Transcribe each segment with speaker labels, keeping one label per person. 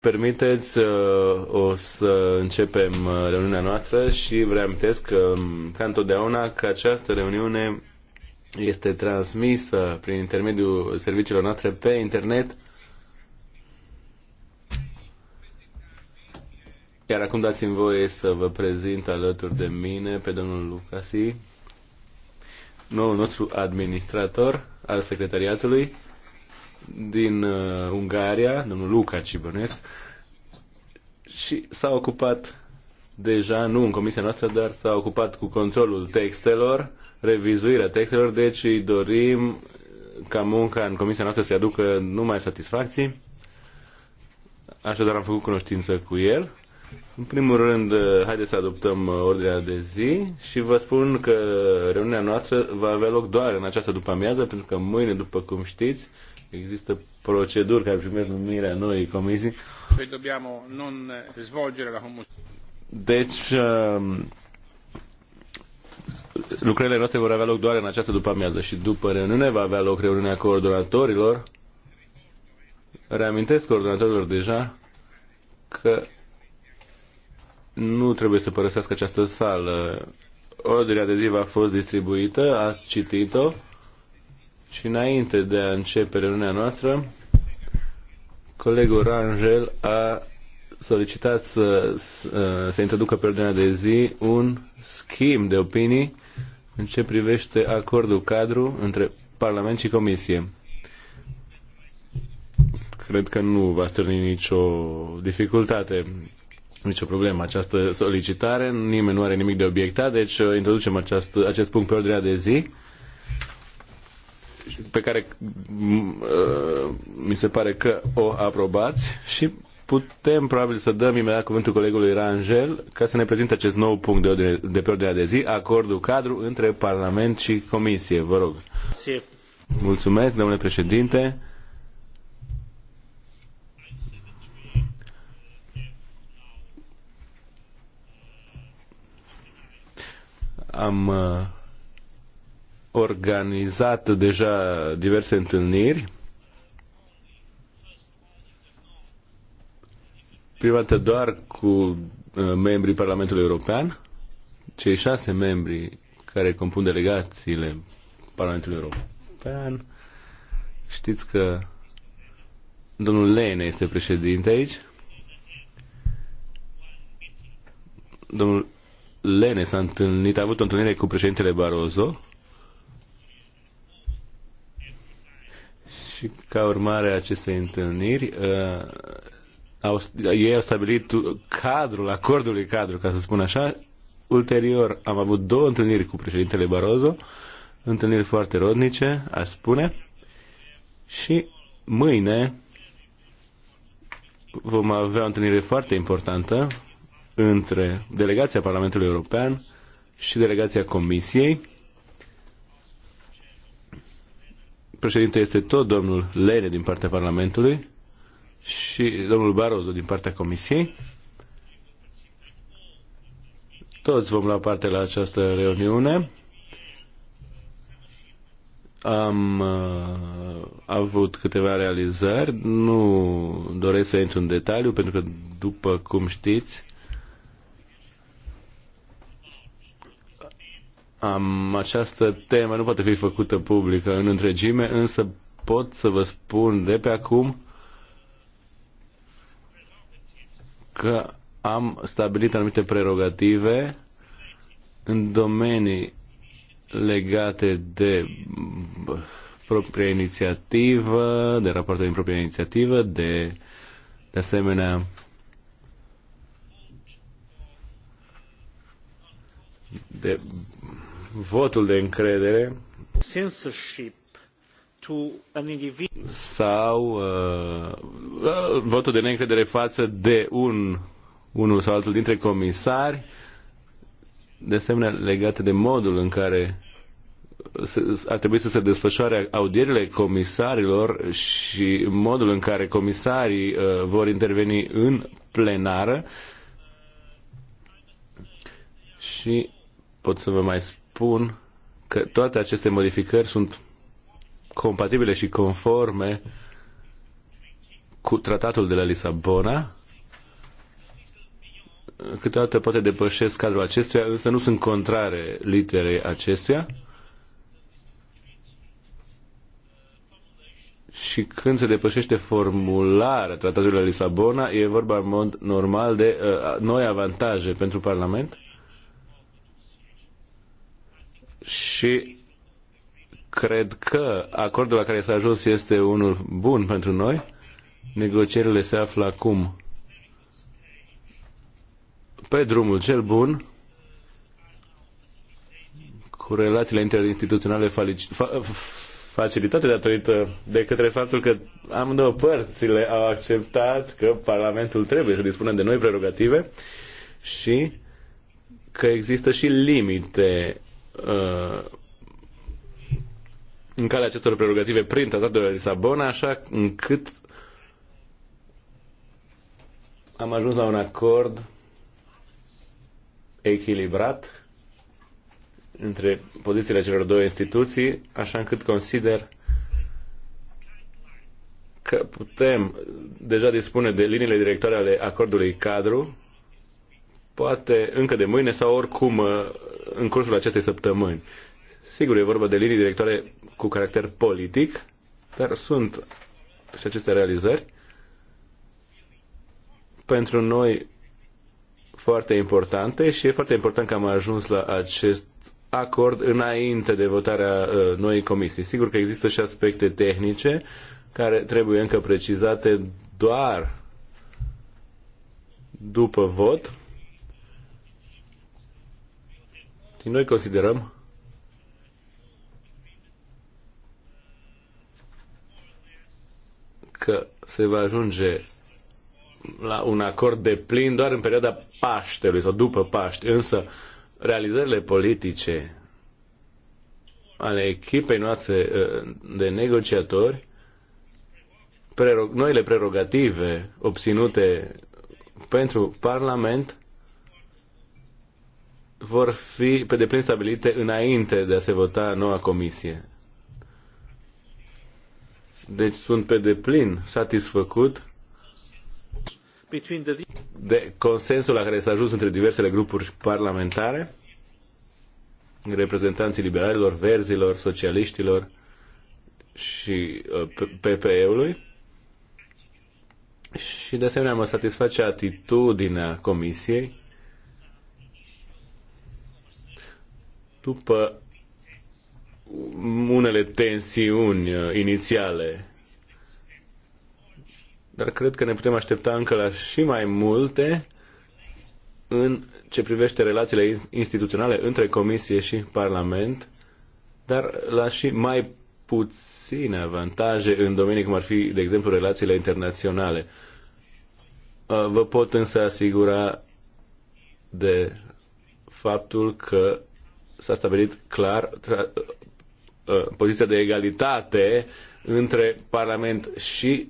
Speaker 1: permiteți, uh, o să începem uh, reuniunea noastră și vă reamintesc că, um, ca întotdeauna, că această reuniune este transmisă prin intermediul serviciilor noastre pe internet. Iar acum dați-mi voie să vă prezint alături de mine pe domnul Lucasi, noul nostru administrator al secretariatului din uh, Ungaria, domnul Luca Cibănesc, și s-a ocupat deja, nu în comisia noastră, dar s-a ocupat cu controlul textelor, revizuirea textelor, deci îi dorim ca munca în comisia noastră să-i aducă numai satisfacții. Așadar am făcut cunoștință cu el. În primul rând, uh, haideți să adoptăm uh, ordinea de zi și vă spun că reuniunea noastră va avea loc doar în această după amiază, pentru că mâine, după cum știți, există proceduri care primesc numirea noii comisii. Deci, um, lucrările noastre vor avea loc doar în această după amiază și după reuniune va avea loc reuniunea coordonatorilor. Reamintesc coordonatorilor deja că nu trebuie să părăsească această sală. Ordinea de zi va fost distribuită, a citit-o. Și înainte de a începe reuniunea noastră, colegul Rangel a solicitat să, să, să introducă pe ordinea de zi un schimb de opinii în ce privește acordul cadru între Parlament și Comisie. Cred că nu va stârni nicio dificultate, nicio problemă această solicitare. Nimeni nu are nimic de obiectat, deci uh, introducem această, acest punct pe ordinea de zi pe care uh, mi se pare că o aprobați și putem probabil să dăm imediat cuvântul colegului Rangel ca să ne prezinte acest nou punct de, ordine, de pe ordinea de zi, acordul cadru între Parlament și Comisie. Vă rog. Mulțumesc, domnule președinte. Am uh, organizat deja diverse întâlniri. Prima dată doar cu uh, membrii Parlamentului European, cei șase membri care compun delegațiile Parlamentului European. Știți că domnul Lene este președinte aici. Domnul Lene s-a întâlnit, a avut o întâlnire cu președintele Barroso Și ca urmare a acestei întâlniri, uh, au, ei au stabilit cadrul, acordului cadru, ca să spun așa. Ulterior am avut două întâlniri cu președintele Barroso, întâlniri foarte rodnice, aș spune, și mâine vom avea o întâlnire foarte importantă între delegația Parlamentului European și delegația Comisiei președinte este tot domnul Lene din partea Parlamentului și domnul Barozo din partea Comisiei. Toți vom lua parte la această reuniune. Am uh, avut câteva realizări, nu doresc să intru în detaliu, pentru că, după cum știți, Am, această temă nu poate fi făcută publică în întregime, însă pot să vă spun de pe acum că am stabilit anumite prerogative în domenii legate de propria inițiativă, de raportul din propria inițiativă, de, de asemenea de votul de încredere sau uh, uh, votul de neîncredere față de un, unul sau altul dintre comisari, de asemenea legate de modul în care ar trebui să se desfășoare audierile comisarilor și modul în care comisarii uh, vor interveni în plenară. Și pot să vă mai spun că toate aceste modificări sunt compatibile și conforme cu tratatul de la Lisabona, câteodată poate depășesc cadrul acestuia, însă nu sunt contrare literei acestuia. Și când se depășește formularea tratatului la Lisabona, e vorba în mod normal de uh, noi avantaje pentru Parlament și cred că acordul la care s-a ajuns este unul bun pentru noi. Negocierile se află acum pe drumul cel bun cu relațiile interinstituționale facilitate datorită de către faptul că amândouă părțile au acceptat că Parlamentul trebuie să dispună de noi prerogative și că există și limite Uh, în calea acestor prerogative prin tratatul de la Lisabona, așa încât am ajuns la un acord echilibrat între pozițiile celor două instituții, așa încât consider că putem deja dispune de liniile directoare ale acordului cadru, poate încă de mâine sau oricum uh, în cursul acestei săptămâni. Sigur, e vorba de linii directoare cu caracter politic, dar sunt și aceste realizări pentru noi foarte importante și e foarte important că am ajuns la acest acord înainte de votarea uh, noii comisii. Sigur că există și aspecte tehnice care trebuie încă precizate doar după vot Noi considerăm că se va ajunge la un acord de plin doar în perioada Paștelui sau după Paște. Însă realizările politice ale echipei noastre ă, de negociatori, prerog, noile prerogative obținute pentru Parlament vor fi pe deplin stabilite înainte de a se vota noua comisie. Deci sunt pe deplin satisfăcut de consensul la care s-a ajuns între diversele grupuri parlamentare, reprezentanții liberalilor, verzilor, socialiștilor și uh, PPE-ului. Și de asemenea mă satisface atitudinea Comisiei după unele tensiuni uh, inițiale. Dar cred că ne putem aștepta încă la și mai multe în ce privește relațiile instituționale între Comisie și Parlament, dar la și mai puține avantaje în domenii cum ar fi, de exemplu, relațiile internaționale. Uh, vă pot însă asigura de faptul că s-a stabilit clar uh, uh, poziția de egalitate între Parlament și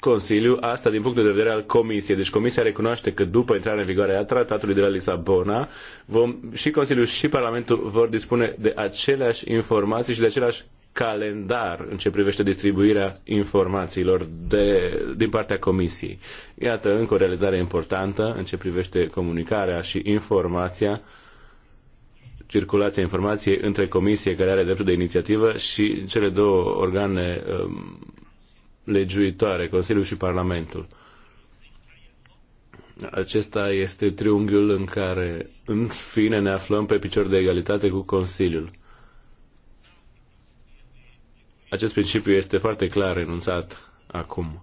Speaker 1: Consiliu, asta din punct de vedere al Comisiei. Deci Comisia recunoaște că după intrarea în vigoare a Tratatului de la Lisabona, vom, și Consiliul și Parlamentul vor dispune de aceleași informații și de același calendar în ce privește distribuirea informațiilor de, din partea Comisiei. Iată încă o realizare importantă în ce privește comunicarea și informația uh, circulația informației între comisie care are dreptul de inițiativă și cele două organe um, legiuitoare, Consiliul și Parlamentul. Acesta este triunghiul în care, în fine, ne aflăm pe picior de egalitate cu Consiliul. Acest principiu este foarte clar enunțat acum.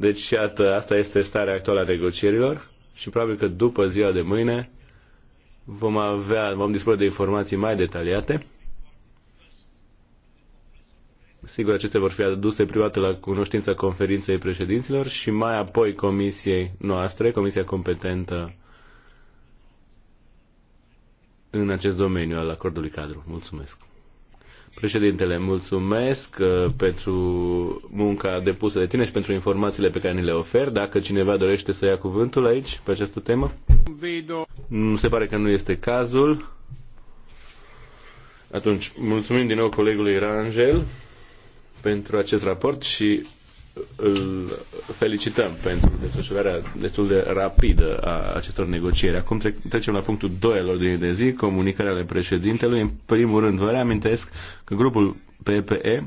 Speaker 1: Deci, iată, asta este starea actuală a negocierilor și probabil că după ziua de mâine vom avea, vom dispune de informații mai detaliate. Sigur, acestea vor fi aduse private la cunoștința conferinței președinților și mai apoi comisiei noastre, comisia competentă în acest domeniu al acordului cadru. Mulțumesc! Președintele, mulțumesc uh, pentru munca depusă de tine și pentru informațiile pe care ni le ofer. Dacă cineva dorește să ia cuvântul aici, pe această temă? Nu se pare că nu este cazul. Atunci, mulțumim din nou colegului Rangel pentru acest raport și îl felicităm pentru desfășurarea destul de rapidă a acestor negocieri. Acum trecem la punctul 2 al ordinii de zi, comunicarea ale președintelui. În primul rând, vă reamintesc că grupul PPE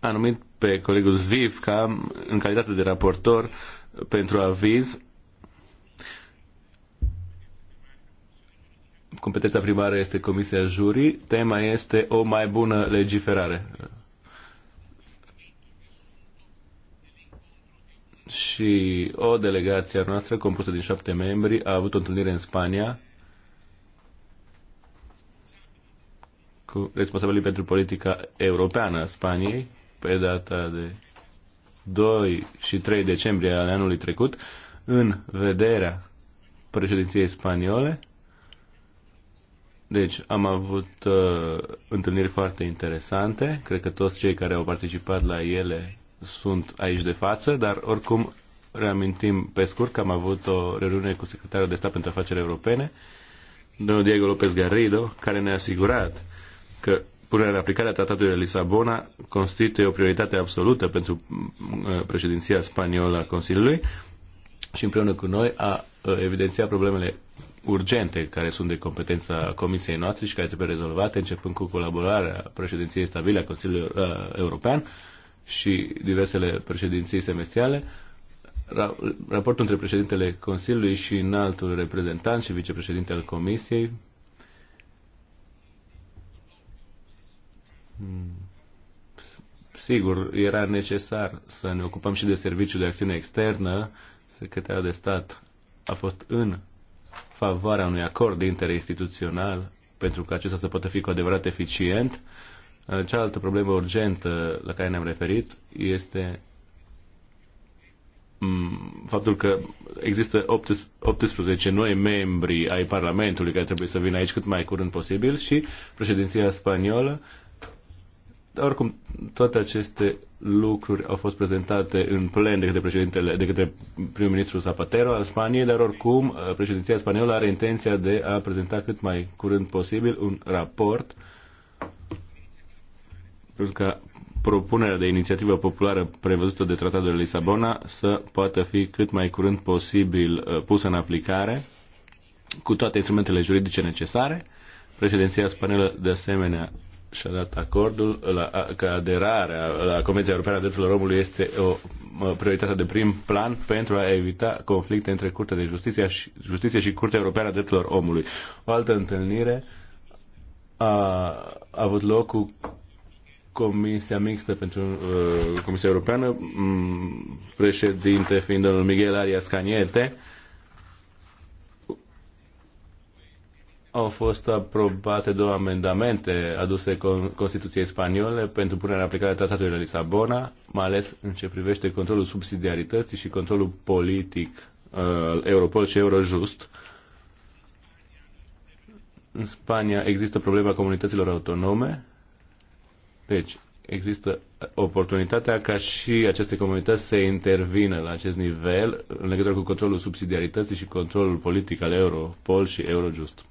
Speaker 1: a numit pe colegul Zviv ca în calitate de raportor pentru aviz competența primară este Comisia Jurii, tema este o mai bună legiferare și o delegație a noastră compusă din șapte membri a avut o întâlnire în Spania cu responsabilii pentru politica europeană a Spaniei pe data de 2 și 3 decembrie al anului trecut în vederea președinției spaniole. Deci am avut uh, întâlniri foarte interesante. Cred că toți cei care au participat la ele sunt aici de față, dar oricum reamintim pe scurt că am avut o reuniune cu secretarul de stat pentru afaceri europene, domnul Diego López Garrido, care ne-a asigurat că punerea în aplicare a Tratatului de Lisabona constituie o prioritate absolută pentru uh, președinția spaniolă a Consiliului și împreună cu noi a uh, evidențiat problemele urgente care sunt de competența Comisiei noastre și care trebuie rezolvate, începând cu colaborarea președinției stabile a Consiliului uh, European și diversele președinții semestriale, raportul între președintele Consiliului și înaltul reprezentant și vicepreședintele Comisiei. Hmm. Sigur, era necesar să ne ocupăm și de serviciul de acțiune externă. Secretarul de stat a fost în favoarea unui acord interinstituțional pentru că acesta să poată fi cu adevărat eficient Cealaltă problemă urgentă la care ne-am referit este mm, faptul că există 18 noi membri ai Parlamentului care trebuie să vină aici cât mai curând posibil și președinția spaniolă. dar Oricum, toate aceste lucruri au fost prezentate în plen de către președintele, de către prim-ministrul Zapatero al Spaniei, dar oricum președinția spaniolă are intenția de a prezenta cât mai curând posibil un raport uh, pentru că propunerea de inițiativă populară prevăzută de Tratatul de Lisabona să poată fi cât mai curând posibil uh, pusă în aplicare cu toate instrumentele juridice necesare. Președinția spaniolă de asemenea și-a dat acordul la, că aderarea la Convenția Europeană a Drepturilor Omului este o prioritate de prim plan pentru a evita conflicte între Curtea de Justiție și, Justiție și Curtea Europeană a Drepturilor Omului. O altă întâlnire a, a avut loc cu Comisia Mixtă pentru uh, Comisia Europeană, um, președinte fiind domnul Miguel Arias Caniete, au fost aprobate două amendamente aduse Constituției spaniole pentru punerea în aplicare a Tratatului de Lisabona, mai ales în ce privește controlul subsidiarității și controlul politic uh, Europol și Eurojust. În Spania există problema comunităților autonome, deci, există oportunitatea ca și aceste comunități să intervină la acest nivel în legătură cu controlul subsidiarității și controlul politic al Europol și Eurojust.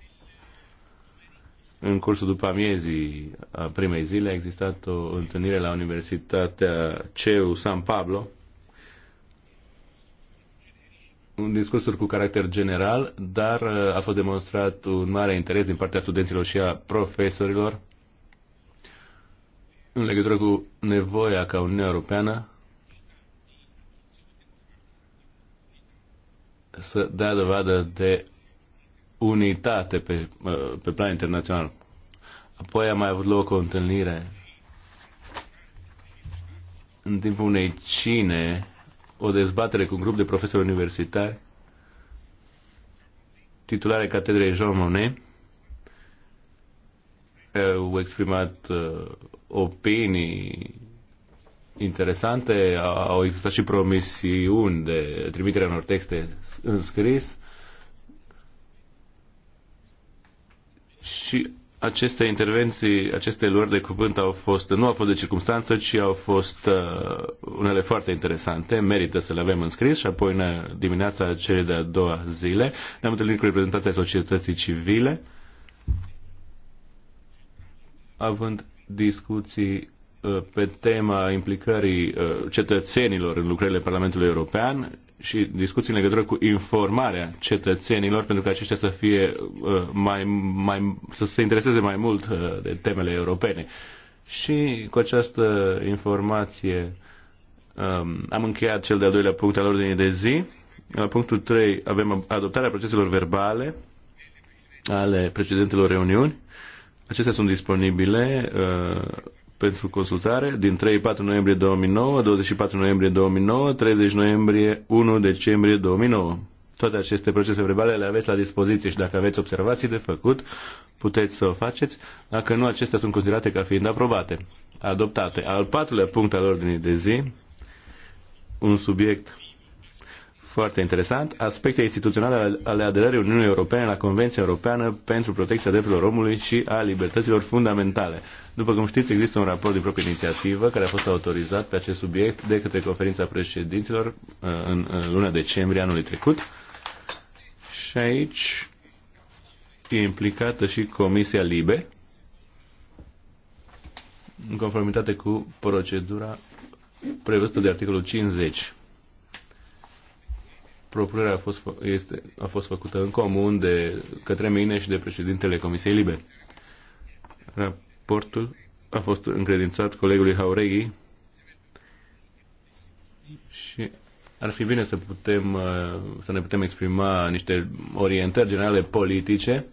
Speaker 1: În cursul după amiezii a primei zile a existat o întâlnire la Universitatea CEU San Pablo, un discurs cu caracter general, dar uh, a fost demonstrat un mare interes din partea studenților și a profesorilor în legătură cu nevoia ca Uniunea Europeană să dea dovadă de unitate pe, uh, pe plan internațional. Apoi a mai avut loc o întâlnire în timpul unei cine, o dezbatere cu un grup de profesori universitari, titulare Catedrei Jean Monnet, au exprimat uh, opinii interesante, au existat și promisiuni de trimiterea unor texte în scris și aceste intervenții, aceste luări de cuvânt au fost, nu au fost de circunstanță, ci au fost uh, unele foarte interesante, merită să le avem înscris și apoi în dimineața celei de-a doua zile ne-am întâlnit cu reprezentanții societății civile având discuții uh, pe tema implicării uh, cetățenilor în lucrările Parlamentului European și discuții în legătură cu informarea cetățenilor pentru că aceștia să fie uh, mai, mai, să se intereseze mai mult de temele europene. Și cu această informație um, am încheiat cel de-al doilea punct al ordinii de zi. La punctul 3 avem adoptarea proceselor verbale ale precedentelor reuniuni. Acestea sunt disponibile uh, pentru consultare din 3-4 noiembrie 2009, 24 noiembrie 2009, 30 noiembrie, 1 decembrie 2009. Toate aceste procese verbale le aveți la dispoziție și dacă aveți observații de făcut, puteți să o faceți. Dacă nu, acestea sunt considerate ca fiind aprobate, adoptate. Al patrulea punct al ordinii de zi, un subiect foarte interesant, aspecte instituționale ale aderării Uniunii Europene la Convenția Europeană pentru protecția drepturilor omului și a libertăților fundamentale. După cum știți, există un raport de proprie inițiativă care a fost autorizat pe acest subiect de către conferința președinților uh, în luna decembrie anului trecut. Și aici e implicată și Comisia Libe, în conformitate cu procedura prevăzută de articolul 50 Propunerea a fost, este, a fost făcută în comun de către mine și de președintele Comisiei Libe. Raportul a fost încredințat colegului Haureghi și ar fi bine să putem uh, să ne putem exprima niște orientări generale politice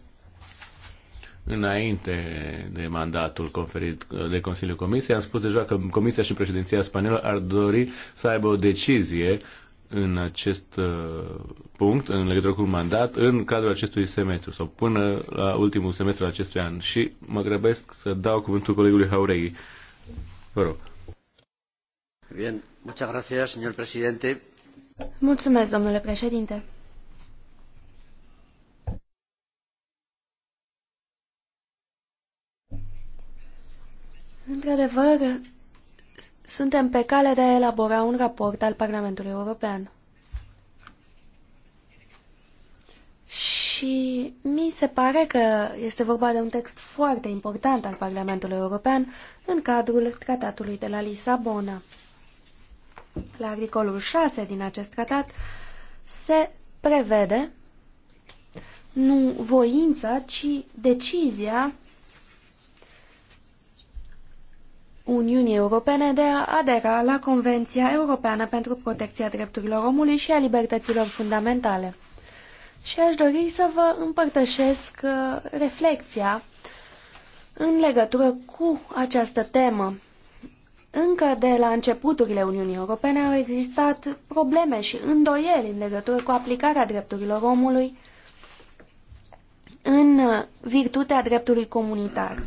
Speaker 1: înainte de mandatul conferit uh, de Consiliul Comisiei. Am spus deja că Comisia și președinția spaniolă ar dori să aibă o decizie în acest uh, punct, în legătură cu un mandat, în cadrul acestui semestru sau până la ultimul semestru al acestui an. Și mă grăbesc să dau cuvântul colegului Haureghi. Vă rog. Bien. Muchas gracias, señor presidente.
Speaker 2: Mulțumesc, domnule președinte. Într-adevăr, suntem pe cale de a elabora un raport al Parlamentului European. Și mi se pare că este vorba de un text foarte important al Parlamentului European în cadrul Tratatului de la Lisabona. La articolul 6 din acest tratat se prevede nu voința, ci decizia Uniunii Europene de a adera la Convenția Europeană pentru Protecția Drepturilor Omului și a Libertăților Fundamentale. Și aș dori să vă împărtășesc uh, reflexia în legătură cu această temă. Încă de la începuturile Uniunii Europene au existat probleme și îndoieli în legătură cu aplicarea drepturilor omului în uh, virtutea dreptului comunitar.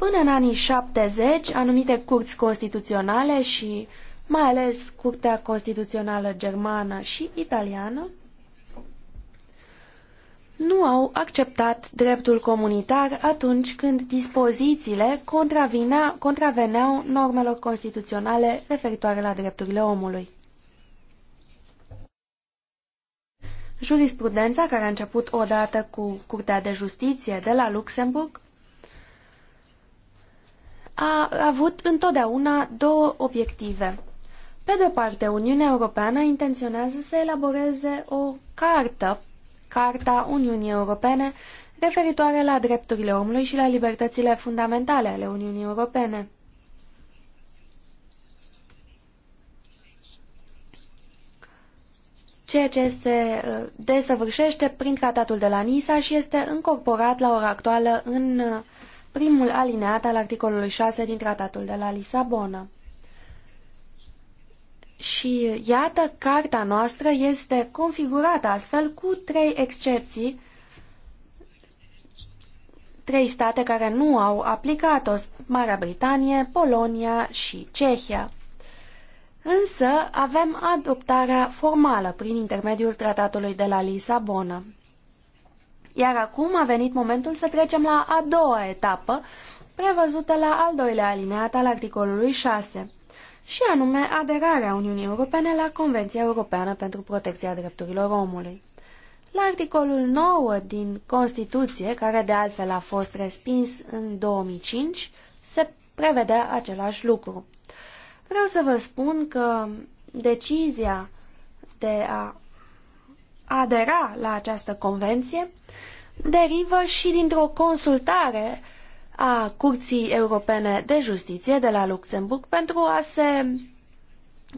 Speaker 2: Până în anii 70, anumite curți constituționale și mai ales Curtea Constituțională Germană și Italiană nu au acceptat dreptul comunitar atunci când dispozițiile contraveneau normelor constituționale referitoare la drepturile omului. Jurisprudența, care a început odată cu Curtea de Justiție de la Luxemburg, a avut întotdeauna două obiective. Pe de o parte, Uniunea Europeană intenționează să elaboreze o cartă, Carta Uniunii Europene, referitoare la drepturile omului și la libertățile fundamentale ale Uniunii Europene. ceea ce se uh, desăvârșește prin tratatul de la Nisa și este încorporat la ora actuală în uh, primul alineat al articolului 6 din tratatul de la Lisabona. Și iată, carta noastră este configurată astfel cu trei excepții, trei state care nu au aplicat-o, Marea Britanie, Polonia și Cehia. Însă avem adoptarea formală prin intermediul tratatului de la Lisabona. Iar acum a venit momentul să trecem la a doua etapă, prevăzută la al doilea alineat al articolului 6, și anume aderarea Uniunii Europene la Convenția Europeană pentru Protecția Drepturilor Omului. La articolul 9 din Constituție, care de altfel a fost respins în 2005, se prevedea același lucru. Vreau să vă spun că decizia de a adera la această convenție derivă și dintr-o consultare a Curții Europene de Justiție de la Luxemburg pentru a se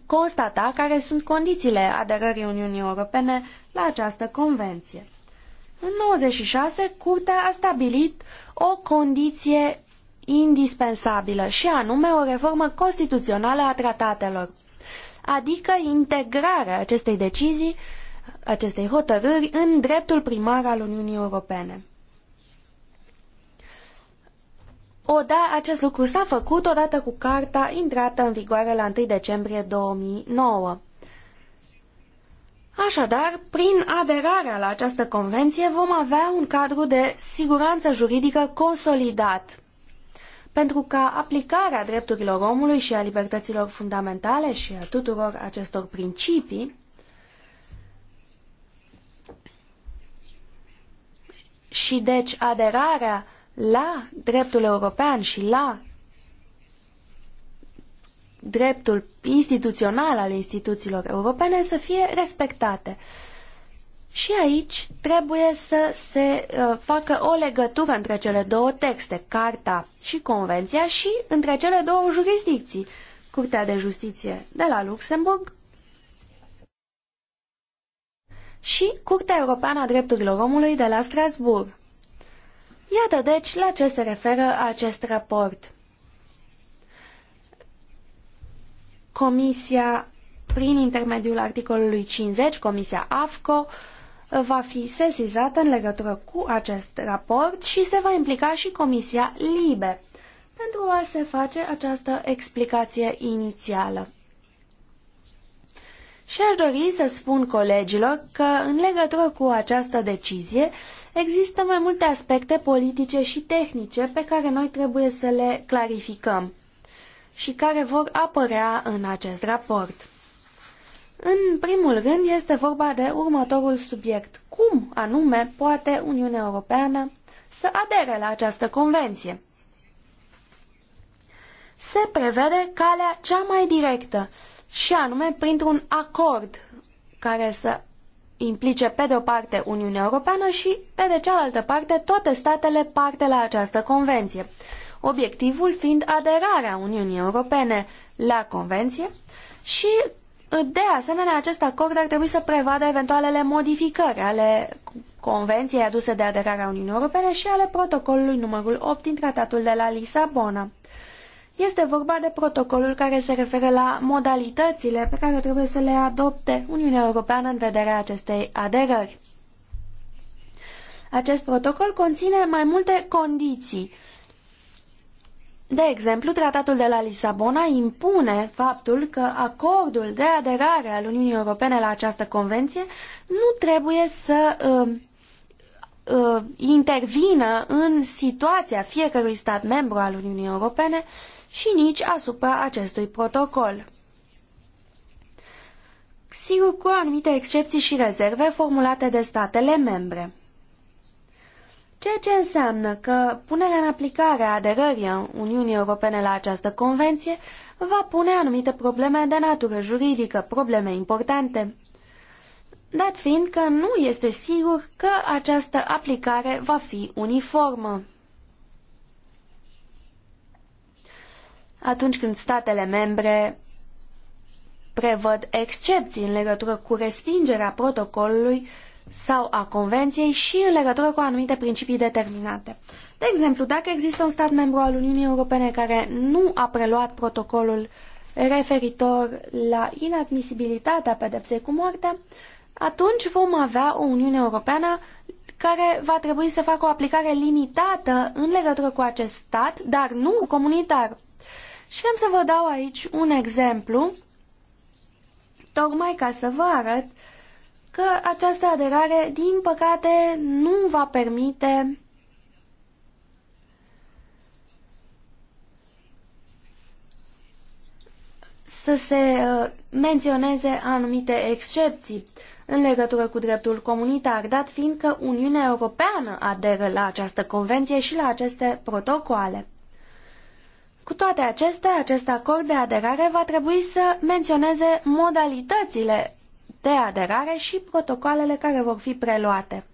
Speaker 2: constata care sunt condițiile aderării Uniunii Europene la această convenție. În 96, Curtea a stabilit o condiție indispensabilă și anume o reformă constituțională a tratatelor, adică integrarea acestei decizii acestei hotărâri în dreptul primar al Uniunii Europene. O, da, acest lucru s-a făcut odată cu carta intrată în vigoare la 1 decembrie 2009. Așadar, prin aderarea la această convenție vom avea un cadru de siguranță juridică consolidat pentru ca aplicarea drepturilor omului și a libertăților fundamentale și a tuturor acestor principii Și deci aderarea la dreptul european și la dreptul instituțional al instituțiilor europene să fie respectate. Și aici trebuie să se uh, facă o legătură între cele două texte, Carta și Convenția, și între cele două jurisdicții, Curtea de Justiție de la Luxemburg și Curtea Europeană a Drepturilor Omului de la Strasbourg. Iată deci la ce se referă acest raport. Comisia, prin intermediul articolului 50, Comisia AFCO, va fi sesizată în legătură cu acest raport și se va implica și Comisia LIBE pentru a se face această explicație inițială. Și aș dori să spun colegilor că în legătură cu această decizie există mai multe aspecte politice și tehnice pe care noi trebuie să le clarificăm și care vor apărea în acest raport. În primul rând este vorba de următorul subiect. Cum anume poate Uniunea Europeană să adere la această convenție? Se prevede calea cea mai directă și anume printr-un acord care să implice pe de o parte Uniunea Europeană și pe de cealaltă parte toate statele parte la această convenție. Obiectivul fiind aderarea Uniunii Europene la convenție și de asemenea acest acord ar trebui să prevadă eventualele modificări ale convenției aduse de aderarea Uniunii Europene și ale protocolului numărul 8 din tratatul de la Lisabona. Este vorba de protocolul care se referă la modalitățile pe care trebuie să le adopte Uniunea Europeană în vederea acestei aderări. Acest protocol conține mai multe condiții. De exemplu, tratatul de la Lisabona impune faptul că acordul de aderare al Uniunii Europene la această convenție nu trebuie să uh, uh, intervină în situația fiecărui stat membru al Uniunii Europene și nici asupra acestui protocol. Sigur, cu anumite excepții și rezerve formulate de statele membre. Ceea ce înseamnă că punerea în aplicare a aderării Uniunii Europene la această convenție va pune anumite probleme de natură juridică, probleme importante. Dat fiind că nu este sigur că această aplicare va fi uniformă. atunci când statele membre prevăd excepții în legătură cu respingerea protocolului sau a convenției și în legătură cu anumite principii determinate. De exemplu, dacă există un stat membru al Uniunii Europene care nu a preluat protocolul referitor la inadmisibilitatea pedepsei cu moartea, atunci vom avea o Uniune Europeană care va trebui să facă o aplicare limitată în legătură cu acest stat, dar nu comunitar. Și am să vă dau aici un exemplu, tocmai ca să vă arăt că această aderare, din păcate, nu va permite să se uh, menționeze anumite excepții în legătură cu dreptul comunitar, dat fiind că Uniunea Europeană aderă la această convenție și la aceste protocoale. Cu toate acestea, acest acord de aderare va trebui să menționeze modalitățile de aderare și protocoalele care vor fi preluate.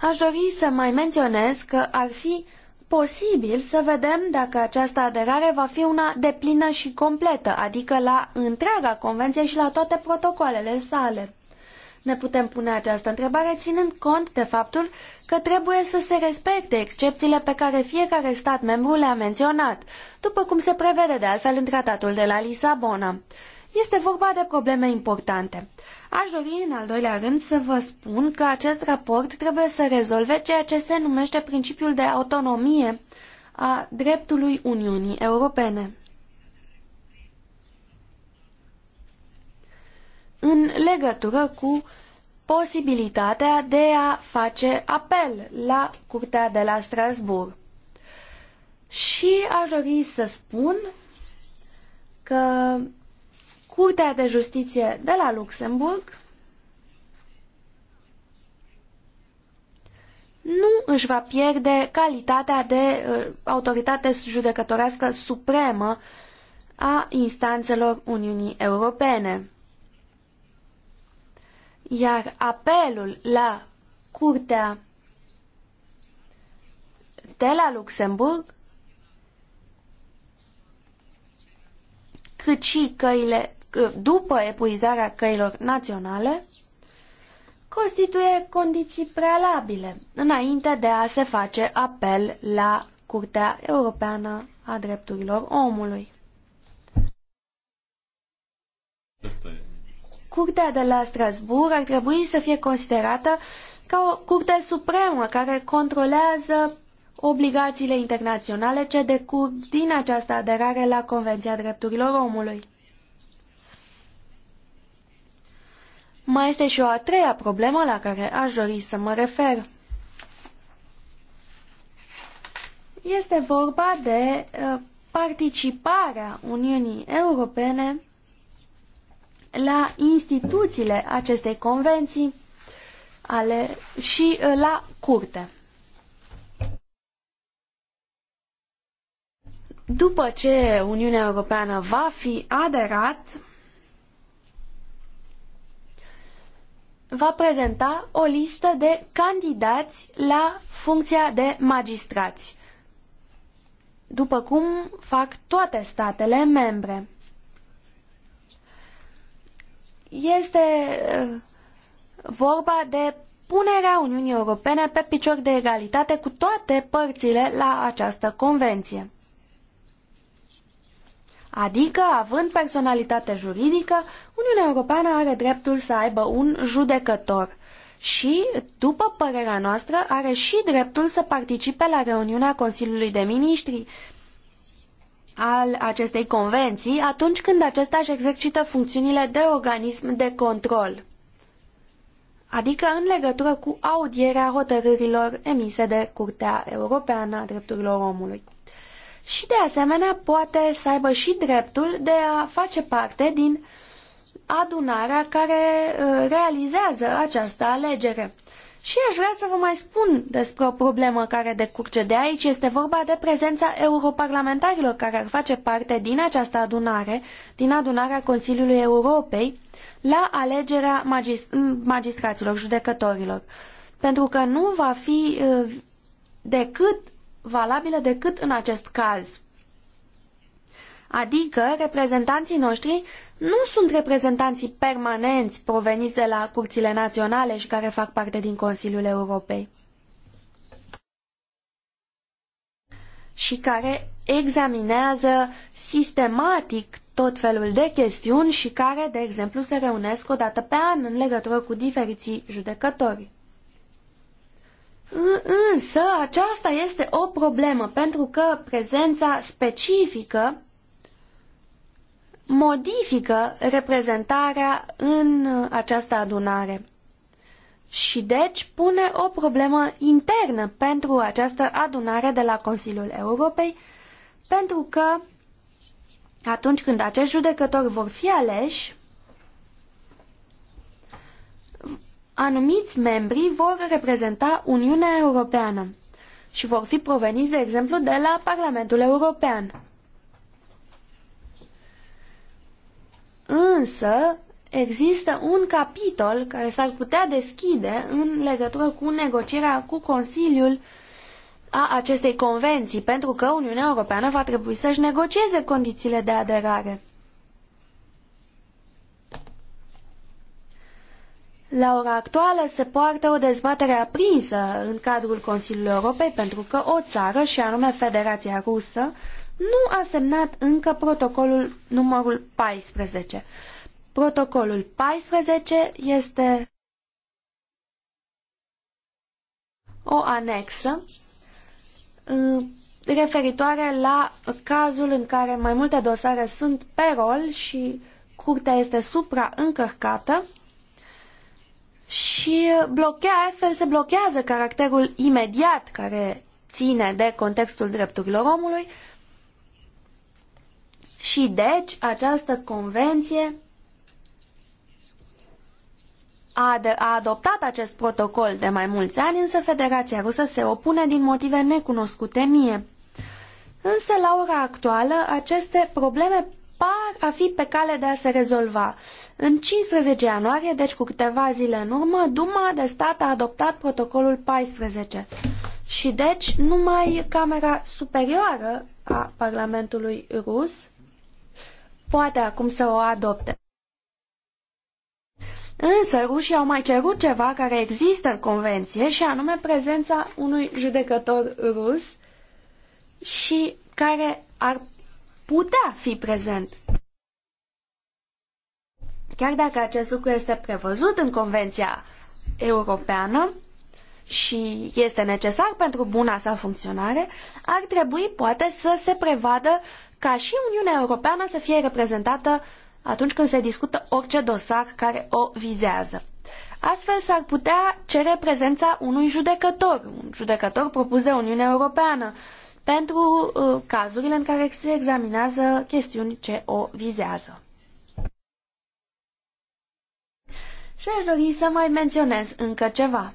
Speaker 2: Aș dori să mai menționez că ar fi posibil să vedem dacă această aderare va fi una deplină și completă, adică la întreaga convenție și la toate protocoalele sale. Ne putem pune această întrebare ținând cont de faptul că trebuie să se respecte excepțiile pe care fiecare stat membru le-a menționat, după cum se prevede de altfel în tratatul de la Lisabona. Este vorba de probleme importante. Aș dori, în al doilea rând, să vă spun că acest raport trebuie să rezolve ceea ce se numește principiul de autonomie a dreptului Uniunii Europene. În legătură cu posibilitatea de a face apel la Curtea de la Strasbourg. Și aș dori să spun că Curtea de Justiție de la Luxemburg nu își va pierde calitatea de uh, autoritate judecătorească supremă a instanțelor Uniunii Europene. Iar apelul la Curtea de la Luxemburg, cât și căile, după epuizarea căilor naționale, constituie condiții prealabile înainte de a se face apel la Curtea Europeană a Drepturilor Omului. Asta e. Curtea de la Strasbourg ar trebui să fie considerată ca o curte supremă care controlează obligațiile internaționale ce decurg din această aderare la Convenția Drepturilor Omului. Mai este și o a treia problemă la care aș dori să mă refer. Este vorba de uh, participarea Uniunii Europene la instituțiile acestei convenții ale, și uh, la curte. După ce Uniunea Europeană va fi aderat, va prezenta o listă de candidați la funcția de magistrați, după cum fac toate statele membre este uh, vorba de punerea Uniunii Europene pe picior de egalitate cu toate părțile la această convenție. Adică, având personalitate juridică, Uniunea Europeană are dreptul să aibă un judecător și, după părerea noastră, are și dreptul să participe la reuniunea Consiliului de Ministri al acestei convenții atunci când acesta își exercită funcțiunile de organism de control, adică în legătură cu audierea hotărârilor emise de Curtea Europeană a Drepturilor Omului. Și de asemenea poate să aibă și dreptul de a face parte din adunarea care uh, realizează această alegere. Și aș vrea să vă mai spun despre o problemă care decurge de aici. Este vorba de prezența europarlamentarilor care ar face parte din această adunare, din adunarea Consiliului Europei, la alegerea magist magistraților, judecătorilor. Pentru că nu va fi eh, decât valabilă decât în acest caz. Adică reprezentanții noștri nu sunt reprezentanții permanenți proveniți de la curțile naționale și care fac parte din Consiliul Europei. Și care examinează sistematic tot felul de chestiuni și care, de exemplu, se reunesc o dată pe an în legătură cu diferiții judecători. Însă aceasta este o problemă pentru că prezența specifică modifică reprezentarea în această adunare și deci pune o problemă internă pentru această adunare de la Consiliul Europei, pentru că atunci când acești judecători vor fi aleși, anumiți membri vor reprezenta Uniunea Europeană și vor fi proveniți, de exemplu, de la Parlamentul European. Însă, există un capitol care s-ar putea deschide în legătură cu negocierea cu Consiliul a acestei convenții, pentru că Uniunea Europeană va trebui să-și negocieze condițiile de aderare. La ora actuală se poartă o dezbatere aprinsă în cadrul Consiliului Europei pentru că o țară, și anume Federația Rusă, nu a semnat încă protocolul numărul 14. Protocolul 14 este o anexă uh, referitoare la cazul în care mai multe dosare sunt pe rol și curtea este supraîncărcată și blochea, astfel se blochează caracterul imediat care ține de contextul drepturilor omului și deci această convenție a, ad a adoptat acest protocol de mai mulți ani, însă Federația Rusă se opune din motive necunoscute mie. Însă, la ora actuală, aceste probleme par a fi pe cale de a se rezolva. În 15 ianuarie, deci cu câteva zile în urmă, Duma de stat a adoptat protocolul 14. Și deci numai Camera Superioară a Parlamentului Rus poate acum să o adopte. Însă rușii au mai cerut ceva care există în convenție și anume prezența unui judecător rus și care ar putea fi prezent. Chiar dacă acest lucru este prevăzut în Convenția Europeană și este necesar pentru buna sa funcționare, ar trebui poate să se prevadă uh, ca și Uniunea Europeană să fie reprezentată atunci când se discută orice dosar care o vizează. Astfel s-ar putea cere prezența unui judecător, un judecător propus de Uniunea Europeană, pentru uh, cazurile în care se examinează chestiuni ce o vizează. Și aș dori să mai menționez încă ceva.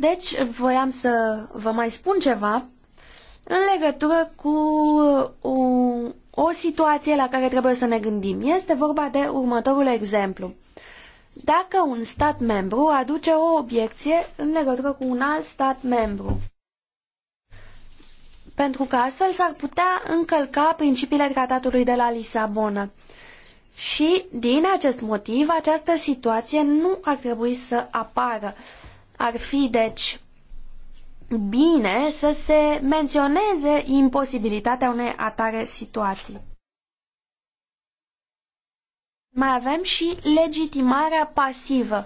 Speaker 2: Deci, voiam să vă mai spun ceva în legătură cu o, o situație la care trebuie să ne gândim. Este vorba de următorul exemplu. Dacă un stat membru aduce o obiecție în legătură cu un alt stat membru, pentru că astfel s-ar putea încălca principiile tratatului de la Lisabona. Și, din acest motiv, această situație nu ar trebui să apară. Ar fi, deci, bine să se menționeze imposibilitatea unei atare situații. Mai avem și legitimarea pasivă,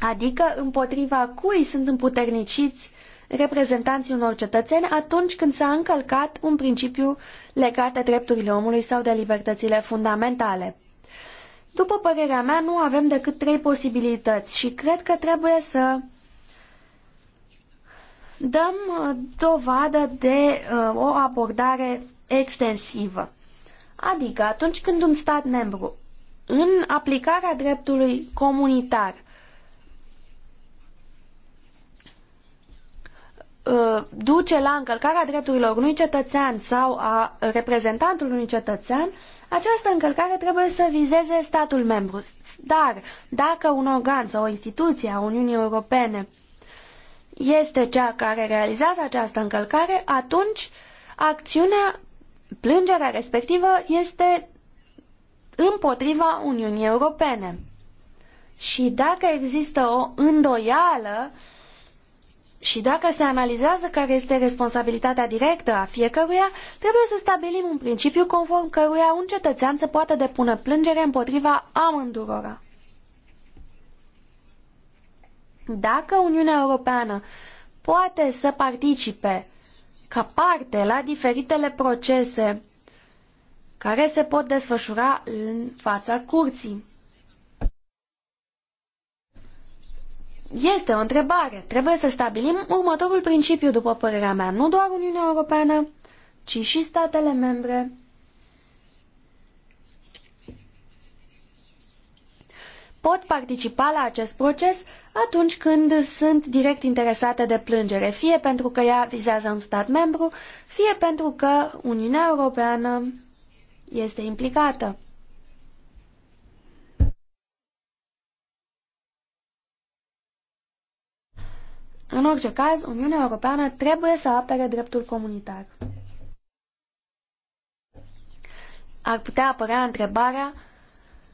Speaker 2: adică împotriva cui sunt împuterniciți reprezentanții unor cetățeni atunci când s-a încălcat un principiu legat de drepturile omului sau de libertățile fundamentale. După părerea mea, nu avem decât trei posibilități și cred că trebuie să dăm uh, dovadă de uh, o abordare extensivă. Adică atunci când un stat membru, în aplicarea dreptului comunitar, Uh, duce la încălcarea drepturilor unui cetățean sau a reprezentantului unui cetățean, această încălcare trebuie să vizeze statul membru. Dar dacă un organ sau o instituție a Uniunii Europene este cea care realizează această încălcare, atunci acțiunea, plângerea respectivă este împotriva Uniunii Europene. Și dacă există o îndoială uh, și dacă se analizează care este responsabilitatea directă a fiecăruia, trebuie să stabilim un principiu conform căruia un cetățean să poată depune plângere împotriva amândurora. Dacă Uniunea Europeană poate să participe ca parte la diferitele procese care se pot desfășura în fața curții. este o întrebare. Trebuie să stabilim următorul principiu, după părerea mea. Nu doar Uniunea Europeană, ci și statele membre. Pot participa la acest proces atunci când sunt direct interesate de plângere, fie pentru că ea vizează un stat membru, fie pentru că Uniunea Europeană este implicată. În orice caz, Uniunea Europeană trebuie să apere dreptul comunitar. Ar putea apărea întrebarea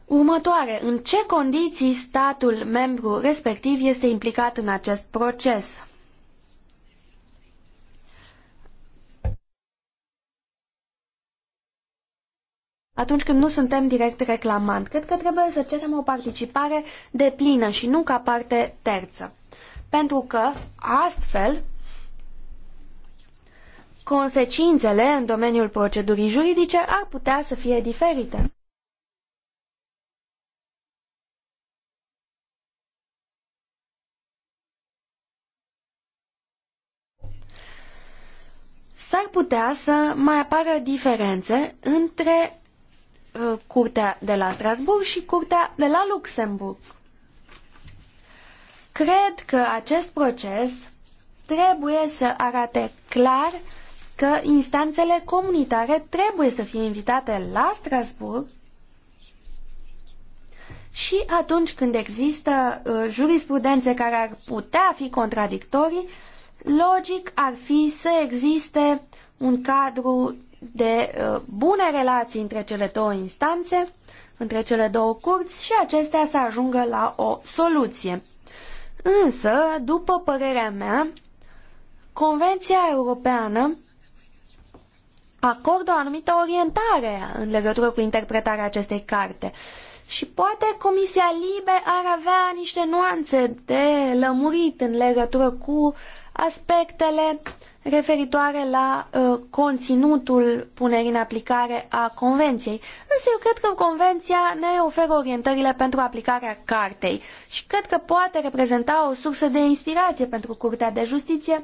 Speaker 2: următoare. În ce condiții statul membru respectiv este implicat în acest proces? atunci când nu suntem direct reclamant. Cred că trebuie să cerem o participare deplină și nu ca parte terță pentru că astfel consecințele în domeniul procedurii juridice ar putea să fie diferite. S-ar putea să mai apară diferențe între uh, Curtea de la Strasbourg și Curtea de la Luxemburg. Cred că acest proces trebuie să arate clar că instanțele comunitare trebuie să fie invitate la Strasbourg și atunci când există uh, jurisprudențe care ar putea fi contradictorii, logic ar fi să existe un cadru de uh, bune relații între cele două instanțe, între cele două curți și acestea să ajungă la o soluție. Însă, după părerea mea, Convenția Europeană acordă o anumită orientare în legătură cu interpretarea acestei carte. Și poate Comisia Libe ar avea niște nuanțe de lămurit în legătură cu aspectele uh, referitoare la uh, conținutul punerii în aplicare a convenției. Însă eu cred că convenția ne oferă orientările pentru aplicarea cartei și cred că poate reprezenta o sursă de inspirație pentru Curtea de Justiție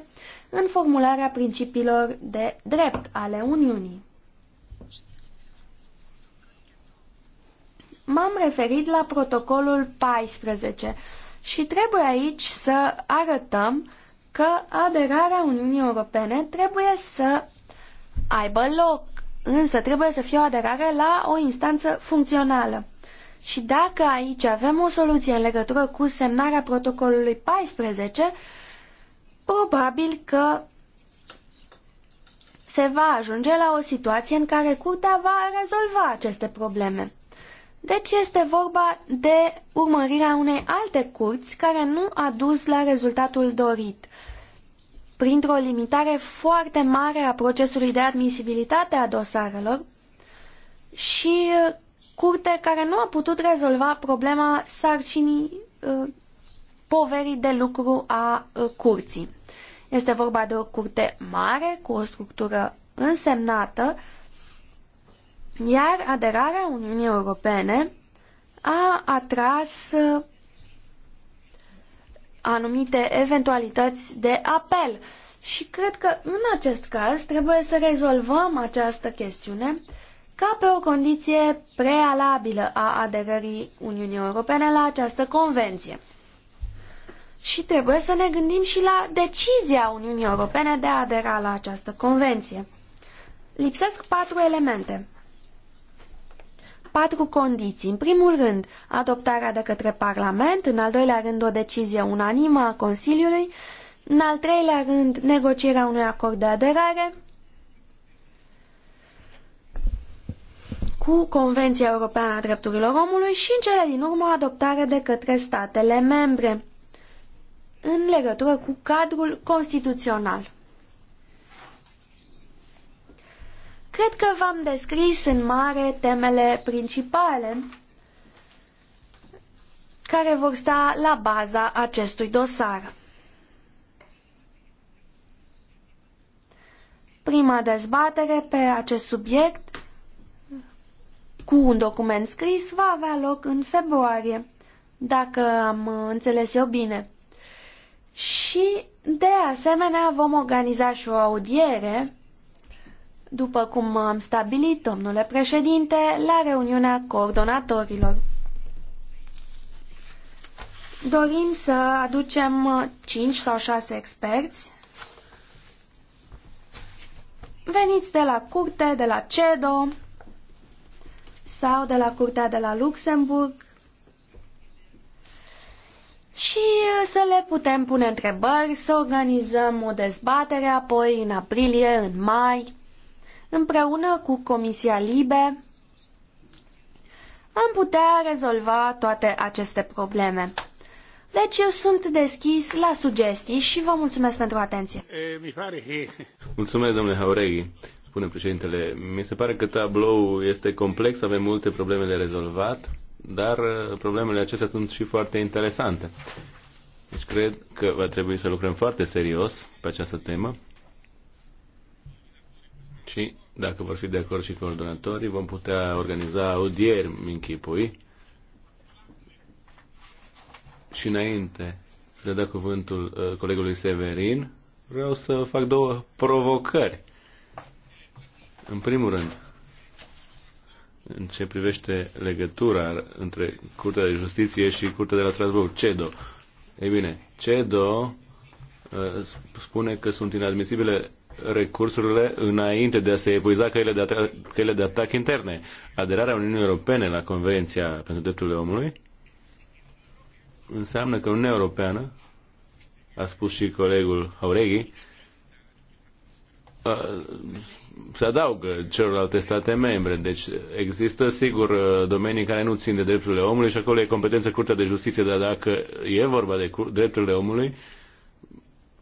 Speaker 2: în formularea principiilor de drept ale Uniunii. M-am referit la protocolul 14 și trebuie aici să arătăm uh, că aderarea Uniunii Europene trebuie să aibă loc, însă trebuie să fie o aderare la o instanță funcțională. Și dacă aici avem o soluție în legătură cu semnarea protocolului 14, probabil că se va ajunge la o situație în care curtea va rezolva aceste probleme. Deci este vorba de urmărirea unei alte curți care nu a dus la rezultatul dorit printr-o limitare foarte mare a procesului de admisibilitate a dosarelor și uh, curte care nu a putut rezolva problema sarcinii uh, poverii de lucru a uh, curții. Este vorba de o curte mare, cu o structură însemnată, iar aderarea Uniunii Europene a atras anumite eventualități de apel. Și cred că în acest caz trebuie să rezolvăm această chestiune ca pe o condiție prealabilă a aderării Uniunii Europene la această convenție. Și trebuie să ne gândim și la decizia Uniunii Europene de a adera la această convenție. Lipsesc patru elemente patru condiții. În primul rând, adoptarea de către Parlament, în al doilea rând o decizie unanimă a Consiliului, în al treilea rând negocierea unui acord de aderare cu Convenția Europeană a Drepturilor Omului și, în cele din urmă, adoptarea de către statele membre în legătură cu cadrul constituțional. Cred că v-am descris în mare temele principale care vor sta la baza acestui dosar. Prima dezbatere pe acest subiect cu un document scris va avea loc în februarie, dacă am înțeles eu bine. Și, de asemenea, vom organiza și o audiere după cum am stabilit, domnule președinte, la reuniunea coordonatorilor. Dorim să aducem cinci sau 6 experți veniți de la curte, de la CEDO sau de la curtea de la Luxemburg și uh, să le putem pune întrebări, să organizăm o dezbatere apoi în aprilie, în mai împreună cu Comisia Libe, am putea rezolva toate aceste probleme. Deci eu sunt deschis la sugestii și vă mulțumesc pentru atenție.
Speaker 1: Mulțumesc, domnule Haureghi. Spune președintele, mi se pare că tabloul este complex, avem multe probleme de rezolvat, dar uh, problemele acestea sunt și foarte interesante. Deci cred că va trebui să lucrăm foarte serios pe această temă și dacă vor fi de acord și coordonatorii, vom putea organiza audieri, chipui. și înainte de a da cuvântul uh, colegului Severin, vreau să fac două provocări. În primul rând, în ce privește legătura între Curtea de Justiție și Curtea de la Strasbourg, CEDO. Ei bine, CEDO uh, spune că sunt inadmisibile recursurile înainte de a se epuiza căile de, atac, căile de atac interne. Aderarea Uniunii Europene la Convenția pentru Drepturile Omului înseamnă că Uniunea Europeană, a spus și colegul Aureghi, se adaugă celorlalte state membre. Deci există, sigur, domenii care nu țin de drepturile omului și acolo e competență Curtea de Justiție, dar dacă e vorba de drepturile omului,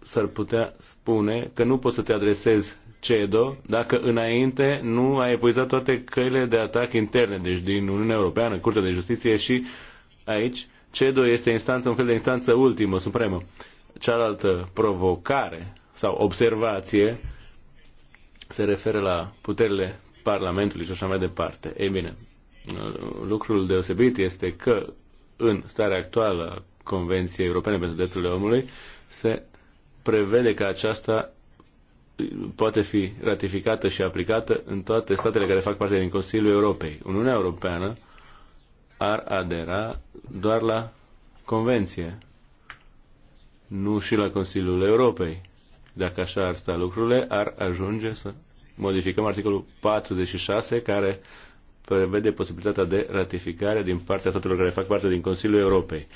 Speaker 1: s-ar putea spune că nu poți să te adresezi CEDO dacă înainte nu ai epuizat toate căile de atac interne, deci din Uniunea Europeană, Curtea de Justiție și aici CEDO este instanță, un fel de instanță ultimă, supremă. Cealaltă provocare sau observație se referă la puterile Parlamentului și așa mai departe. Ei bine, lucrul deosebit este că în starea actuală a Convenției Europene pentru Drepturile Omului se prevede că aceasta poate fi ratificată și aplicată în toate statele care fac parte din Consiliul Europei. Uniunea Europeană ar adera doar la Convenție, nu și la Consiliul Europei. Dacă așa ar sta lucrurile, ar ajunge să modificăm articolul 46 care prevede posibilitatea de ratificare din partea statelor care fac parte din Consiliul Europei.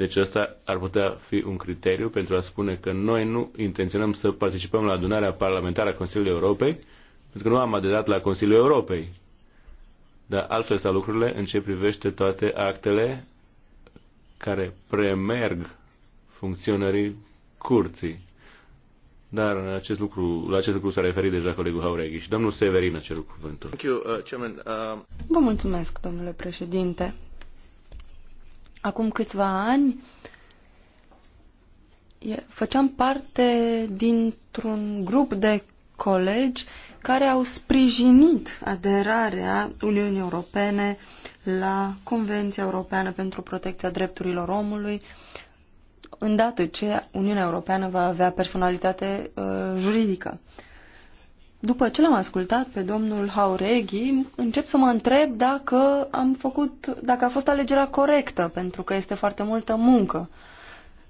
Speaker 1: Deci ăsta ar putea fi un criteriu pentru a spune că noi nu intenționăm să participăm la adunarea parlamentară a Consiliului Europei, pentru că nu am aderat la Consiliul Europei. Dar altfel stau lucrurile în ce privește toate actele care premerg funcționării curții. Dar în acest lucru, la acest lucru s-a referit deja colegul Haureghi și domnul Severin a cerut cuvântul. Uh, uh,
Speaker 3: Vă mulțumesc, domnule președinte acum câțiva ani, făceam parte dintr-un grup de colegi care au sprijinit aderarea Uniunii Europene la Convenția Europeană pentru Protecția Drepturilor Omului, îndată ce Uniunea Europeană va avea personalitate uh, juridică. Uh, după ce l-am ascultat pe domnul Haureghi, încep să mă întreb dacă am făcut, dacă a fost alegerea corectă, pentru că este foarte multă muncă.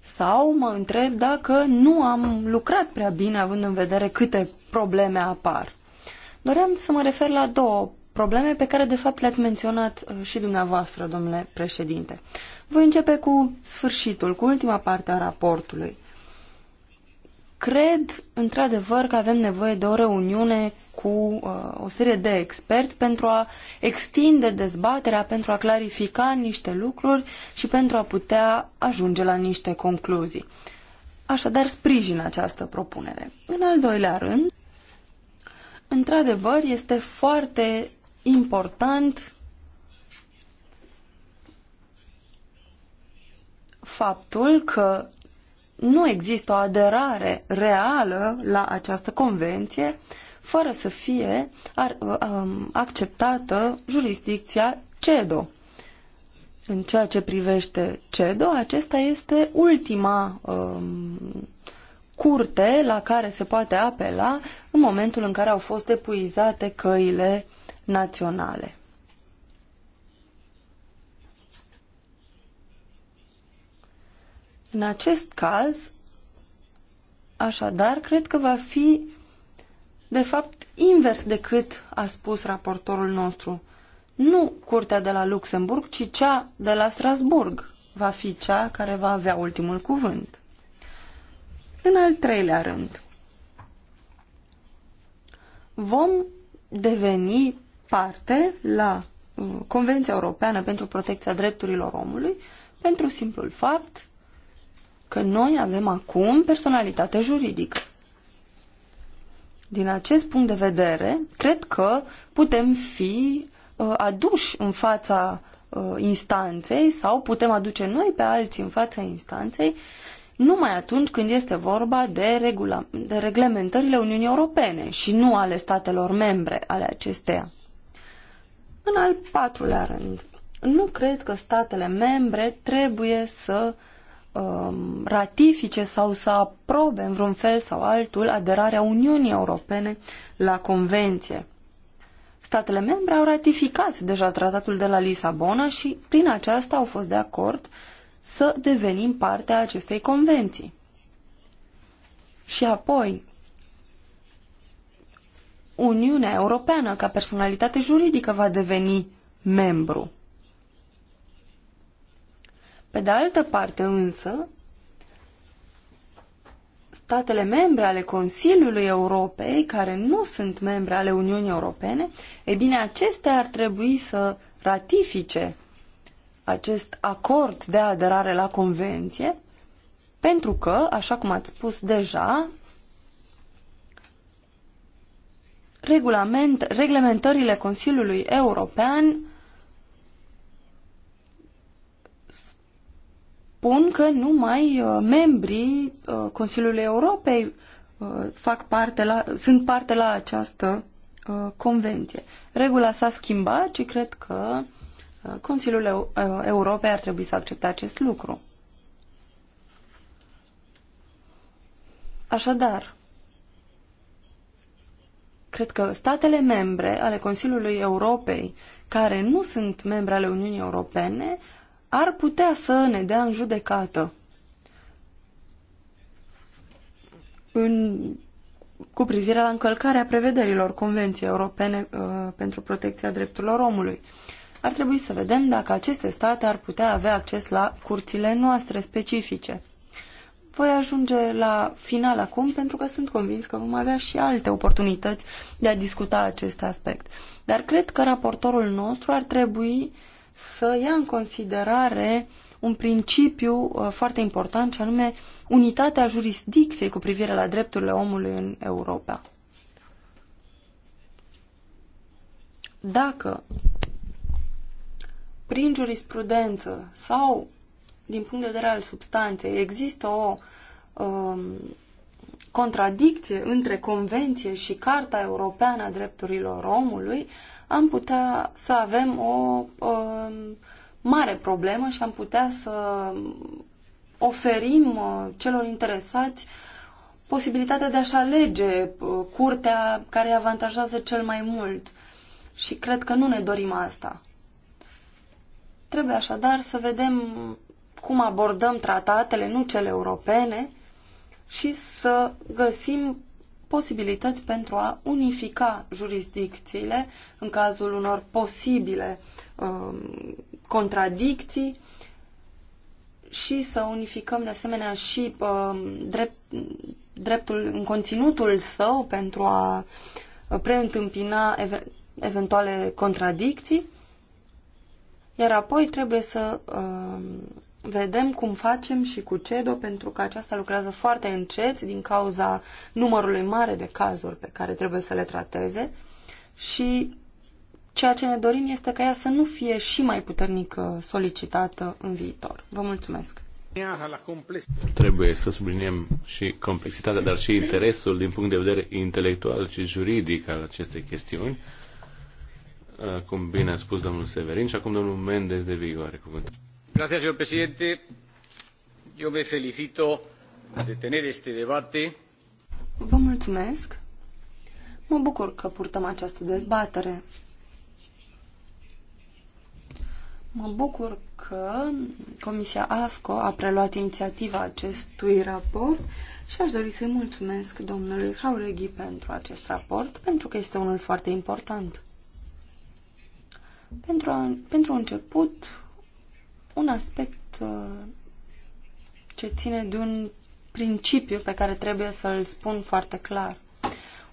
Speaker 3: Sau mă întreb dacă nu am lucrat prea bine, având în vedere câte probleme apar. Doream să mă refer la două probleme pe care, de fapt, le-ați menționat uh, și dumneavoastră, domnule președinte. Voi începe cu sfârșitul, cu ultima parte a raportului. Cred, într-adevăr, că avem nevoie de o reuniune cu uh, o serie de experți pentru a extinde dezbaterea, pentru a clarifica niște lucruri și pentru a putea ajunge la niște concluzii. Așadar, sprijin această propunere. În al doilea rând, într-adevăr, este foarte important faptul că nu există o aderare reală la această convenție fără să fie ar, um, acceptată jurisdicția CEDO. În ceea ce privește CEDO, acesta este ultima um, curte la care se poate apela în momentul în care au fost epuizate căile naționale. În acest caz, așadar, cred că va fi de fapt invers decât a spus raportorul nostru. Nu curtea de la Luxemburg, ci cea de la Strasburg va fi cea care va avea ultimul cuvânt. În al treilea rând, vom deveni parte la uh, Convenția Europeană pentru Protecția Drepturilor Omului pentru simplul fapt că noi avem acum personalitate juridică. Din acest punct de vedere, cred că putem fi uh, aduși în fața uh, instanței sau putem aduce noi pe alții în fața instanței numai atunci când este vorba de, regula, de reglementările Uniunii Europene și nu ale statelor membre ale acesteia. În al patrulea rând, nu cred că statele membre trebuie să uh, Um, ratifice sau să aprobe în vreun fel sau altul aderarea Uniunii Europene la Convenție. Statele membre au ratificat deja tratatul de la Lisabona și prin aceasta au fost de acord să devenim parte a acestei convenții. Și apoi, Uniunea Europeană ca personalitate juridică va deveni membru. Pe de altă parte însă, statele membre ale Consiliului Europei, care nu sunt membre ale Uniunii Europene, e bine, acestea ar trebui să ratifice acest acord de aderare la convenție, pentru că, așa cum ați spus deja, regulament, reglementările Consiliului European spun că numai uh, membrii uh, Consiliului Europei uh, fac parte la, sunt parte la această convenție. Regula s-a schimbat și cred că Consiliul Europei ar trebui să accepte acest lucru. Așadar, cred că statele membre ale Consiliului Europei care nu sunt membre ale Uniunii Europene ar putea să ne dea în judecată în, cu privire la încălcarea prevederilor Convenției Europene uh, pentru protecția drepturilor omului. Ar trebui să vedem dacă aceste state ar putea avea acces la curțile noastre specifice. Voi ajunge la final acum pentru că sunt convins că vom avea și alte oportunități de a discuta acest aspect. Dar cred că raportorul nostru ar trebui uh, să ia în considerare un principiu uh, foarte important, și anume unitatea jurisdicției cu privire la drepturile omului în Europa. Dacă prin jurisprudență sau din punct de vedere al substanței există o um, contradicție între Convenție și Carta Europeană a Drepturilor Omului, am putea să avem o uh, mare problemă și am putea să oferim uh, celor interesați posibilitatea de a-și alege uh, curtea care îi avantajează cel mai mult. Și cred că nu ne dorim asta. Trebuie așadar să vedem cum abordăm tratatele, nu cele europene, și să găsim posibilități pentru a unifica jurisdicțiile în cazul unor posibile um, contradicții și să unificăm de asemenea și um, drept, dreptul în conținutul său pentru a preîntâmpina ev eventuale contradicții iar apoi trebuie să um, vedem cum facem și cu CEDO, pentru că aceasta lucrează foarte încet din cauza numărului mare de cazuri pe care trebuie să le trateze și ceea ce ne dorim este ca ea să nu fie și mai puternic uh, solicitată în viitor. Vă mulțumesc!
Speaker 1: Trebuie să subliniem și complexitatea, dar și interesul din punct de vedere intelectual și juridic al acestei chestiuni, uh, cum bine a spus domnul Severin și acum domnul Mendes de Vigoare cuvântul señor presidente. Eu me felicito de tener este debate.
Speaker 3: Vă mulțumesc. Mă bucur că purtăm această dezbatere. Mă bucur că Comisia AFCO a preluat inițiativa acestui raport și aș dori să-i mulțumesc domnului Haureghi pentru acest raport, pentru că este unul foarte important. Pentru, a, pentru început, un aspect uh, ce ține de un principiu pe care trebuie să-l spun foarte clar.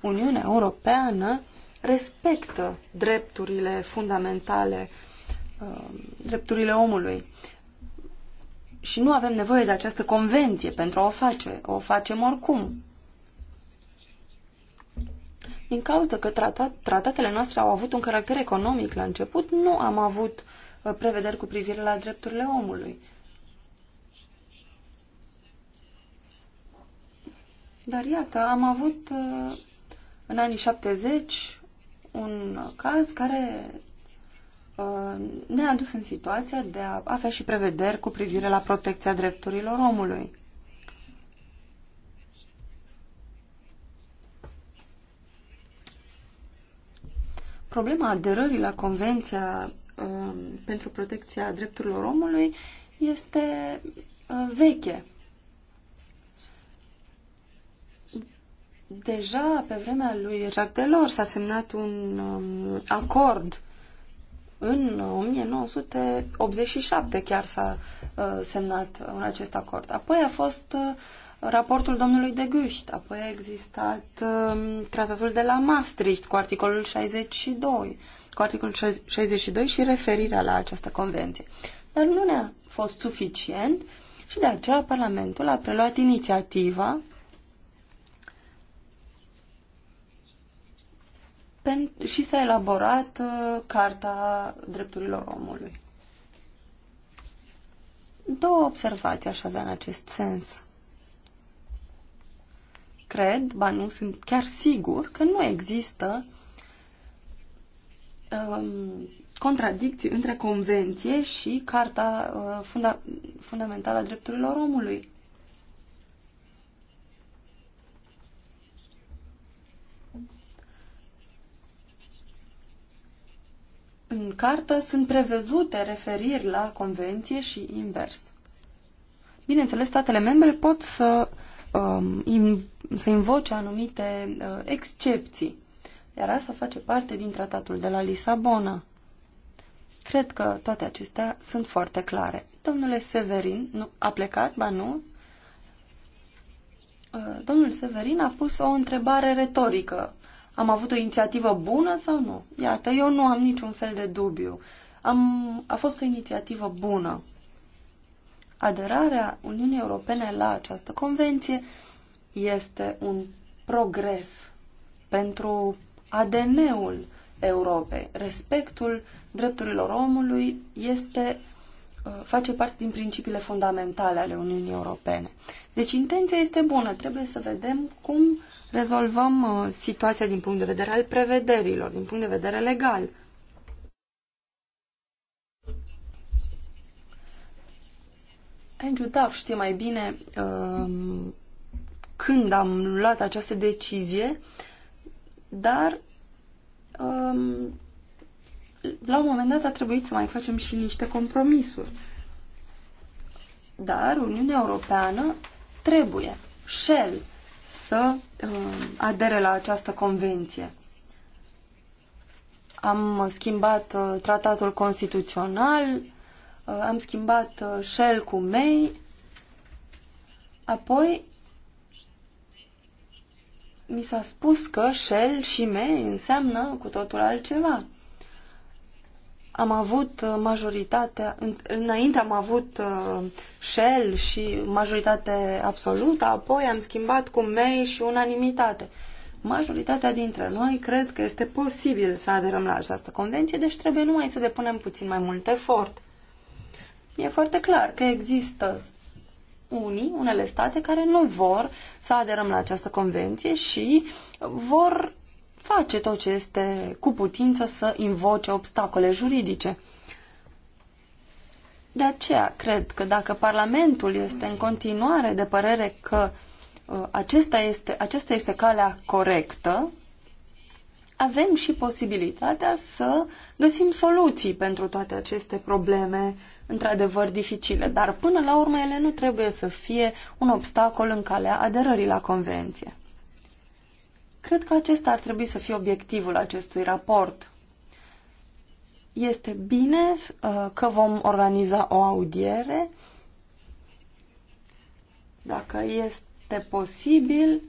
Speaker 3: Uniunea Europeană respectă drepturile fundamentale, uh, drepturile omului. Și nu avem nevoie de această convenție pentru a o face. O facem oricum. Din cauza că tratat, tratatele noastre au avut un caracter economic la început, nu am avut uh, Uh, prevederi cu privire la drepturile omului. Dar iată, am avut uh, în anii 70 un caz care uh, ne-a dus în situația de a avea și prevederi cu privire la protecția drepturilor omului. Problema aderării la Convenția Um, pentru protecția drepturilor omului este uh, veche. Deja pe vremea lui Jacques Delors s-a semnat un um, acord în 1987 chiar s-a uh, semnat un acest acord. Apoi a fost uh, raportul domnului de Gucht, apoi a existat um, tratatul de la Maastricht cu articolul 62 cu articolul 62 și referirea la această convenție. Dar nu ne-a fost suficient și de aceea Parlamentul a preluat inițiativa și s-a elaborat uh, Carta Drepturilor Omului. Două observații aș avea în acest sens. Cred, ba nu sunt chiar sigur, că nu există um, contradicții între Convenție și Carta uh, funda Fundamentală a Drepturilor Omului. În cartă sunt prevăzute referiri la convenție și invers. Bineînțeles, statele membre pot să, um, in, să invoce anumite uh, excepții iar asta face parte din tratatul de la Lisabona. Cred că toate acestea sunt foarte clare. Domnule Severin nu, a plecat, ba nu? Uh, domnul Severin a pus o întrebare retorică. Am avut o inițiativă bună sau nu? Iată, eu nu am niciun fel de dubiu. Am, a fost o inițiativă bună. Aderarea Uniunii Europene la această convenție este un progres pentru ADN-ul Europei. Respectul drepturilor omului este uh, face parte din principiile fundamentale ale Uniunii Europene. Deci intenția este bună, trebuie să vedem cum rezolvăm uh, situația din punct de vedere al prevederilor, din punct de vedere legal. Andrew Duff știe mai bine uh, când am luat această decizie, dar um, la un moment dat a trebuit să mai facem și niște compromisuri. Dar Uniunea Europeană trebuie, Shell, să um, adere la această convenție. Am schimbat uh, tratatul constituțional, uh, am schimbat uh, Shell cu May, apoi mi s-a spus că Shell și me înseamnă cu totul altceva. Am avut uh, majoritatea, înainte am avut uh, Shell și majoritate absolută, apoi am schimbat cu mei și unanimitate. Majoritatea dintre noi cred că este posibil să aderăm la această convenție, deci trebuie numai să depunem puțin mai mult efort. E foarte clar că există unii, unele state care nu vor să aderăm la această convenție și vor face tot ce este cu putință să invoce obstacole juridice. De aceea cred că dacă Parlamentul este în continuare de părere că uh, acesta este, acesta este calea corectă, avem și posibilitatea să găsim soluții pentru toate aceste probleme într-adevăr dificile, dar până la urmă ele nu trebuie să fie un obstacol în calea aderării la convenție. Cred că acesta ar trebui să fie obiectivul acestui raport. Este bine uh, că vom organiza o audiere. Dacă este posibil,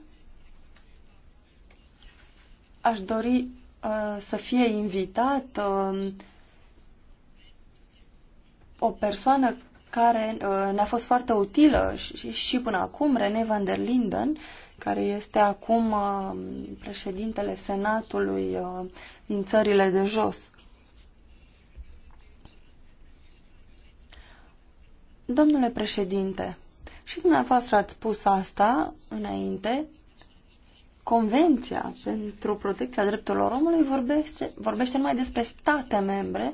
Speaker 3: aș dori uh, să fie invitat uh, o persoană care uh, ne-a fost foarte utilă și, și până acum, René van der Linden, care este acum uh, președintele Senatului uh, din țările de jos. Domnule președinte, și dumneavoastră ați spus asta înainte. Convenția pentru protecția drepturilor omului vorbește, vorbește numai despre state membre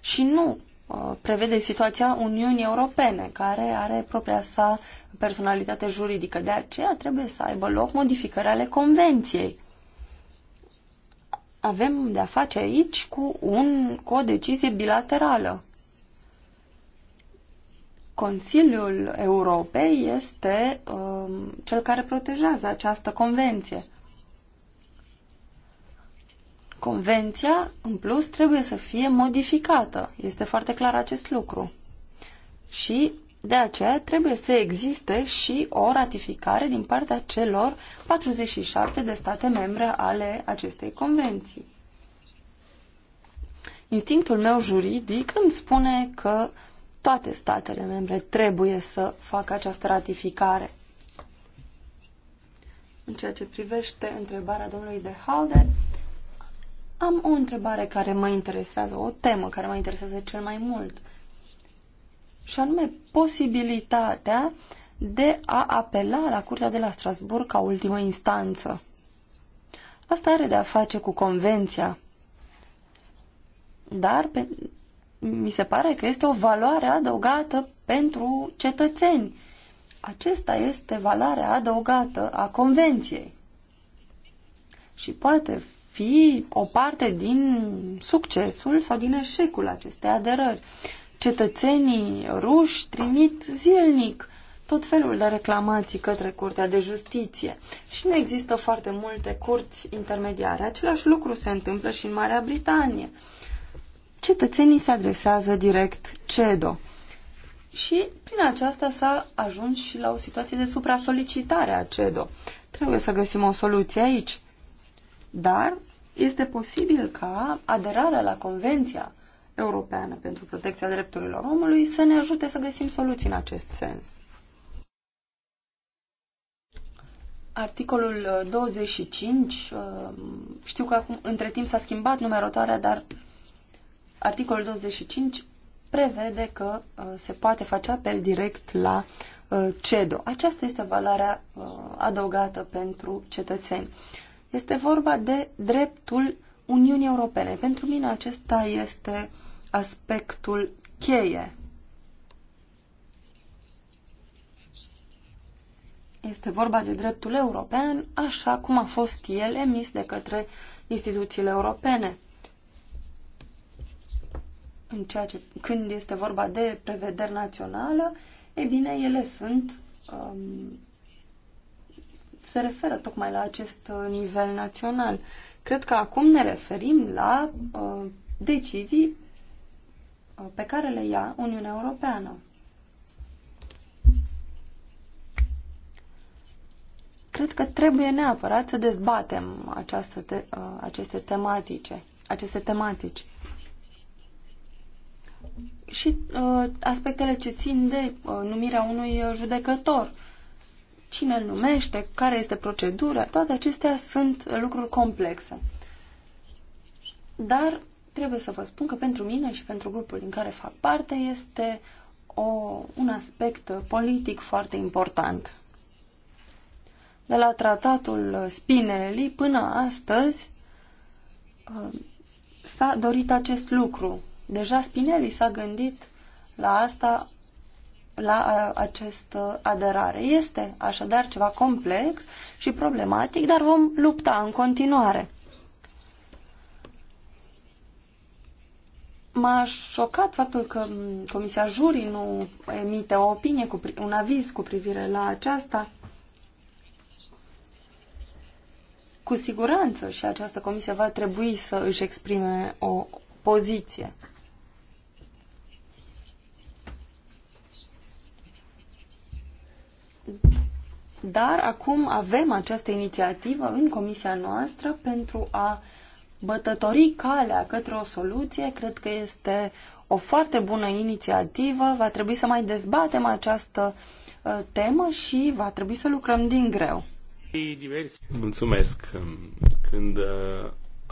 Speaker 3: și nu Uh, prevede situația Uniunii Europene, care are propria sa personalitate juridică. De aceea trebuie să aibă loc modificări ale Convenției. Avem de-a face aici cu, un, cu o decizie bilaterală. Consiliul Europei este um, cel care protejează această convenție. Convenția, în plus, trebuie să fie modificată. Este foarte clar acest lucru. Și de aceea trebuie să existe și o ratificare din partea celor 47 de state membre ale acestei convenții. Instinctul meu juridic îmi spune că toate statele membre trebuie să facă această ratificare. În ceea ce privește întrebarea domnului de Halde, am o întrebare care mă interesează, o temă care mă interesează cel mai mult, și anume posibilitatea de a apela la Curtea de la Strasburg ca ultimă instanță. Asta are de a face cu convenția. Dar pe, mi se pare că este o valoare adăugată pentru cetățeni. Acesta este valoarea adăugată a convenției. Și poate fi o parte din succesul sau din eșecul acestei aderări. Cetățenii ruși trimit zilnic tot felul de reclamații către Curtea de Justiție și nu există foarte multe curți intermediare. Același lucru se întâmplă și în Marea Britanie. Cetățenii se adresează direct CEDO. Și prin aceasta s-a ajuns și la o situație de supra-solicitare a CEDO. Trebuie să găsim o soluție aici dar este posibil ca aderarea la Convenția Europeană pentru Protecția Drepturilor Omului să ne ajute să găsim soluții în acest sens. Articolul 25, uh, uh, știu că acum, între timp s-a schimbat numerotarea, dar articolul 25 prevede că uh, se poate face apel direct la CEDO. Aceasta este valoarea adăugată pentru cetățeni. Este vorba de dreptul Uniunii Europene. Pentru mine acesta este aspectul cheie. Este vorba de dreptul european așa cum a fost el emis de către instituțiile europene. În ceea ce, când este vorba de prevederi națională, e bine, ele sunt um, se referă tocmai la acest uh, nivel național. Cred că acum ne referim la uh, decizii uh, pe care le ia Uniunea Europeană. Cred că trebuie neapărat să dezbatem această te, uh, aceste tematice, aceste tematici. Și uh, aspectele ce țin de uh, numirea unui uh, judecător. Uh, cine îl numește, care este procedura, toate acestea sunt lucruri complexe. Dar trebuie să vă spun că pentru mine și pentru grupul din care fac parte este o, un aspect politic foarte important. De la tratatul Spinelli până astăzi uh, s-a dorit acest lucru. Deja Spinelli s-a gândit la asta la această aderare. Este așadar ceva complex și problematic, dar vom lupta în continuare. M-a șocat faptul că Comisia Jurii nu emite o opinie, cu, un aviz cu privire la aceasta. Cu siguranță și această comisie va trebui să își exprime o poziție. Dar acum avem această inițiativă în comisia noastră pentru a bătători calea către o soluție. Cred că este o foarte bună inițiativă. Va trebui să mai dezbatem această uh, temă și va trebui să lucrăm din greu.
Speaker 1: Mulțumesc. Când uh,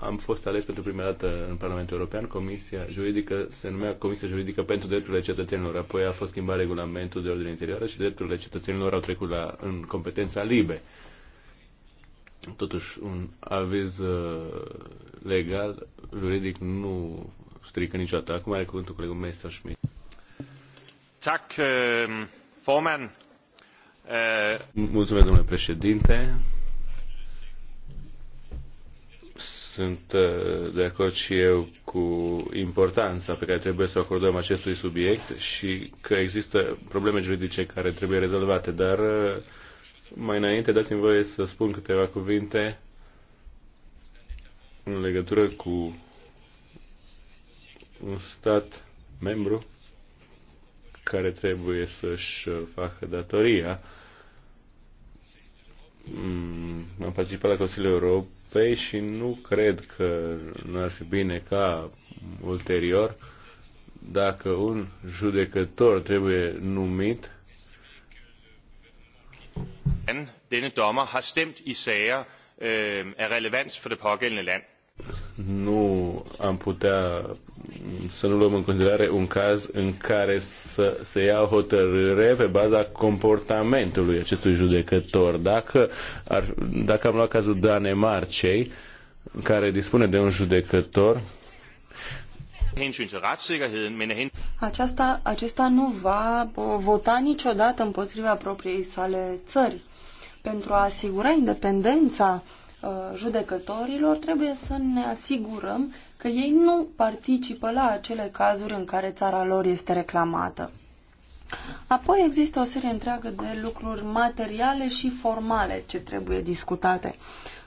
Speaker 1: am fost ales pentru prima dată în Parlamentul European, Comisia Juridică se numea Comisia Juridică pentru Drepturile Cetățenilor, apoi a fost schimbat regulamentul de ordine interioară și drepturile cetățenilor au trecut la, în competența LIBE. Totuși, un aviz uh, legal, juridic, nu strică niciodată. Acum are cuvântul colegul Meister Schmidt. Tak, uh, uh... Mulțumesc, domnule președinte. Sunt uh, de acord și eu cu importanța pe care trebuie să o acordăm acestui subiect și că există probleme juridice care trebuie rezolvate, dar uh, mai înainte dați-mi voie să spun câteva cuvinte în legătură cu un stat membru care trebuie să-și uh, facă datoria. Mm, am participat la Consiliul Europei Europei și nu cred că n-ar fi bine ca ulterior dacă un judecător trebuie numit denne dommer har stemt i sager øh, af relevans for det pågældende land nu am putea să nu luăm în considerare un caz în care să se ia hotărâre pe baza comportamentului acestui judecător. Dacă, ar, dacă am luat cazul Danemarcei, care dispune de un judecător
Speaker 3: aceasta, acesta nu va vota niciodată împotriva propriei sale țări. Pentru a asigura independența Uh, judecătorilor, trebuie să ne asigurăm că ei nu participă la acele cazuri în care țara lor este reclamată. Apoi există o serie întreagă de lucruri materiale și formale ce trebuie discutate.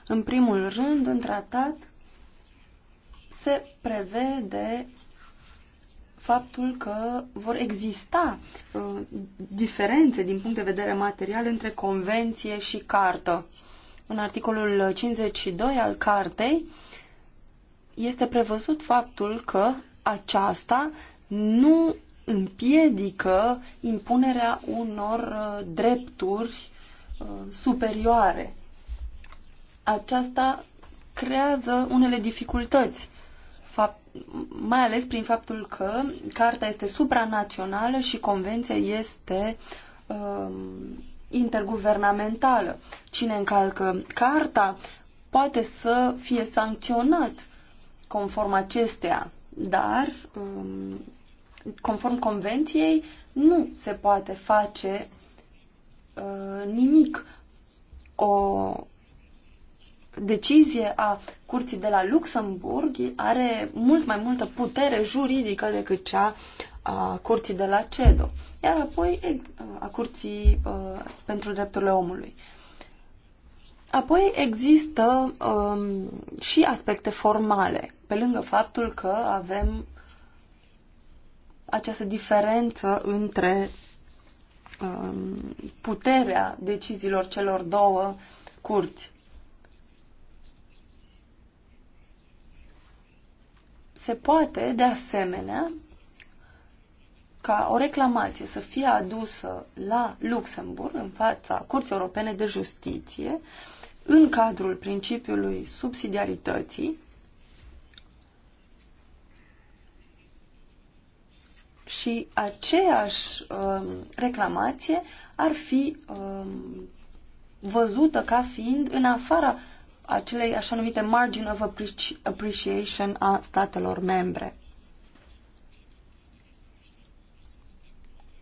Speaker 3: În primul rând, în tratat se prevede faptul că vor exista uh, diferențe din punct de vedere material între convenție și cartă. În articolul 52 al cartei este prevăzut faptul că aceasta nu împiedică impunerea unor uh, drepturi uh, superioare. Aceasta creează unele dificultăți, fapt, mai ales prin faptul că carta este supranațională și convenția este um, interguvernamentală. Cine încalcă carta poate să fie sancționat conform acestea, dar um, conform convenției nu se poate face uh, nimic. O decizie a curții de la Luxemburg are mult mai multă putere juridică decât cea a Curții de la CEDO, iar apoi a Curții uh, pentru Drepturile Omului. Apoi există um, și aspecte formale, pe lângă faptul că avem această diferență între um, puterea deciziilor celor două curți. Se poate, de asemenea, ca o reclamație să fie adusă la Luxemburg, în fața Curții Europene de Justiție, în cadrul principiului subsidiarității și aceeași um, reclamație ar fi um, văzută ca fiind în afara acelei așa numite margin of appreciation a statelor membre.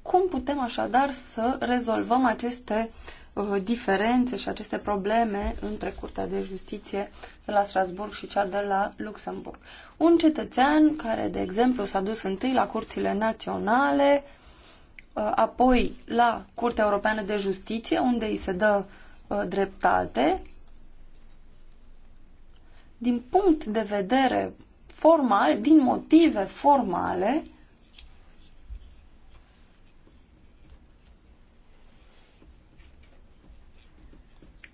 Speaker 3: Cum putem așadar să rezolvăm aceste uh, diferențe și aceste probleme între Curtea de Justiție de la Strasburg și cea de la Luxemburg? Un cetățean care, de exemplu, s-a dus întâi la curțile naționale, uh, apoi la Curtea Europeană de Justiție, unde îi se dă uh, dreptate, din punct de vedere formal, din motive formale,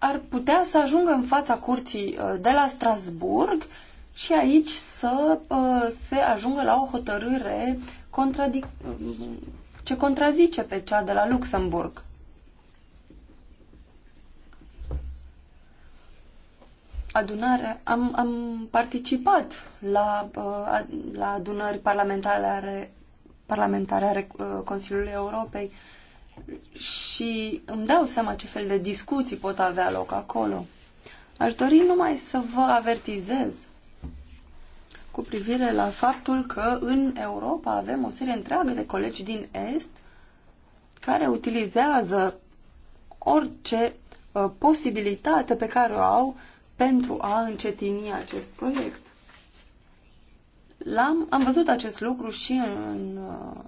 Speaker 3: ar putea să ajungă în fața curții uh, de la Strasburg și aici să uh, se ajungă la o hotărâre contradic- uh, ce contrazice pe cea de la Luxemburg. adunare, am, am participat la, la adunări parlamentare ale, parlamentare ale Consiliului Europei și îmi dau seama ce fel de discuții pot avea loc acolo. Aș dori numai să vă avertizez cu privire la faptul că în Europa avem o serie întreagă de colegi din Est care utilizează orice uh, posibilitate pe care o au pentru a încetini acest proiect. L-am, am văzut acest lucru și în, în uh,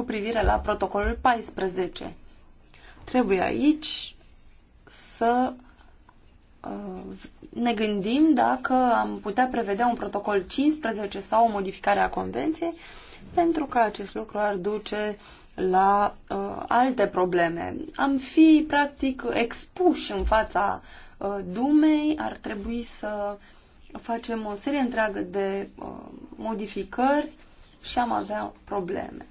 Speaker 3: cu privire la protocolul 14. Trebuie aici să uh, ne gândim dacă am putea prevedea un protocol 15 sau o modificare a convenției, pentru că acest lucru ar duce la uh, alte probleme. Am fi, practic, expuși în fața uh, Dumei, ar trebui să facem o serie întreagă de uh, modificări și am avea probleme.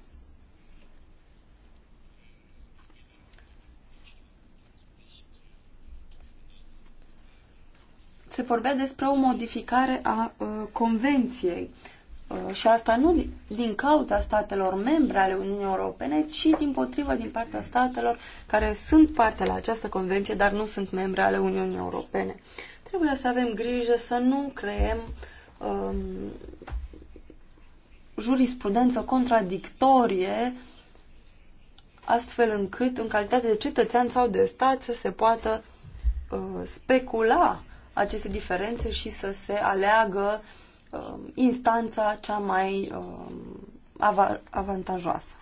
Speaker 3: se vorbea despre o modificare a uh, convenției. Uh, și asta nu din cauza statelor membre ale Uniunii Europene, ci din potrivă din partea statelor care sunt parte la această convenție, dar nu sunt membre ale Uniunii Europene. Trebuie să avem grijă să nu creem um, jurisprudență contradictorie astfel încât, în calitate de cetățean sau de stat, să se poată uh, specula aceste diferențe și să se aleagă uh, instanța cea mai um, um, uh, av avantajoasă.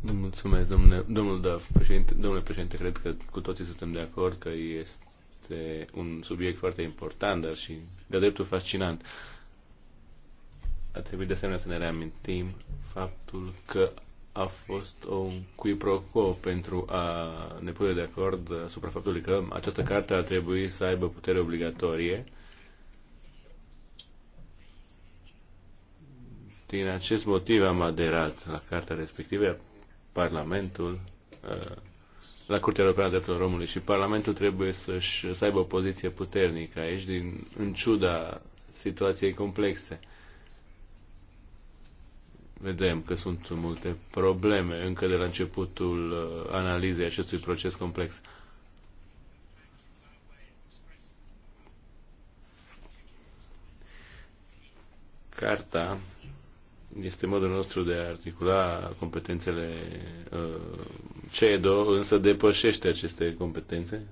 Speaker 1: Mulțumesc, domnule, domnul Duff. Președinte, domnule președinte, cred că cu toții suntem de acord că este un subiect foarte important, dar și de dreptul fascinant. A trebuit de asemenea să ne reamintim faptul că a fost un cui pentru a ne pune de acord asupra faptului că această carte ar trebui să aibă putere obligatorie. Din acest motiv am aderat la cartea respectivă, Parlamentul, uh, la Curtea Europeană a Drepturilor Omului și Parlamentul trebuie să-și, să aibă o poziție puternică aici, din, în ciuda situației complexe vedem că sunt multe probleme încă de la începutul uh, analizei acestui proces complex. Carta este modul nostru de a articula competențele uh, CEDO, însă depășește aceste competențe.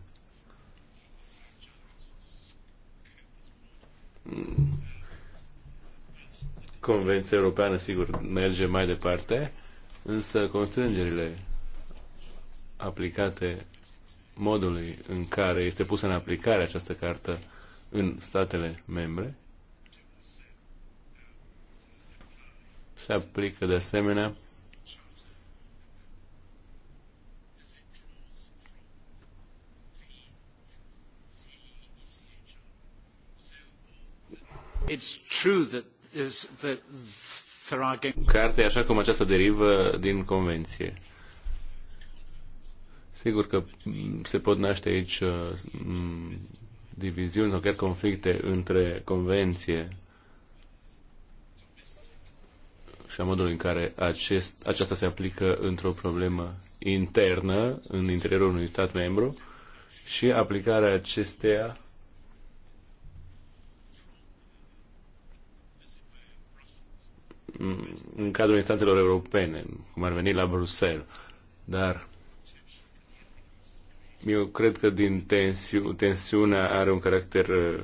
Speaker 1: Convenția Europeană, sigur, merge mai departe, însă constrângerile aplicate modului în care este pusă în aplicare această cartă în statele membre se aplică de asemenea It's true that Carte, așa cum această derivă din convenție. Sigur că se pot naște aici uh, diviziuni sau chiar conflicte între convenție și a modului în care acest, aceasta se aplică într-o problemă internă în interiorul unui stat membru și aplicarea acesteia în cadrul instanțelor europene, cum ar veni la Bruxelles. Dar eu cred că din tensiu, tensiunea are un caracter uh,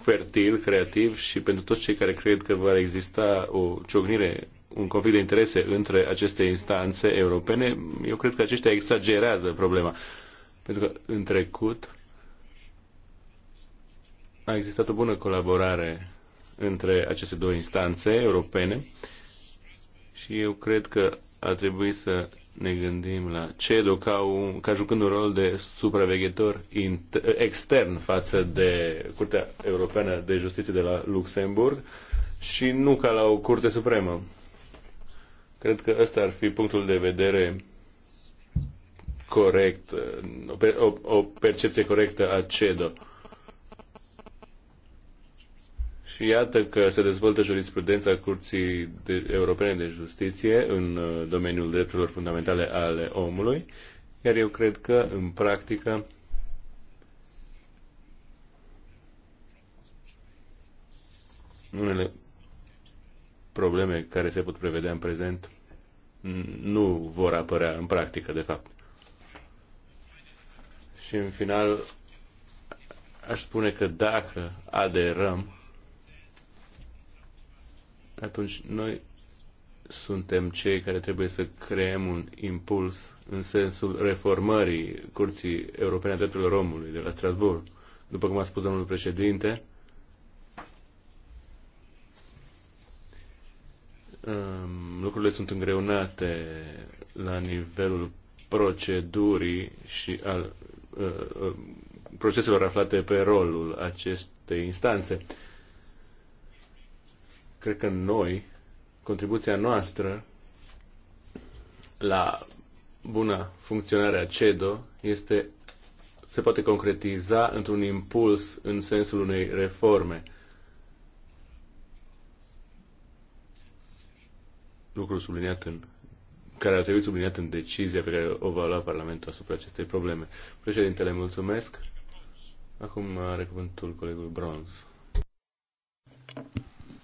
Speaker 1: fertil, creativ și pentru toți cei care cred că va exista o ciocnire, un conflict de interese între aceste instanțe europene, eu cred că aceștia exagerează problema. Pentru că în trecut a existat o bună colaborare între aceste două instanțe europene și eu cred că ar trebui să ne gândim la CEDO ca, un, ca jucând un rol de supraveghetor inter, extern față de Curtea Europeană de Justiție de la Luxemburg și nu ca la o Curte Supremă. Cred că ăsta ar fi punctul de vedere corect, o, o percepție corectă a CEDO. Și iată că se dezvoltă jurisprudența Curții de, Europene de Justiție în uh, domeniul drepturilor fundamentale ale omului, iar eu cred că, în practică, unele probleme care se pot prevedea în prezent nu vor apărea în practică, de fapt. Și în final, aș spune că dacă aderăm atunci noi suntem cei care trebuie să creăm un impuls în sensul reformării Curții Europene a Drepturilor Omului de la Strasbourg. După cum a spus domnul președinte, um, lucrurile sunt îngreunate la nivelul procedurii și al uh, uh, proceselor aflate pe rolul acestei instanțe cred că noi, contribuția noastră la bună funcționare a CEDO este, se poate concretiza într-un impuls în sensul unei reforme. Lucru subliniat în care ar trebui subliniat în decizia pe care o va lua Parlamentul asupra acestei probleme. Președintele, mulțumesc. Acum are cuvântul colegul Bronz.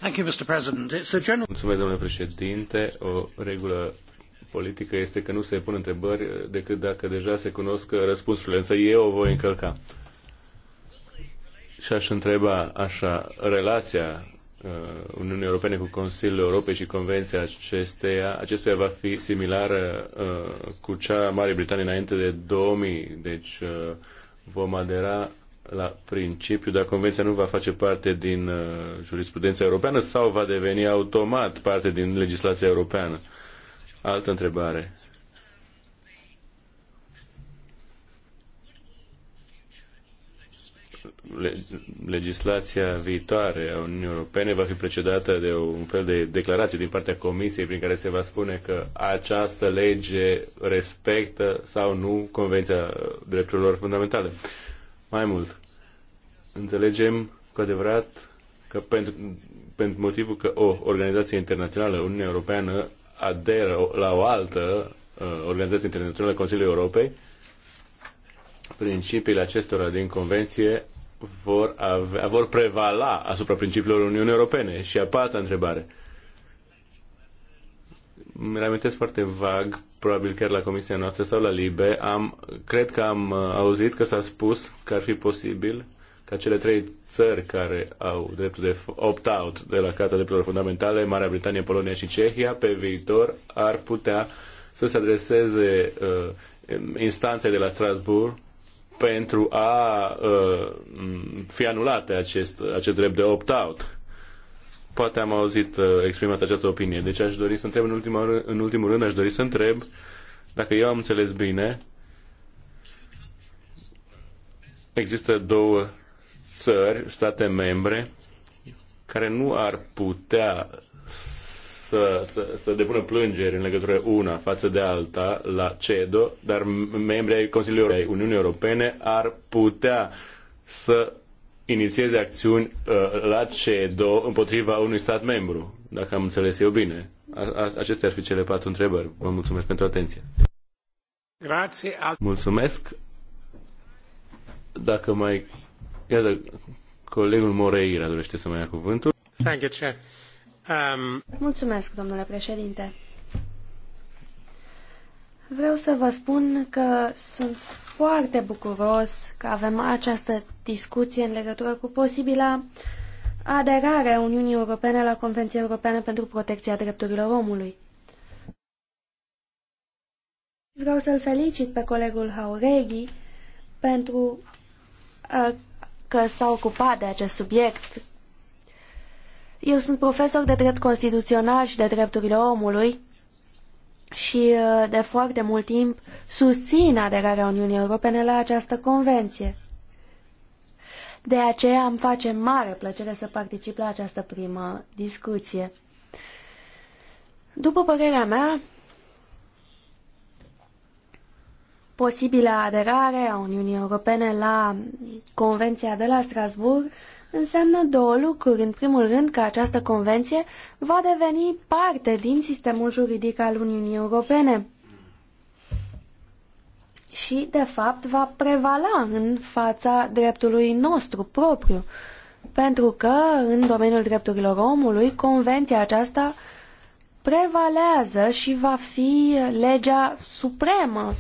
Speaker 1: Mulțumesc, domnule președinte. O regulă politică este că nu se pun întrebări decât dacă deja se cunosc răspunsurile, însă eu o voi încălca. Și aș întreba așa, relația uh, Uniunii Europene cu Consiliul Europei și convenția acesteia, acesteia va fi similară uh, cu cea a Marii Britanii înainte de 2000, deci uh, vom adera la principiu, dar convenția nu va face parte din uh, jurisprudența europeană sau va deveni automat parte din legislația europeană? Altă întrebare. legislația viitoare a Uniunii Europene va fi precedată de un fel de declarație din partea Comisiei prin care se va spune că această lege respectă sau nu Convenția Drepturilor Fundamentale. Mai mult, înțelegem cu adevărat că pentru, pentru motivul că o organizație internațională, Uniunea Europeană, aderă la o altă uh, organizație internațională, Consiliul Europei, principiile acestora din convenție vor, avea, vor prevala asupra principiilor Uniunii Europene. Și a patra întrebare. Uh, îmi reamintesc foarte vag, probabil chiar la comisia noastră sau la LIBE, am, cred că am uh, auzit că s-a spus că ar fi posibil ca cele trei țări care au dreptul de opt-out de la Carta Drepturilor Fundamentale, Marea Britanie, Polonia și Cehia, pe viitor ar putea să se adreseze uh, instanței de la Strasbourg pentru a uh, fi anulate acest, acest drept de opt-out poate am auzit uh, exprimat această opinie. Deci aș dori să întreb în ultimul, rând, în ultimul rând, aș dori să întreb dacă eu am înțeles bine, există două țări, state membre, care nu ar putea să, să, să depună plângeri în legătură una față de alta la CEDO, dar membrii Consiliului Uniunii Europene ar putea să inițieze acțiuni uh, la CEDO împotriva unui stat membru, dacă am înțeles eu bine. A, acestea ar fi cele patru întrebări. Vă mulțumesc pentru atenție. Grazie. Mulțumesc. Dacă mai... Iată, colegul Moreira dorește să mai ia cuvântul. Thank you, Chair. Um...
Speaker 2: Mulțumesc, domnule președinte. Vreau să vă spun că sunt foarte bucuros că avem această discuție în legătură cu posibila aderare a Uniunii Europene la Convenția Europeană pentru Protecția Drepturilor Omului. Vreau să-l felicit pe colegul Haureghi pentru că s-a ocupat de acest subiect. Eu sunt profesor de drept constituțional și de drepturile omului și uh, de foarte mult timp susțin aderarea Uniunii Europene la această convenție. De aceea îmi face mare plăcere să particip la această primă discuție. După părerea mea, posibilă aderare a Uniunii Europene la Convenția de la Strasbourg înseamnă două lucruri. În primul rând că această convenție va deveni parte din sistemul juridic al Uniunii Europene și, de fapt, va prevala în fața dreptului nostru propriu, pentru că, în domeniul drepturilor omului, convenția aceasta prevalează și va fi legea supremă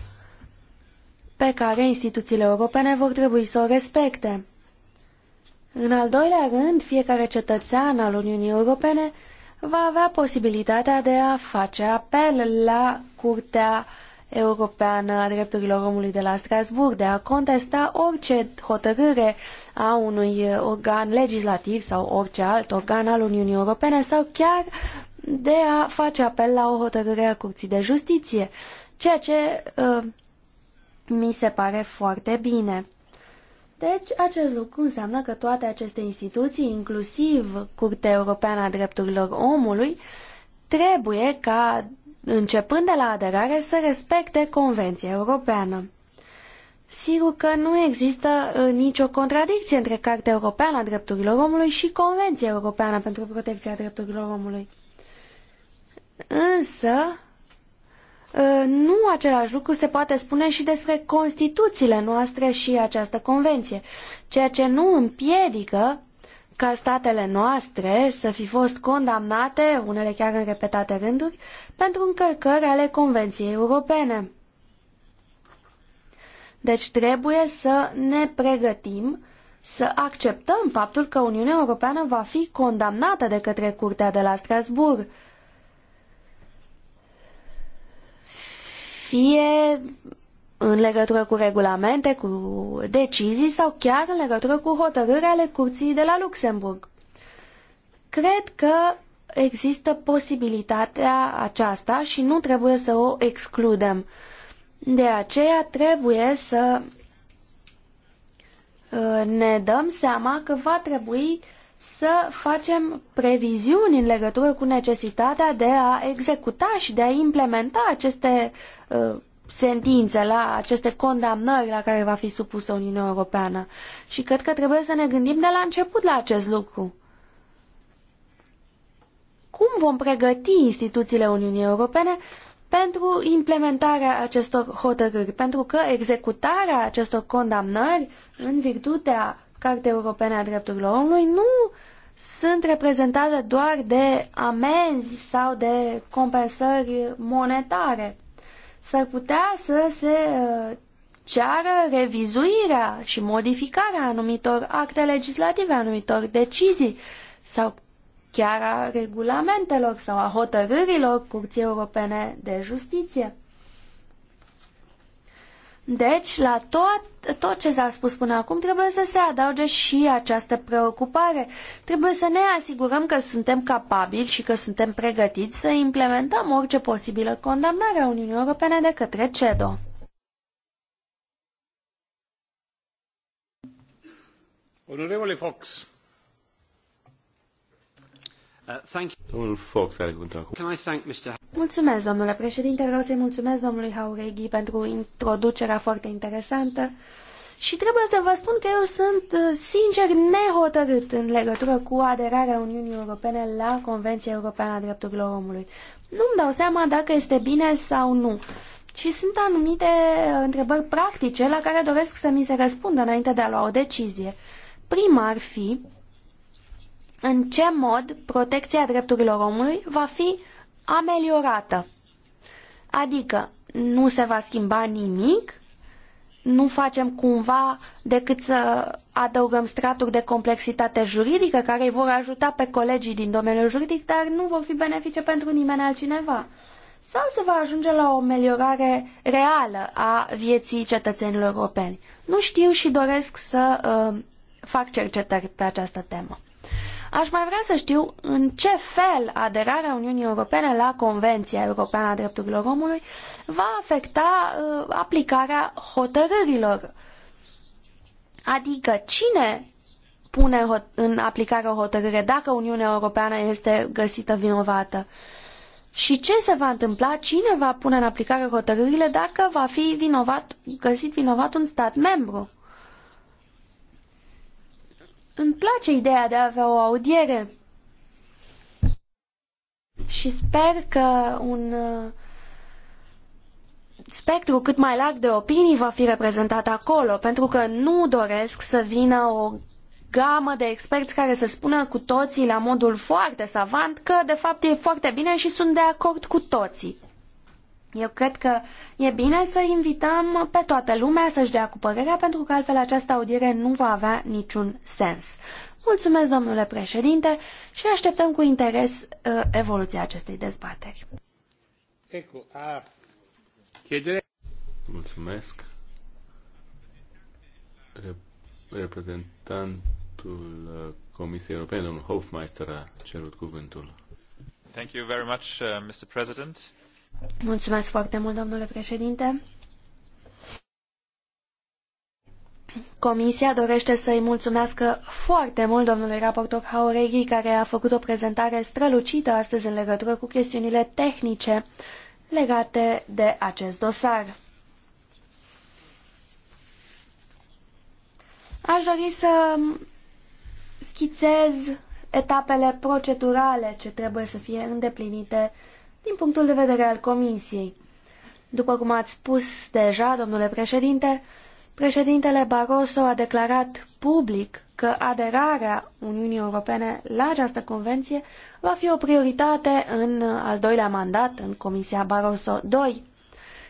Speaker 2: pe care instituțiile europene vor trebui să o respecte. În al doilea rând, fiecare cetățean al Uniunii Europene va avea posibilitatea de a face apel la Curtea Europeană a Drepturilor Omului de la Strasbourg, de a contesta orice hotărâre a unui organ legislativ sau orice alt organ al Uniunii Europene sau chiar de a face apel la o hotărâre a Curții de Justiție, ceea ce uh, mi se pare foarte bine. Deci, acest lucru înseamnă că toate aceste instituții, inclusiv Curtea Europeană a Drepturilor Omului, trebuie ca, începând de la aderare, să respecte Convenția Europeană. Sigur că nu există uh, nicio contradicție între Cartea Europeană a Drepturilor Omului și Convenția Europeană pentru Protecția Drepturilor Omului. Însă, Uh, nu același lucru se poate spune și despre Constituțiile noastre și această convenție, ceea ce nu împiedică ca statele noastre să fi fost condamnate, unele chiar în repetate rânduri, pentru încălcări ale Convenției Europene. Deci trebuie să ne pregătim să acceptăm faptul că Uniunea Europeană va fi condamnată de către Curtea de la Strasbourg fie în legătură cu regulamente, cu decizii sau chiar în legătură cu hotărâri ale curții de la Luxemburg. Cred că există posibilitatea aceasta și nu trebuie să o excludem. De aceea trebuie să uh, ne dăm seama că va trebui să facem previziuni în legătură cu necesitatea de a executa și de a implementa aceste uh, sentințe, la aceste condamnări la care va fi supusă Uniunea Europeană. Și cred că trebuie să ne gândim de la început la acest lucru. Cum vom pregăti instituțiile Uniunii Europene pentru implementarea acestor hotărâri? Pentru că executarea acestor condamnări în virtutea Cartea Europene a Drepturilor Omului nu sunt reprezentate doar de amenzi sau de compensări monetare. S-ar putea să se uh, ceară revizuirea și modificarea anumitor acte legislative, anumitor decizii sau chiar a regulamentelor sau a hotărârilor Curții Europene de Justiție. Deci, la tot, tot ce s-a spus până acum, trebuie să se adauge și această preocupare. Trebuie să ne asigurăm că suntem capabili și că suntem pregătiți să implementăm orice posibilă condamnare a Uniunii Europene de către CEDO.
Speaker 1: Onorevole Fox. Uh, thank you. Fox are cuvântul acum. Can I thank Mr.
Speaker 2: Mulțumesc, domnule președinte. Vreau să-i mulțumesc domnului Haureghi pentru introducerea foarte interesantă. Și trebuie să vă spun că eu sunt uh, sincer nehotărât în legătură cu aderarea Uniunii Europene la Convenția Europeană a Drepturilor Omului. Nu-mi dau seama dacă este bine sau nu. Și sunt anumite uh, întrebări practice la care doresc să mi se răspundă înainte de a lua o decizie. Prima ar fi în ce mod protecția drepturilor omului va fi ameliorată. Adică nu se va schimba nimic, nu facem cumva decât să adăugăm straturi de complexitate juridică care îi vor ajuta pe colegii din domeniul juridic, dar nu vor fi benefice pentru nimeni altcineva. Sau se va ajunge la o ameliorare reală a vieții cetățenilor europeni. Nu știu și doresc să uh, fac cercetări pe această temă. Aș mai vrea să știu în ce fel aderarea Uniunii Europene la Convenția Europeană a Drepturilor Omului va afecta uh, aplicarea hotărârilor. Adică cine pune în aplicare o hotărâre dacă Uniunea Europeană este găsită vinovată? Și ce se va întâmpla? Cine va pune în aplicare hotărârile dacă va fi vinovat, găsit vinovat un stat membru? Îmi place ideea de a avea o audiere și sper că un uh, spectru cât mai larg de opinii va fi reprezentat acolo, pentru că nu doresc să vină o gamă de experți care să spună cu toții la modul foarte savant că de fapt e foarte bine și sunt de acord cu toții. Eu cred că e bine să invităm pe toată lumea să-și dea cu părerea, pentru că altfel această audiere nu va avea niciun sens. Mulțumesc, domnule președinte, și așteptăm cu interes uh, evoluția acestei dezbateri.
Speaker 1: Mulțumesc. Reprezentantul uh, Comisiei Europene, domnul Hofmeister, a cerut cuvântul. Thank you very much, uh, Mr. President.
Speaker 2: Mulțumesc foarte mult, domnule președinte. Comisia dorește să-i mulțumească foarte mult domnului raportor Haureghi, care a făcut o prezentare strălucită astăzi în legătură cu chestiunile tehnice legate de acest dosar. Aș dori să schițez etapele procedurale ce trebuie să fie îndeplinite uh, din punctul de vedere al Comisiei. După cum ați spus deja, domnule președinte, președintele Barroso a declarat public că aderarea Uniunii Europene la această convenție va fi o prioritate în al doilea mandat, în Comisia Barroso II.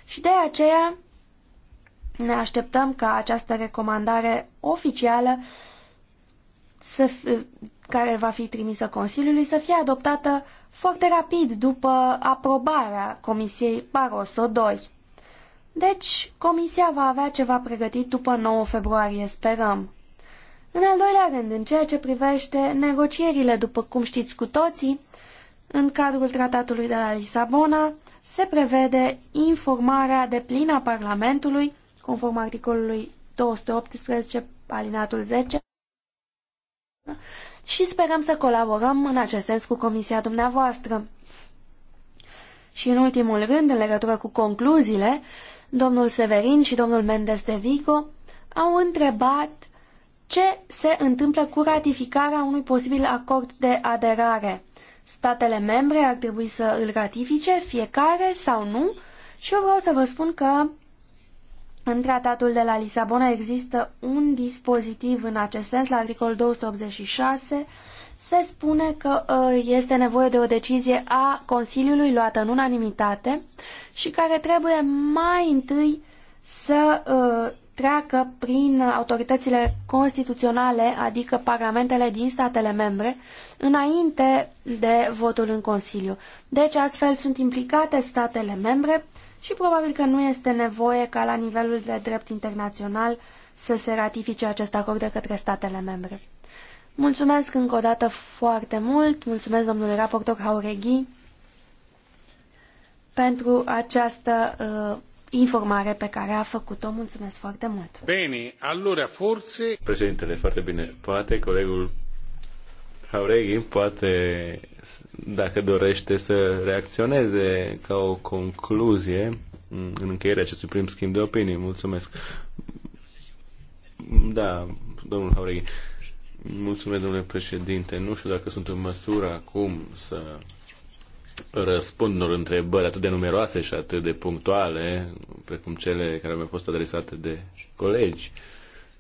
Speaker 2: Și de aceea ne așteptăm ca această recomandare oficială să, care va fi trimisă Consiliului să fie adoptată foarte rapid după aprobarea Comisiei Barroso II. Deci, Comisia va avea ceva pregătit după 9 februarie, sperăm. În al doilea rând, în ceea ce privește negocierile, după cum știți cu toții, în cadrul tratatului de la Lisabona se prevede informarea de plină a Parlamentului, conform articolului 218 alinatul 10, și sperăm să colaborăm în acest sens cu comisia dumneavoastră. Și în ultimul rând, în legătură cu concluziile, domnul Severin și domnul Mendes de Vigo au întrebat ce se întâmplă cu ratificarea unui posibil acord de aderare. Statele membre ar trebui să îl ratifice fiecare sau nu și eu vreau să vă spun că în tratatul de la Lisabona există un dispozitiv în acest sens, la articolul 286, se spune că uh, este nevoie de o decizie a Consiliului luată în unanimitate și care trebuie mai întâi să uh, treacă prin autoritățile constituționale, adică parlamentele din statele membre, înainte de votul în Consiliu. Deci astfel sunt implicate statele membre și probabil că nu este nevoie ca la nivelul de drept internațional să se ratifice acest acord de către statele membre. Mulțumesc încă o dată foarte mult, mulțumesc domnului raportor Haureghi pentru această uh, informare pe care a făcut-o. Mulțumesc foarte mult.
Speaker 1: Bine, allora forse... Președintele, foarte bine. Poate colegul Haureghi poate dacă dorește să reacționeze ca o concluzie în încheierea acestui prim schimb de opinii. Mulțumesc. Da, domnul Haurei. Mulțumesc, domnule președinte. Nu știu dacă sunt în măsură acum să răspund unor întrebări atât de numeroase și atât de punctuale, precum cele care mi-au fost adresate de colegi.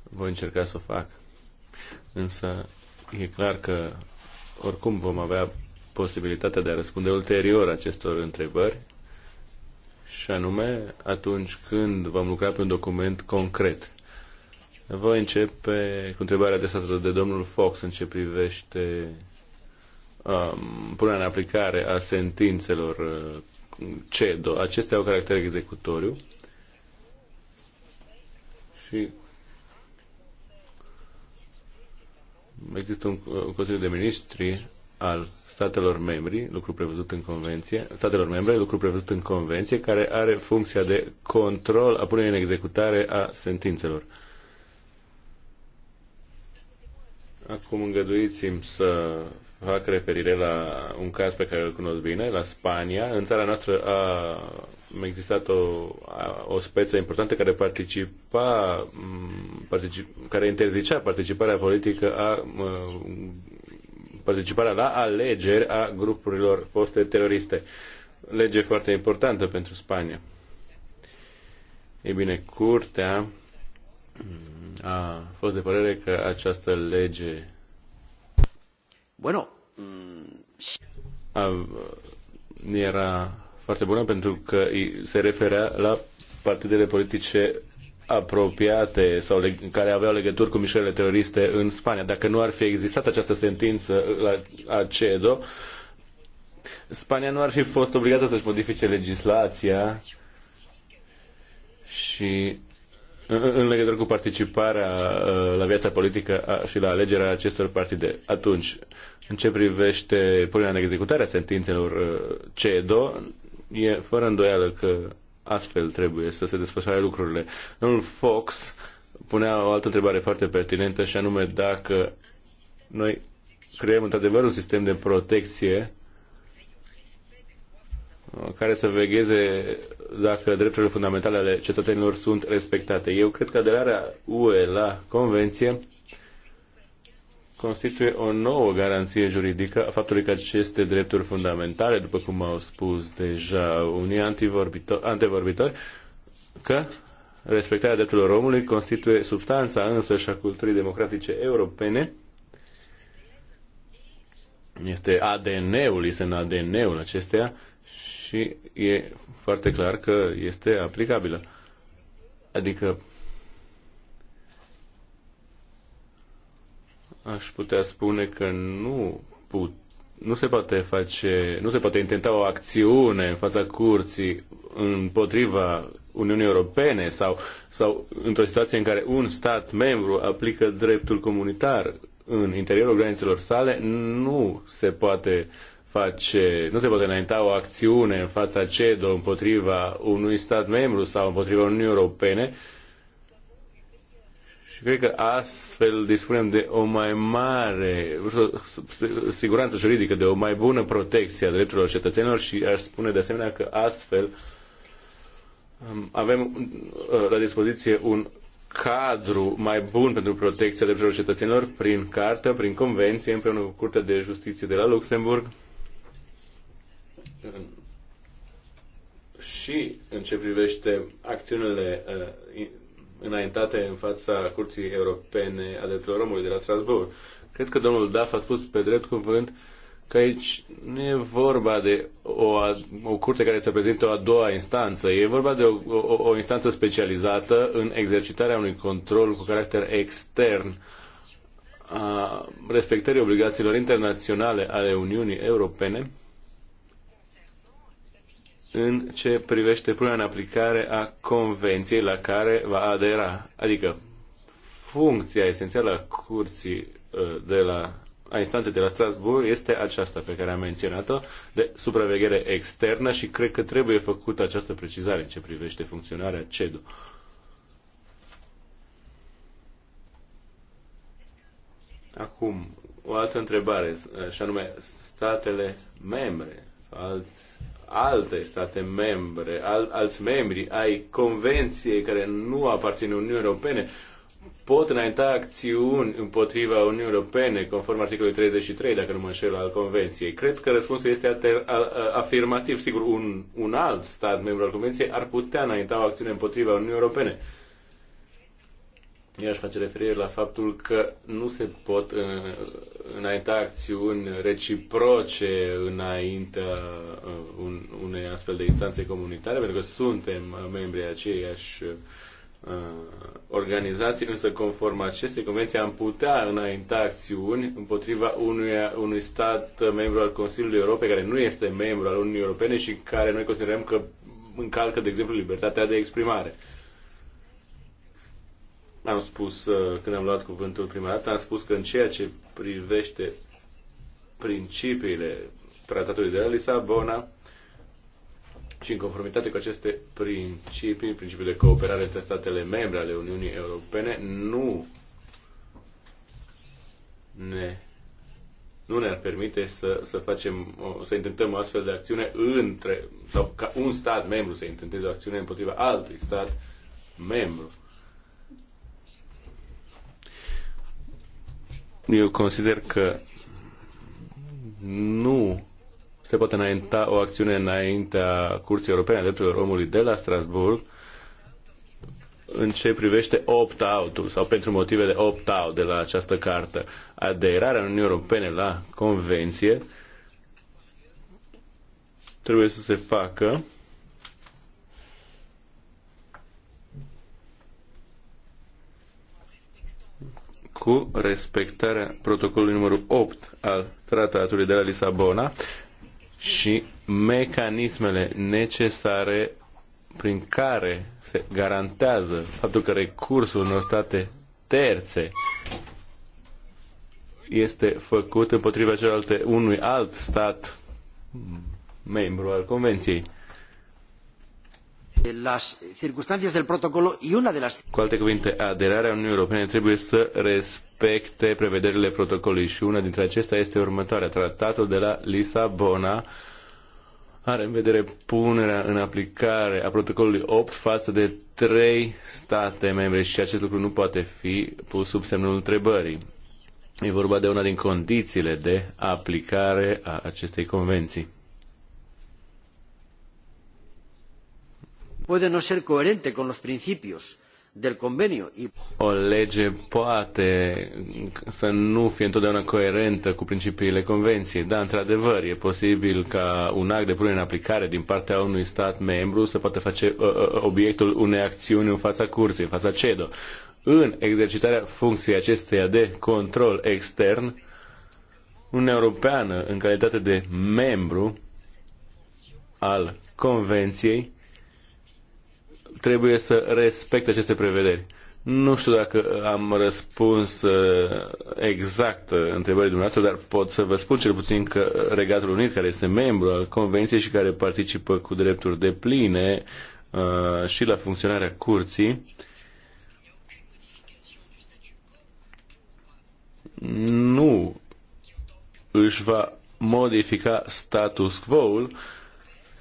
Speaker 1: Voi încerca să o fac. Însă e clar că oricum vom avea posibilitatea de a răspunde ulterior acestor întrebări și anume atunci când vom lucra pe un document concret. Voi începe cu întrebarea adresată de domnul Fox în ce privește um, punerea în aplicare a sentințelor uh, CEDO. Acestea au caracter executoriu și există un uh, Consiliu de Ministri al statelor membri, lucru prevăzut în convenție, statelor membre, lucru prevăzut în convenție, care are funcția de control a punerii în executare a sentințelor. Acum îngăduiți-mi să fac referire la un caz pe care îl cunosc bine, la Spania. În țara noastră a existat o, o speță importantă care participa, particip, care interzicea participarea politică a participarea la alegeri a grupurilor foste teroriste. Lege foarte importantă pentru Spania. Ei bine, curtea a fost de părere că această lege bueno, a, era foarte bună pentru că se referea la partidele politice apropiate sau care aveau legături cu mișcările teroriste în Spania. Dacă nu ar fi existat această sentință la, a CEDO, Spania nu ar fi fost obligată să-și modifice legislația și în legătură cu participarea uh, la viața politică și la alegerea acestor partide. Atunci, în ce privește punerea în executare a sentințelor uh, CEDO, e fără îndoială că astfel trebuie să se desfășoare lucrurile. Domnul Fox punea o altă întrebare foarte pertinentă și anume dacă noi creăm într-adevăr un sistem de protecție uh, care să vegheze dacă drepturile fundamentale ale cetățenilor sunt respectate. Eu cred că aderarea UE la Convenție constituie o nouă garanție juridică a faptului că aceste drepturi fundamentale, după cum au spus deja unii antevorbitori, că respectarea drepturilor omului constituie substanța și a culturii democratice europene, este ADN-ul, este în ADN-ul acesteia și e foarte clar că este aplicabilă. Adică aș putea spune că nu put, nu se poate face, nu se poate intenta o acțiune în fața curții împotriva Uniunii Europene sau, sau într-o situație în care un stat membru aplică dreptul comunitar în interiorul granițelor sale, nu se poate face, nu se poate înainta o acțiune în fața CEDO împotriva unui stat membru sau împotriva Uniunii Europene cred că astfel dispunem de o mai mare siguranță juridică, de o mai bună protecție a drepturilor cetățenilor și aș spune de asemenea că astfel um, avem uh, la dispoziție un cadru mai bun pentru protecția drepturilor cetățenilor prin cartă, prin convenție, împreună cu Curtea de Justiție de la Luxemburg. Um, și în ce privește acțiunile uh, înaintate în fața Curții Europene a Drepturilor Omului de la Strasbourg. Cred că domnul Daf a spus pe drept cuvânt că aici nu e vorba de o, o curte care să prezintă o a doua instanță, e vorba de o, o, o instanță specializată în exercitarea unui control cu caracter extern a respectării obligațiilor internaționale ale Uniunii Europene în ce privește punerea în aplicare a convenției la care va adera. Adică funcția esențială a curții uh, de la a instanței de la Strasbourg este aceasta pe care am menționat-o, de supraveghere externă și cred că trebuie făcută această precizare în ce privește funcționarea CEDU. Acum, o altă întrebare, uh, și anume, statele membre sau alți alte state membre, al, alți membri ai convenției care nu aparțin Uniunii Europene pot înainta acțiuni împotriva Uniunii Europene, conform articolului 33, dacă nu mă înșel, al Convenției. Cred că răspunsul este afirmativ. Sigur, un, un alt stat membru al Convenției ar putea înainta o acțiune împotriva Uniunii Europene. Eu aș face referire la faptul că nu se pot uh, înainta acțiuni reciproce înaintea uh, unei astfel de instanțe comunitare, pentru că suntem uh, membri aceiași organizații, însă conform acestei convenții am putea înainta acțiuni împotriva unui, unui stat membru al Consiliului Europei care nu este membru al Uniunii Europene și care noi considerăm că încalcă, de exemplu, libertatea de exprimare am spus uh, când am luat cuvântul prima dată, am spus că în ceea ce privește principiile tratatului de la Lisabona și în conformitate cu aceste principii, principiile de cooperare între statele membre ale Uniunii Europene, nu ne nu ne-ar permite să, să facem, să intentăm o astfel de acțiune între, sau ca un stat membru să intenteze o acțiune împotriva altui stat membru. Eu consider că nu se poate înainta o acțiune înaintea Curții Europene a Drepturilor Omului de la Strasburg în ce privește opt-out-ul sau pentru motive de opt-out de la această cartă. Aderarea Uniunii Europene la Convenție trebuie să se facă cu respectarea protocolului numărul 8 al Tratatului de la Lisabona și mecanismele necesare prin care se garantează faptul că recursul unor state terțe este făcut împotriva celorlalte unui alt stat membru al Convenției. Las circunstancias del protocolo y una de las... Cu alte cuvinte, aderarea Uniunii Europene trebuie să respecte prevederile protocolului și una dintre acestea este următoarea. Tratatul de la Lisabona are în vedere punerea în aplicare a protocolului 8 față de trei state membre și acest lucru nu poate fi pus sub semnul întrebării. E vorba de una din condițiile de aplicare a acestei convenții.
Speaker 3: Poate nu ser coherente con los del convenio.
Speaker 1: O lege poate să nu fie întotdeauna coerentă cu principiile convenției, dar într-adevăr e posibil ca un act de punere în aplicare din partea unui stat membru să poată face uh, uh, uh, obiectul unei acțiuni în fața curții, în fața CEDO. În exercitarea funcției acesteia de control extern, Uniunea Europeană, în calitate de membru al Convenției, trebuie să respecte aceste prevederi. Nu știu dacă am răspuns uh, exact uh, întrebării dumneavoastră, dar pot să vă spun cel puțin că Regatul Unit, care este membru al Convenției și care participă cu drepturi de pline uh, și la funcționarea curții, nu își va modifica status quo-ul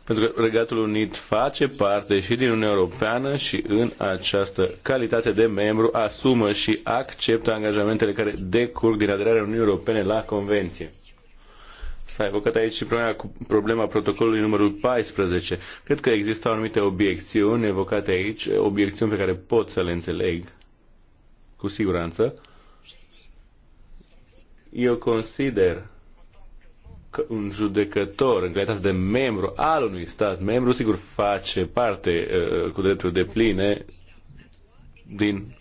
Speaker 1: pentru că Regatul Unit face parte și din Uniunea Europeană și în această calitate de membru asumă și acceptă angajamentele care decurg din aderarea Uniunii Europene la Convenție. S-a evocat aici și problema, problema protocolului numărul 14. Cred că există anumite obiecțiuni evocate aici, obiecțiuni pe care pot să le înțeleg cu siguranță. Eu consider un judecător în calitate de membru al unui stat membru, sigur, face parte uh, cu drepturi de pline din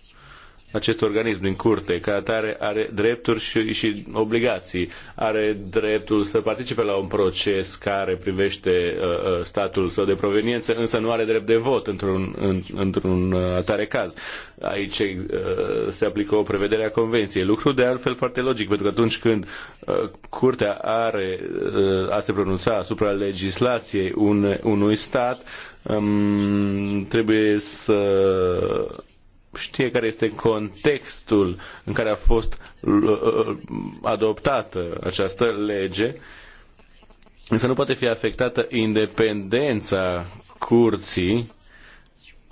Speaker 1: acest organism din curte, ca atare are drepturi și, și obligații, are dreptul să participe la un proces care privește uh, uh statul său de proveniență, însă nu are drept de vot într-un, în, într-un uh, atare caz. Aici uh, se aplică o prevedere a convenției. Lucru de altfel foarte logic, pentru că atunci când uh, curtea are uh, a se pronunța asupra legislației un, unui stat, um, trebuie să știe care este contextul în care a fost uh, uh, adoptată această lege, însă nu poate fi afectată independența curții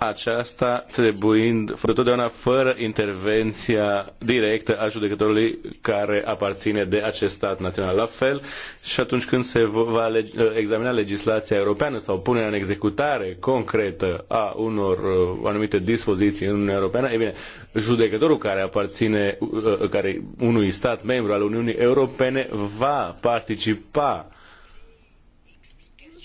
Speaker 1: aceasta trebuind totdeauna fără intervenția directă a judecătorului care aparține de acest stat național. La fel și atunci când se va ă, examina legislația europeană sau punerea în executare concretă a unor ă, anumite dispoziții în Uniunea Europeană, e bine, judecătorul care aparține ă, care unui stat membru al Uniunii Europene va participa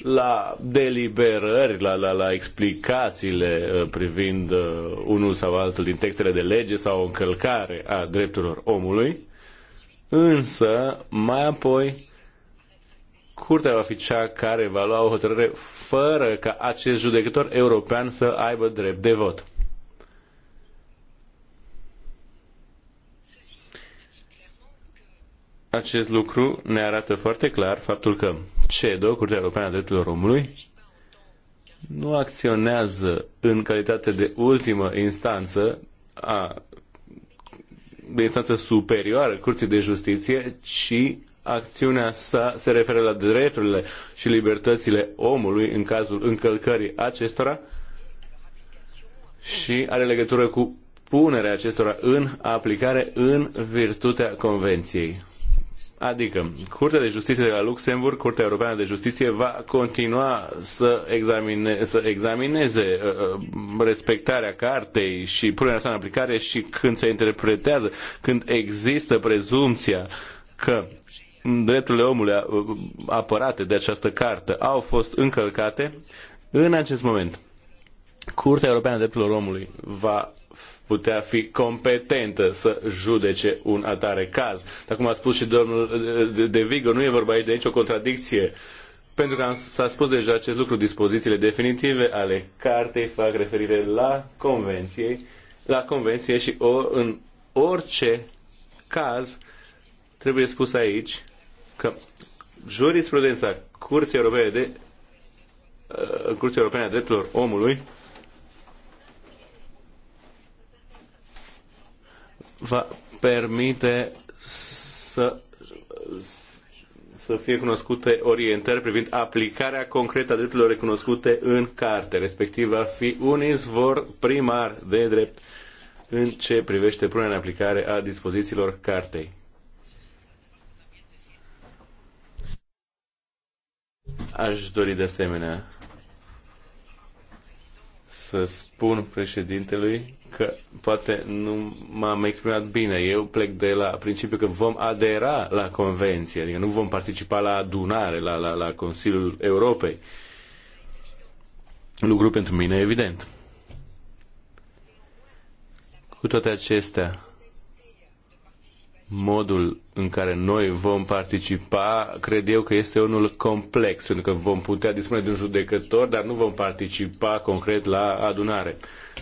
Speaker 1: la deliberări, la, la, la explicațiile uh, privind uh, unul sau altul din textele de lege sau o încălcare a drepturilor omului, însă mai apoi curtea va fi cea care va lua o hotărâre fără ca acest judecător european să aibă drept de vot. Acest lucru ne arată foarte clar faptul că CEDO, Curtea Europeană a Drepturilor Omului, nu acționează în calitate de ultimă instanță a de instanță superioară Curții de Justiție, ci acțiunea sa se referă la drepturile și libertățile omului în cazul încălcării acestora și are legătură cu punerea acestora în aplicare în virtutea Convenției. Adică, Curtea de Justiție de la Luxemburg, Curtea Europeană de Justiție, va continua să, examine, să examineze uh, uh respectarea cartei și punerea sa în aplicare și când se interpretează, când există prezumția că drepturile omului uh, apărate de această carte au fost încălcate, în acest moment Curtea Europeană a Drepturilor Omului va putea fi competentă să judece un atare caz. Dar cum a spus și domnul De Vigo, nu e vorba aici de nicio contradicție. Pentru că s-a spus deja acest lucru, dispozițiile definitive ale cartei fac referire la convenție, la convenție și o, în orice caz trebuie spus aici că jurisprudența Curții Europene de uh, Curții Europene a Drepturilor Omului va permite să să fie cunoscute orientări privind aplicarea concretă a drepturilor recunoscute în carte, respectiv va fi un izvor primar de drept în ce privește punerea în aplicare a dispozițiilor cartei. Aș dori de asemenea să spun președintelui că poate nu m-am exprimat bine. Eu plec de la principiul că vom adera la convenție, adică nu vom participa la adunare, la, la, la Consiliul Europei. Lucru pentru mine evident. Cu toate acestea, modul în care noi vom participa, cred eu că este unul complex, pentru că vom putea dispune de un judecător, dar nu vom participa concret la adunare.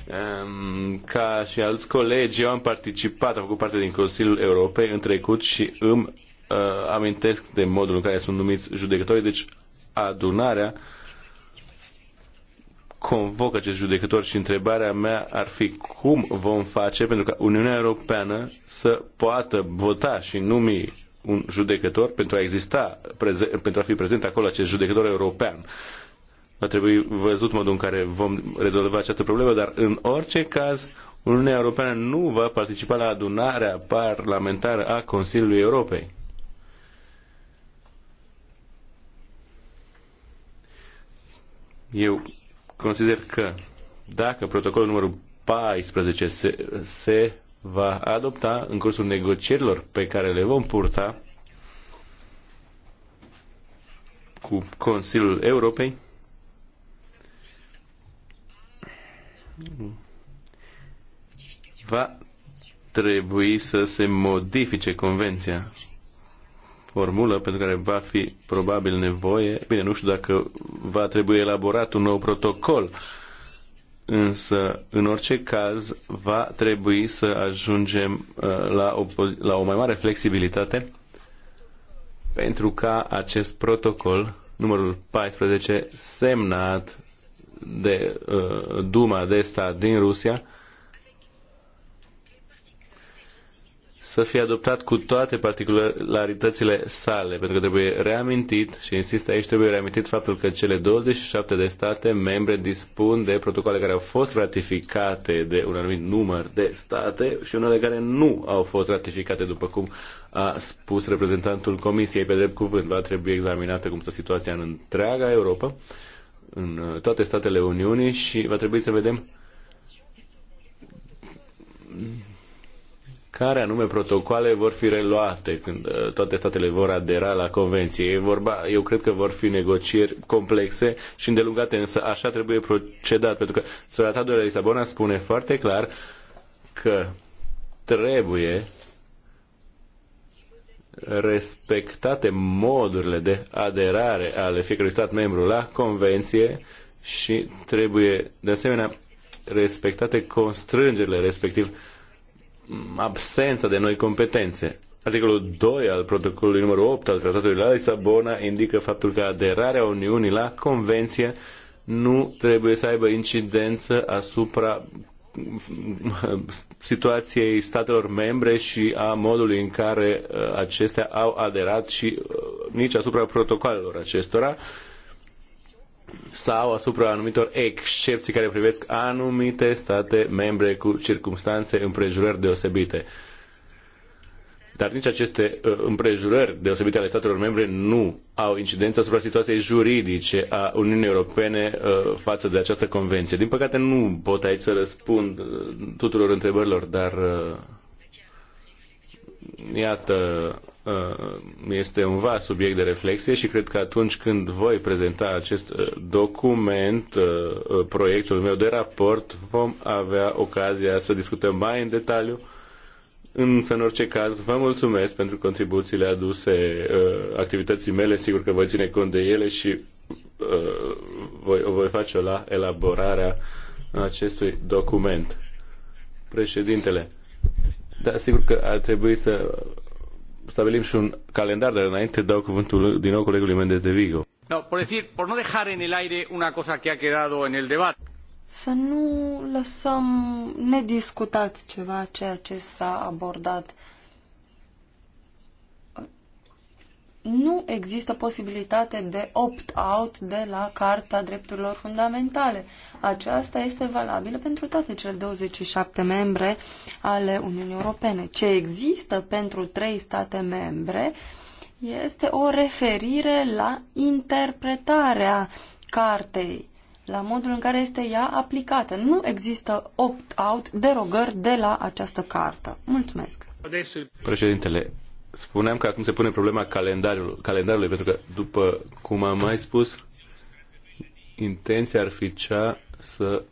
Speaker 1: Ehm, ca și alți colegi, eu am participat, am făcut parte din Consiliul Europei în trecut și îmi uh, amintesc de modul în care sunt numiți judecătorii, deci adunarea uh, convoc acest judecător și întrebarea mea ar fi cum vom face pentru ca Uniunea Europeană să poată vota și numi un judecător pentru a exista, pentru a fi prezent acolo acest judecător european. Va trebui văzut modul în care vom rezolva această problemă, dar în orice caz Uniunea Europeană nu va participa la adunarea parlamentară a Consiliului Europei. Eu Consider că dacă protocolul numărul 14 se, se va adopta în cursul negocierilor pe care le vom purta cu Consiliul Europei, va trebui să se modifice convenția formulă pentru care va fi probabil nevoie. Bine, nu știu dacă va trebui elaborat un nou protocol, însă, în orice caz, va trebui să ajungem uh, la o, la o mai mare flexibilitate pentru ca acest protocol, numărul 14, semnat de uh, Duma de stat din Rusia, să fie adoptat cu toate particularitățile sale, pentru că trebuie reamintit, și insist aici, trebuie reamintit faptul că cele 27 de state membre dispun de protocoale care au fost ratificate de un anumit număr de state și unele care nu au fost ratificate, după cum a spus reprezentantul Comisiei pe drept cuvânt. Va trebui examinată cum stă situația în întreaga Europa, în toate statele Uniunii și va trebui să vedem care anume protocoale vor fi reluate când uh, toate statele vor adera la convenție. E vorba, eu cred că vor fi negocieri complexe și îndelungate, însă așa trebuie procedat, pentru că Tratatul de la Lisabona spune foarte clar că trebuie respectate modurile de aderare ale fiecărui stat membru la convenție și trebuie de asemenea respectate constrângerile respectiv absența de noi competențe. Articolul 2 al protocolului numărul 8 al Tratatului la Lisabona indică faptul că aderarea Uniunii la Convenție nu trebuie să aibă incidență asupra situației statelor membre și a modului în care uh, acestea au aderat și uh, nici asupra protocolelor acestora sau asupra anumitor excepții care privesc anumite state membre cu circumstanțe împrejurări deosebite. Dar nici aceste uh, împrejurări deosebite ale statelor membre nu au incidență asupra situației juridice a Uniunii Europene uh, față de această convenție. Din păcate nu pot aici să răspund uh, tuturor întrebărilor, dar uh, iată, Uh, este un vast subiect de reflexie și cred că atunci când voi prezenta acest uh, document, uh, proiectul meu de raport, vom avea ocazia să discutăm mai în detaliu. Însă, în orice caz, vă mulțumesc pentru contribuțiile aduse activității mele. Sigur că voi ține cont de ele și voi, o voi face la elaborarea acestui document. Președintele, da, sigur că ar trebui să stabilim și un calendar, dar înainte dau cuvântul din nou colegului Mendes de Vigo. No, por decir, por no dejar en el aire una cosa que ha quedado en el debate.
Speaker 3: Să nu lăsăm nediscutat ceva ceea ce s-a abordat nu există posibilitate de opt-out de la Carta Drepturilor Fundamentale. Aceasta este valabilă pentru toate cele 27 membre ale Uniunii Europene. Ce există pentru trei state membre este o referire la interpretarea cartei, la modul în care este ea aplicată. Nu există opt-out derogări de la această cartă. Mulțumesc!
Speaker 1: Președintele, spuneam că acum se pune problema calendarului, calendarului, pentru că, după cum am mai spus, intenția ar fi cea să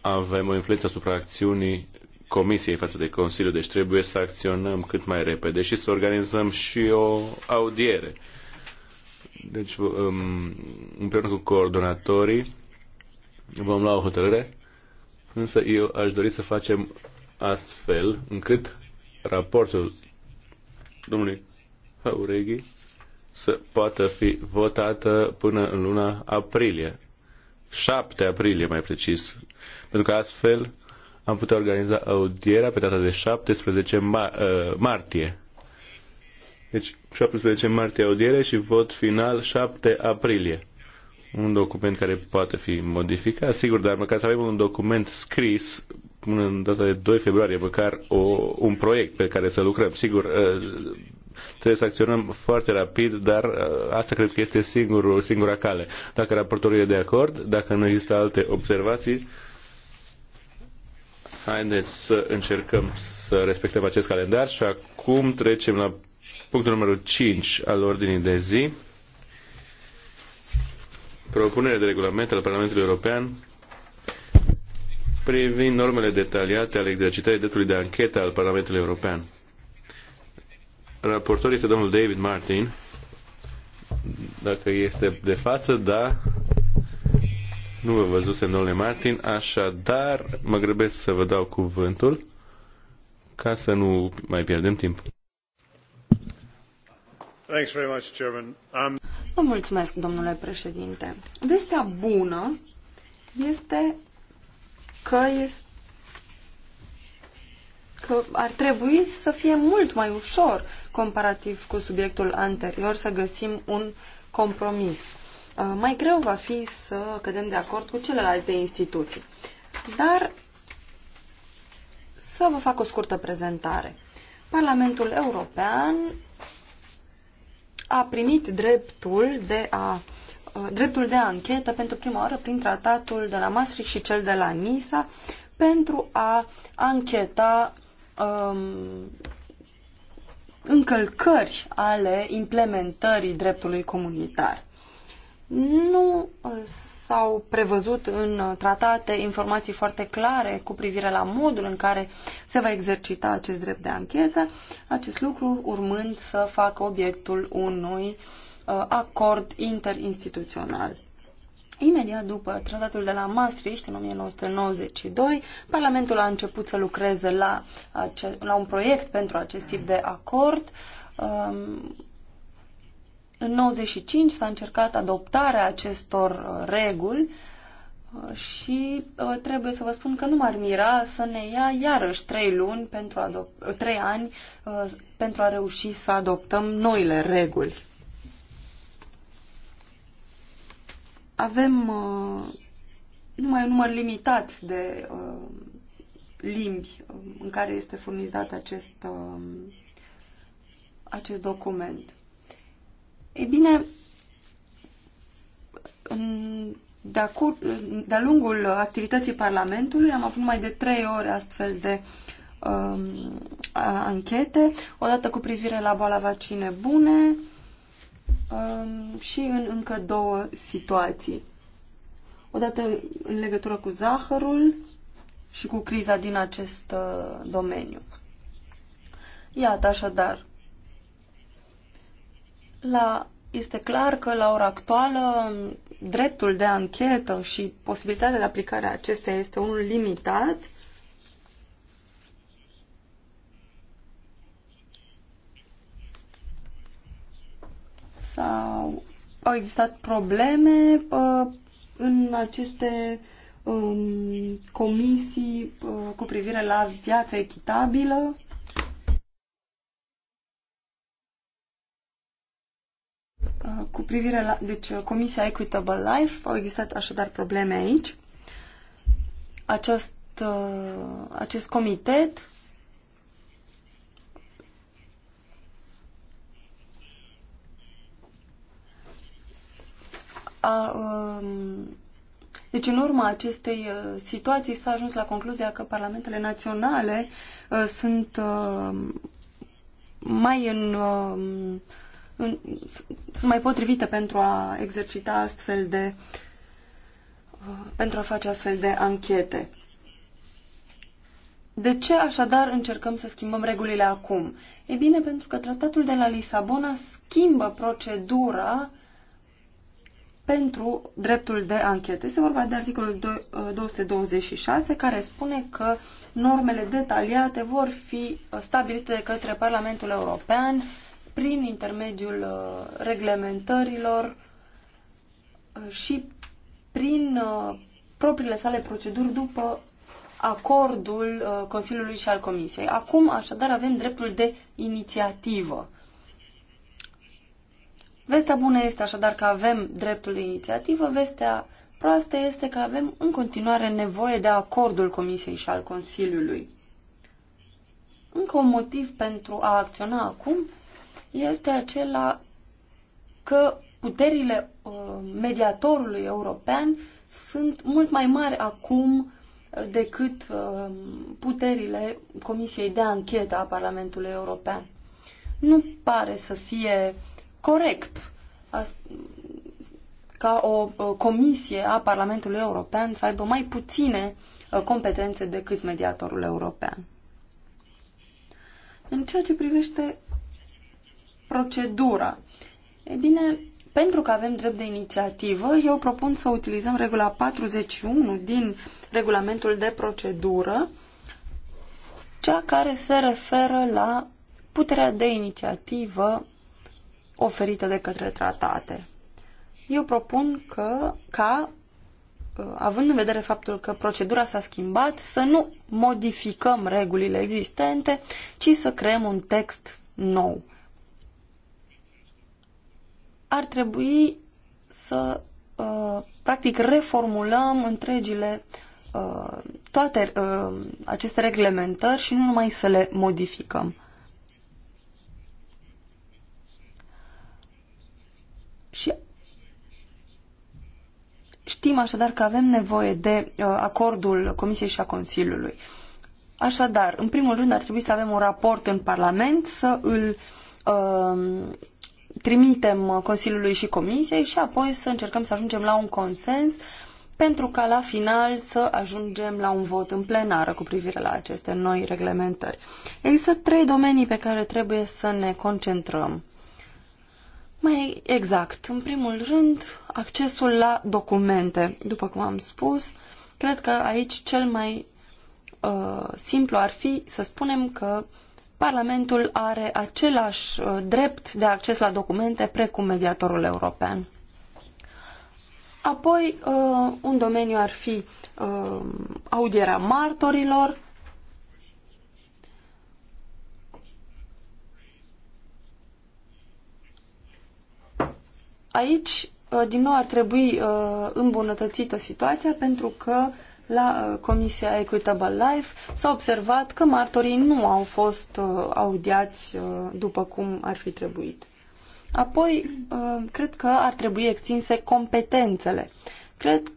Speaker 1: avem o influență asupra acțiunii Comisiei față de Consiliu, deci trebuie să acționăm cât mai repede și să organizăm și o audiere. Deci, um, împreună cu coordonatorii, vom lua o hotărâre, însă eu aș dori să facem astfel încât raportul domnului Haureghi să poată fi votată până în luna aprilie. 7 aprilie, mai precis. Pentru că astfel am putea organiza audierea pe data de 17 ma- uh, martie. Deci 17 martie audiere și vot final 7 aprilie. Un document care poate fi modificat, sigur, dar măcar să avem un document scris până în data de 2 februarie măcar o, un proiect pe care să lucrăm. Sigur, uh, trebuie să acționăm foarte rapid, dar uh, asta cred că este singurul, singura cale. Dacă raportorul e de acord, dacă nu există alte observații, haideți să încercăm să respectăm acest calendar și acum trecem la punctul numărul 5 al ordinii de zi. Propunere de regulament al Parlamentului European privind normele detaliate ale exercitării dreptului de anchetă al Parlamentului European. Raportor este domnul David Martin. Dacă este de față, da. Nu vă văzusem, domnule Martin, așadar mă grăbesc să vă dau cuvântul ca să nu mai pierdem timp.
Speaker 2: Um,
Speaker 3: vă mulțumesc, domnule președinte. Vestea bună este că, este, că ar trebui să fie mult mai ușor comparativ cu subiectul anterior să găsim un compromis. Uh, mai greu va fi să cădem de acord cu celelalte instituții. Dar să vă fac o scurtă prezentare. Parlamentul European a primit dreptul de a Uh, dreptul de anchetă pentru prima oară prin tratatul de la Maastricht și cel de la Nisa pentru a ancheta um, încălcări ale implementării dreptului comunitar. Nu uh, s-au prevăzut în tratate informații foarte clare cu privire la modul în care se va exercita acest drept de anchetă, acest lucru urmând să facă obiectul unui uh, Uh, acord interinstituțional. Imediat după tratatul de la Maastricht, în 1992, Parlamentul a început să lucreze la, ace- la un proiect pentru acest tip de acord. Um, în 95 s-a încercat adoptarea acestor uh, reguli uh, și trebuie să vă spun că nu m-ar mira să ne ia iarăși trei luni pentru trei ani pentru a reuși să adoptăm noile reguli. avem uh, numai un număr limitat de uh, limbi uh, în care este furnizat acest, uh, acest document. Ei bine, de-a de lungul activității Parlamentului am avut mai de trei ore astfel de uh, anchete, odată cu privire la boala vaccine bune, um, și în încă două situații. Odată în legătură cu zahărul și cu criza din acest uh, domeniu. Iată, așadar, la, este clar că la ora actuală dreptul de anchetă și posibilitatea de aplicare a acesteia este unul limitat sau au existat probleme uh, în aceste um, comisii uh, cu privire la viața echitabilă? Uh, cu privire la, deci, uh, Comisia Equitable Life, au existat așadar probleme aici. Acest, uh, acest comitet a, um, deci în urma acestei uh, situații s-a ajuns la concluzia că parlamentele naționale uh, sunt um, mai în, um, în, sunt mai potrivite pentru a exercita astfel de uh, pentru a face astfel de anchete. De ce așadar încercăm să schimbăm regulile acum? E bine, pentru că tratatul de la Lisabona schimbă procedura uh, pentru dreptul de anchetă. Este vorba de articolul 226 uh, care spune că normele detaliate vor fi uh, stabilite de către Parlamentul European prin intermediul uh, reglementărilor și prin propriile sale proceduri după acordul Consiliului și al Comisiei. Acum, așadar, avem dreptul de inițiativă. Vestea bună este așadar că avem dreptul de inițiativă, vestea proastă este că avem în continuare nevoie de acordul Comisiei și al Consiliului. Încă un motiv pentru a acționa acum este acela că puterile uh, mediatorului european sunt mult mai mari acum uh, decât uh, puterile Comisiei de Anchetă a Parlamentului European. Nu pare să fie uh, corect ca o comisie a Parlamentului European să aibă mai puține uh, competențe decât mediatorul european. În ceea ce privește procedura, e bine, pentru că avem drept de inițiativă, eu propun să utilizăm regula 41 din regulamentul de procedură, cea care se referă la puterea de inițiativă oferite de către tratate. Eu propun că, ca, uh, având în vedere faptul că procedura s-a schimbat, să nu modificăm regulile existente, ci să creăm un text nou. Ar trebui să, uh, practic, reformulăm întregile uh, toate aceste reglementări și nu numai să le modificăm. Și știm așadar că avem nevoie de uh, acordul Comisiei și a Consiliului. Așadar, în primul rând ar trebui să avem un raport în Parlament, să îl uh, trimitem Consiliului și Comisiei și apoi să încercăm să ajungem la un consens pentru ca la final să ajungem la un vot în plenară cu privire la aceste noi reglementări. Există trei domenii pe care trebuie să ne concentrăm. Mai exact, în primul rând, accesul la documente. După cum am spus, cred că aici cel mai uh, simplu ar fi să spunem că Parlamentul are același uh, drept de acces la documente precum mediatorul european. Apoi, uh, un domeniu ar fi uh, audierea martorilor, Aici, uh, din nou, ar trebui uh, îmbunătățită situația pentru că la uh, Comisia Equitable Life s-a observat că martorii nu au fost audiați după cum ar fi trebuit. Apoi, cred că ar trebui extinse competențele. Cred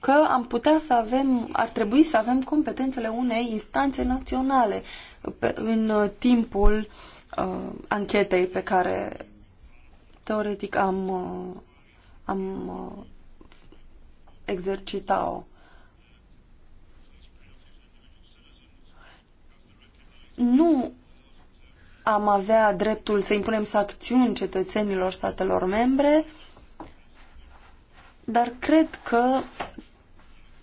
Speaker 3: că am putea să avem, ar trebui să avem competențele unei instanțe naționale în timpul uh, anchetei pe care teoretic am, uh, am uh, exercita-o. Nu am avea dreptul să impunem sancțiuni cetățenilor statelor membre, dar cred că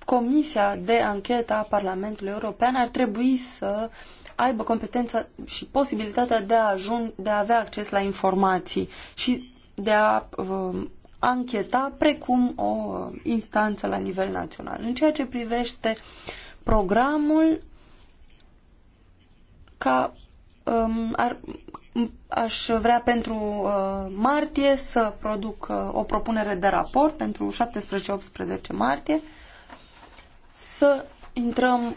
Speaker 3: Comisia de Anchetă a Parlamentului European ar trebui să uh, aibă competența și posibilitatea de a, ajung, de a avea acces la informații și de a uh, ancheta precum o uh, instanță la nivel național. În ceea ce privește programul, ca um, ar, aș vrea pentru uh, martie să produc uh, o propunere de raport pentru 17-18 martie, să intrăm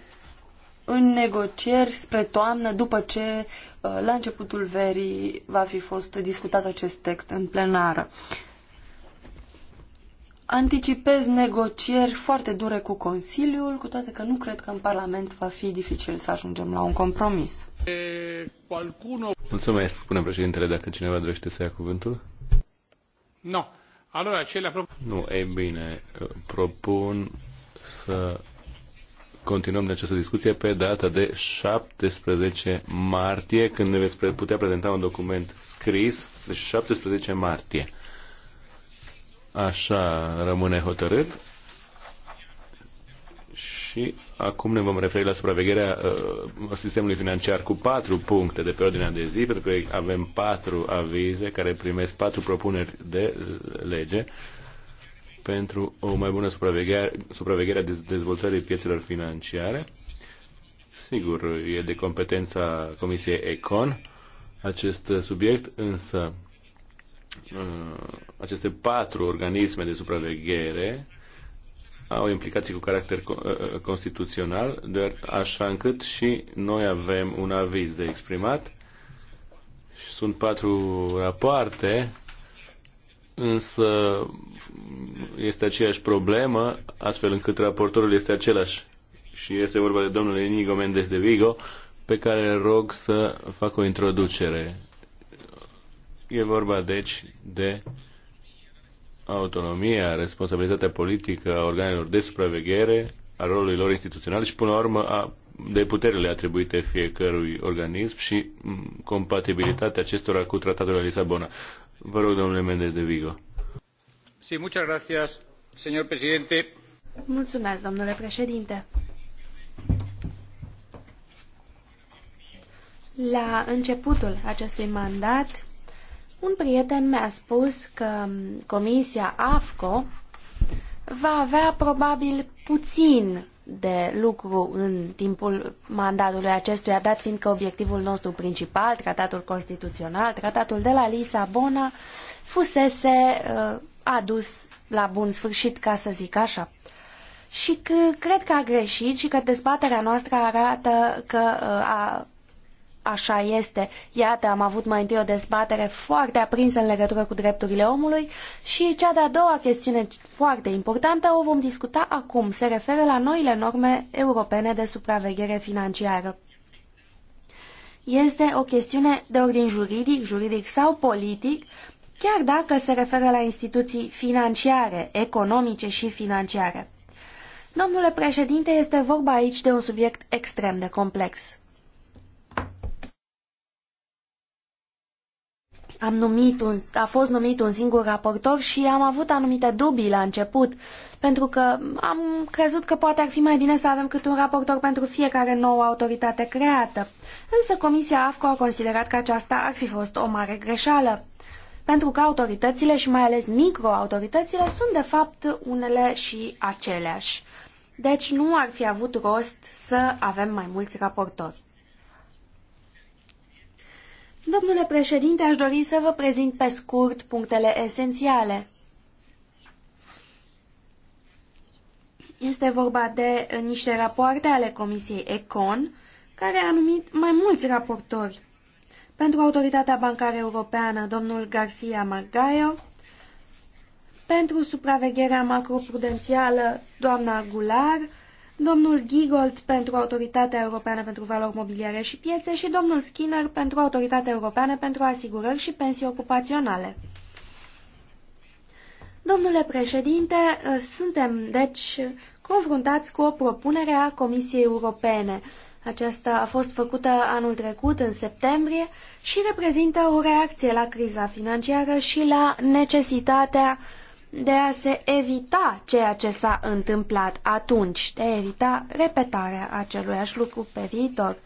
Speaker 3: în negocieri spre toamnă, după ce uh, la începutul verii va fi fost discutat acest text în plenară. Anticipez negocieri foarte dure cu Consiliul, cu toate că nu cred că în Parlament va fi dificil să ajungem la un compromis.
Speaker 1: Mulțumesc, spune președintele, dacă cineva dorește să ia cuvântul. Nu. No. Allora, ce la Nu, e bine, propun să continuăm de această discuție pe data de 17 martie, când ne veți putea prezenta un document scris, deci 17 martie. Așa rămâne hotărât. Și acum ne vom referi la supravegherea uh, sistemului financiar cu patru puncte de pe ordinea de zi, pentru că avem patru avize care primesc patru propuneri de lege pentru o mai bună supraveghere, supraveghere a dezvoltării piețelor financiare. Sigur, e de competența Comisiei Econ acest subiect, însă uh, aceste patru organisme de supraveghere au implicații cu caracter uh, uh, constituțional, doar așa încât și noi avem un aviz de exprimat. sunt patru rapoarte însă este aceeași problemă, astfel încât raportorul este același și este vorba de domnul Inigo Mendes de Vigo, pe care rog să fac o introducere. E vorba, deci, de autonomia, responsabilitatea politică a organelor de supraveghere, a rolului lor instituțional și, până la urmă, a, de puterile atribuite fiecărui organism și compatibilitatea acestora cu Tratatul de Lisabona. Vă rog, domnule Mendez de Vigo. Sí, muchas gracias, señor presidente.
Speaker 2: Mulțumesc, domnule președinte. La începutul acestui mandat, un prieten mi-a spus că Comisia AFCO va avea probabil puțin de lucru în timpul mandatului acestuia, dat fiindcă obiectivul nostru principal, tratatul constituțional, tratatul de la Lisabona, fusese uh, adus la bun sfârșit, ca să zic așa. Și că, cred că a greșit și că dezbaterea noastră arată că uh, a Așa este. Iată, am avut mai întâi o dezbatere foarte aprinsă în legătură cu drepturile omului și cea de-a doua chestiune foarte importantă o vom discuta acum. Se referă la noile norme europene de supraveghere financiară. Este o chestiune de ordin juridic, juridic sau politic, chiar dacă se referă la instituții financiare, economice și financiare. Domnule președinte, este vorba aici de un subiect extrem de complex. am numit un, a fost numit un singur raportor și am avut anumite dubii la început, pentru că am crezut că poate ar fi mai bine să avem câte un raportor pentru fiecare nouă autoritate creată. Însă Comisia AFCO a considerat că aceasta ar fi fost o mare greșeală, pentru că autoritățile și mai ales microautoritățile sunt de fapt unele și aceleași. Deci nu ar fi avut rost să avem mai mulți raportori. Domnule președinte, aș dori să vă prezint pe scurt punctele esențiale. Este vorba de niște rapoarte ale Comisiei ECON, care a numit mai mulți raportori. Pentru Autoritatea Bancară Europeană, domnul Garcia Margallo, pentru supravegherea macroprudențială, doamna Goulart, domnul Gigold pentru Autoritatea Europeană pentru Valori Mobiliare și Piețe și domnul Skinner pentru Autoritatea Europeană pentru Asigurări și Pensii Ocupaționale. Domnule președinte, suntem, deci, confruntați cu o propunere a Comisiei Europene. Aceasta a fost făcută anul trecut, în septembrie, și reprezintă o reacție la criza financiară și la necesitatea uh, de a se evita ceea ce s-a întâmplat atunci, de a evita repetarea aceluiași lucru pe viitor.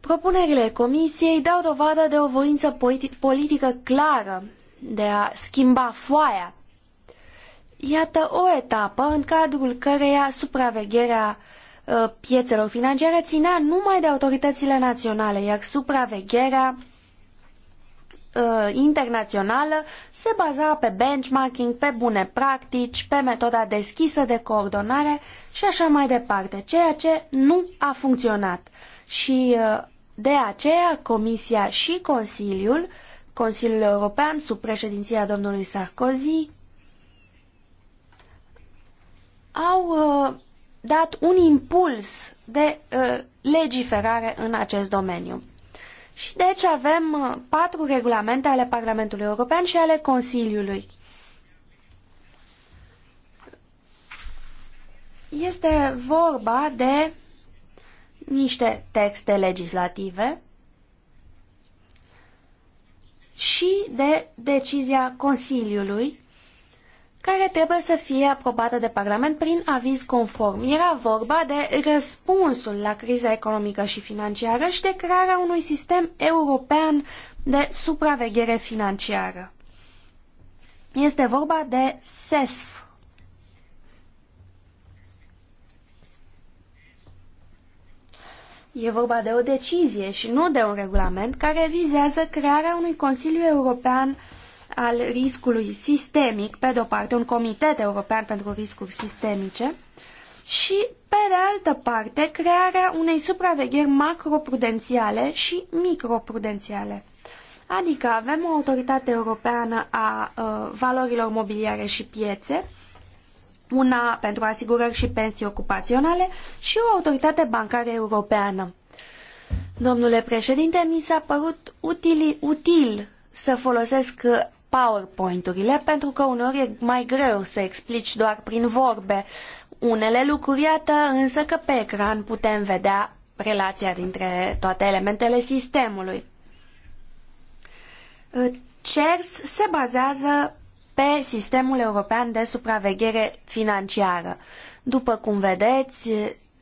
Speaker 2: Propunerile Comisiei dau dovadă de o voință politi politică clară de a schimba foaia. Iată o etapă în cadrul căreia supravegherea uh, piețelor financiare ținea numai de autoritățile naționale, iar supravegherea uh, internațională se baza pe benchmarking, pe bune practici, pe metoda deschisă de coordonare și așa mai departe, ceea ce nu a funcționat. Și uh, de aceea Comisia și Consiliul, Consiliul European sub președinția domnului Sarkozy, au uh, dat un impuls de uh, legiferare în acest domeniu. Și deci avem uh, patru regulamente ale Parlamentului European și ale Consiliului. Este vorba de niște texte legislative și de decizia Consiliului care trebuie să fie aprobată de Parlament prin aviz conform. Era vorba de răspunsul la criza economică și financiară și de crearea unui sistem european de supraveghere financiară. Este vorba de SESF. E vorba de o decizie și nu de un regulament care vizează crearea unui Consiliu European al riscului sistemic, pe de-o parte, un comitet european pentru riscuri sistemice și, pe de altă parte, crearea unei supravegheri macroprudențiale și microprudențiale. Adică avem o autoritate europeană a uh, valorilor mobiliare și piețe, una pentru asigurări și pensii ocupaționale și o autoritate bancară europeană. Domnule președinte, mi s-a părut util, util să folosesc PowerPoint-urile, pentru că uneori e mai greu să explici doar prin vorbe. Unele lucruri, iată, însă că pe ecran putem vedea relația dintre toate elementele sistemului. CERS se bazează pe sistemul european de supraveghere financiară. După cum vedeți,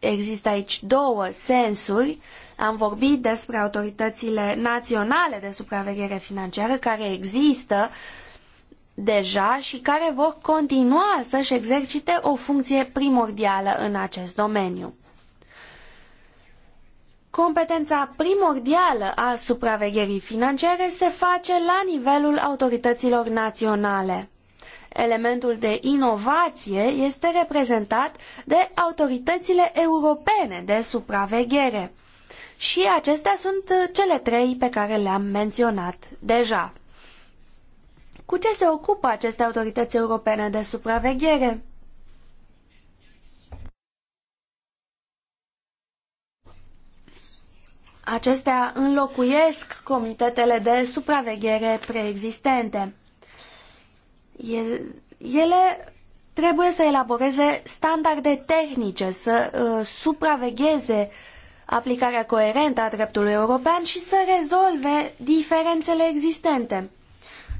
Speaker 2: există aici două sensuri. Am vorbit despre autoritățile naționale de supraveghere financiară care există deja și care vor continua să-și exercite o funcție primordială în acest domeniu. Competența primordială a supravegherii financiare se face la nivelul autorităților naționale elementul de inovație este reprezentat de autoritățile europene de supraveghere. Și acestea sunt uh, cele trei pe care le-am menționat deja. Cu ce se ocupă aceste autorități europene de supraveghere? Acestea înlocuiesc comitetele de supraveghere preexistente. Ele trebuie să elaboreze standarde tehnice, să uh, supravegheze aplicarea coerentă a dreptului european și să rezolve diferențele existente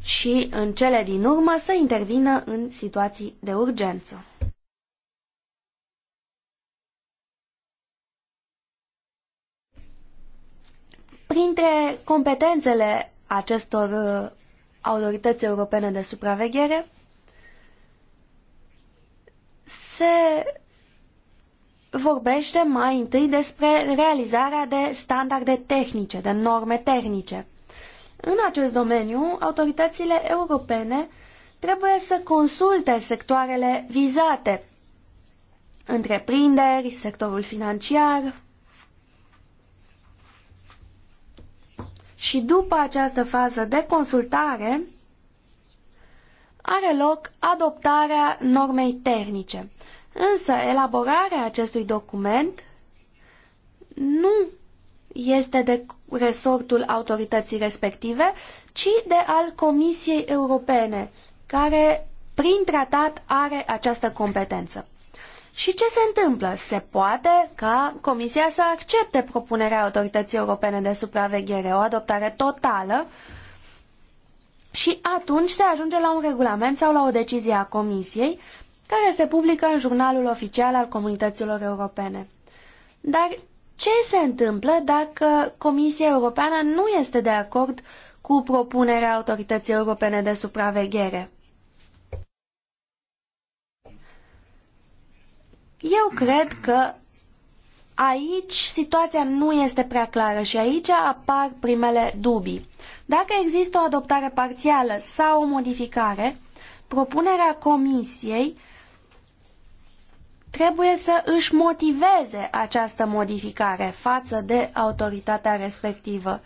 Speaker 2: și, în cele din urmă, să intervină în situații de urgență. Printre competențele acestor uh, Autorității Europene de Supraveghere, se vorbește mai întâi despre realizarea de standarde tehnice, de norme tehnice. În acest domeniu, autoritățile europene trebuie să consulte sectoarele vizate, întreprinderi, sectorul financiar, Și după această fază de consultare are loc adoptarea normei tehnice. Însă elaborarea acestui document nu este de resortul autorității respective, ci de al Comisiei Europene, care prin tratat are această competență. Și ce se întâmplă? Se poate ca Comisia să accepte propunerea Autorității Europene de Supraveghere, o adoptare totală, și atunci se ajunge la un regulament sau la o decizie a Comisiei care se publică în jurnalul oficial al comunităților europene. Dar ce se întâmplă dacă Comisia Europeană nu este de acord cu propunerea Autorității Europene de Supraveghere? Eu cred că aici situația nu este prea clară și aici apar primele dubii. Dacă există o adoptare parțială sau o modificare, propunerea comisiei trebuie să își motiveze această modificare față de autoritatea respectivă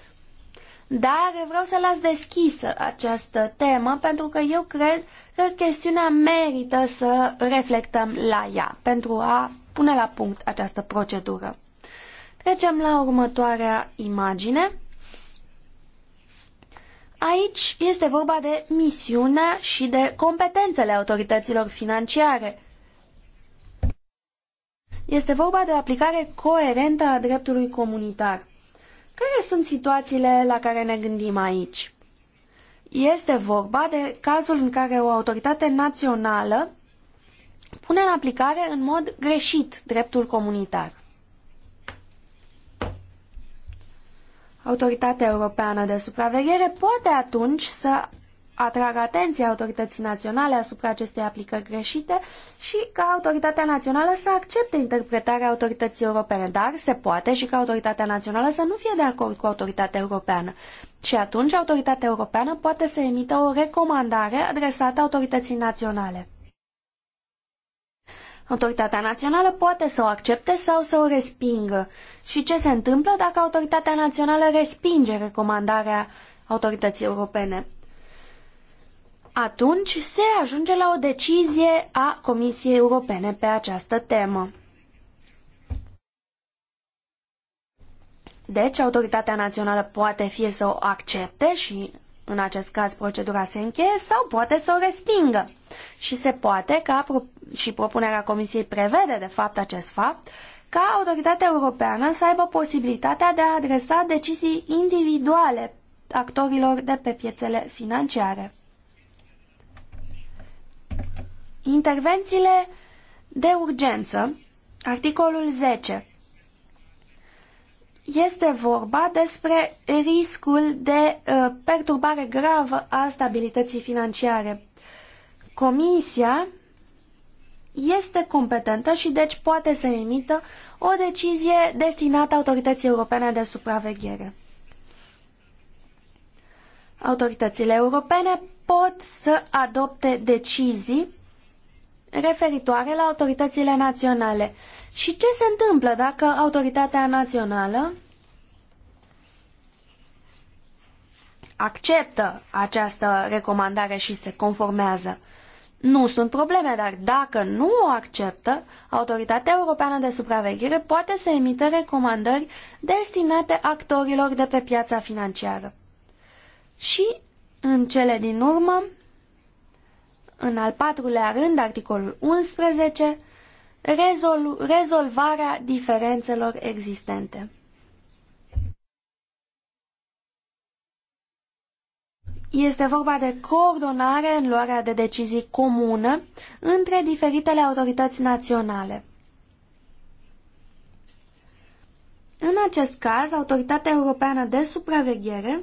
Speaker 2: dar vreau să las deschisă această temă pentru că eu cred că chestiunea merită să reflectăm la ea pentru a pune la punct această procedură. Trecem la următoarea imagine. Aici este vorba de misiunea și de competențele autorităților financiare. Este vorba de o aplicare coerentă a dreptului comunitar. Care sunt situațiile la care ne gândim aici? Este vorba de cazul în care o autoritate națională pune în aplicare în mod greșit dreptul comunitar. Autoritatea Europeană de Supraveghere poate atunci să atrag atenția autorității naționale asupra acestei aplicări greșite și ca autoritatea națională să accepte interpretarea autorității europene, dar se poate și ca autoritatea națională să nu fie de acord cu autoritatea europeană. Și atunci autoritatea europeană poate să emită o recomandare adresată autorității naționale. Autoritatea națională poate să o accepte sau să o respingă. Și ce se întâmplă dacă autoritatea națională respinge recomandarea autorității europene? atunci se ajunge la o decizie a Comisiei Europene pe această temă. Deci, autoritatea națională poate fie să o accepte și, în acest caz, procedura se încheie sau poate să o respingă. Și se poate ca, și propunerea Comisiei prevede, de fapt, acest fapt, ca autoritatea europeană să aibă posibilitatea de a adresa decizii individuale actorilor de pe piețele financiare. Intervențiile de urgență, articolul 10. Este vorba despre riscul de uh, perturbare gravă a stabilității financiare. Comisia este competentă și deci poate să emită o decizie destinată Autorității Europene de Supraveghere. Autoritățile europene pot să adopte decizii referitoare la autoritățile naționale. Și ce se întâmplă dacă autoritatea națională acceptă această recomandare și se conformează? Nu sunt probleme, dar dacă nu o acceptă, Autoritatea Europeană de Supraveghere poate să emită recomandări destinate actorilor de pe piața financiară. Și, în cele din urmă, în al patrulea rând, articolul 11, rezol rezolvarea diferențelor existente. Este vorba de coordonare în luarea de decizii comună între diferitele autorități naționale. În acest caz, Autoritatea Europeană de Supraveghere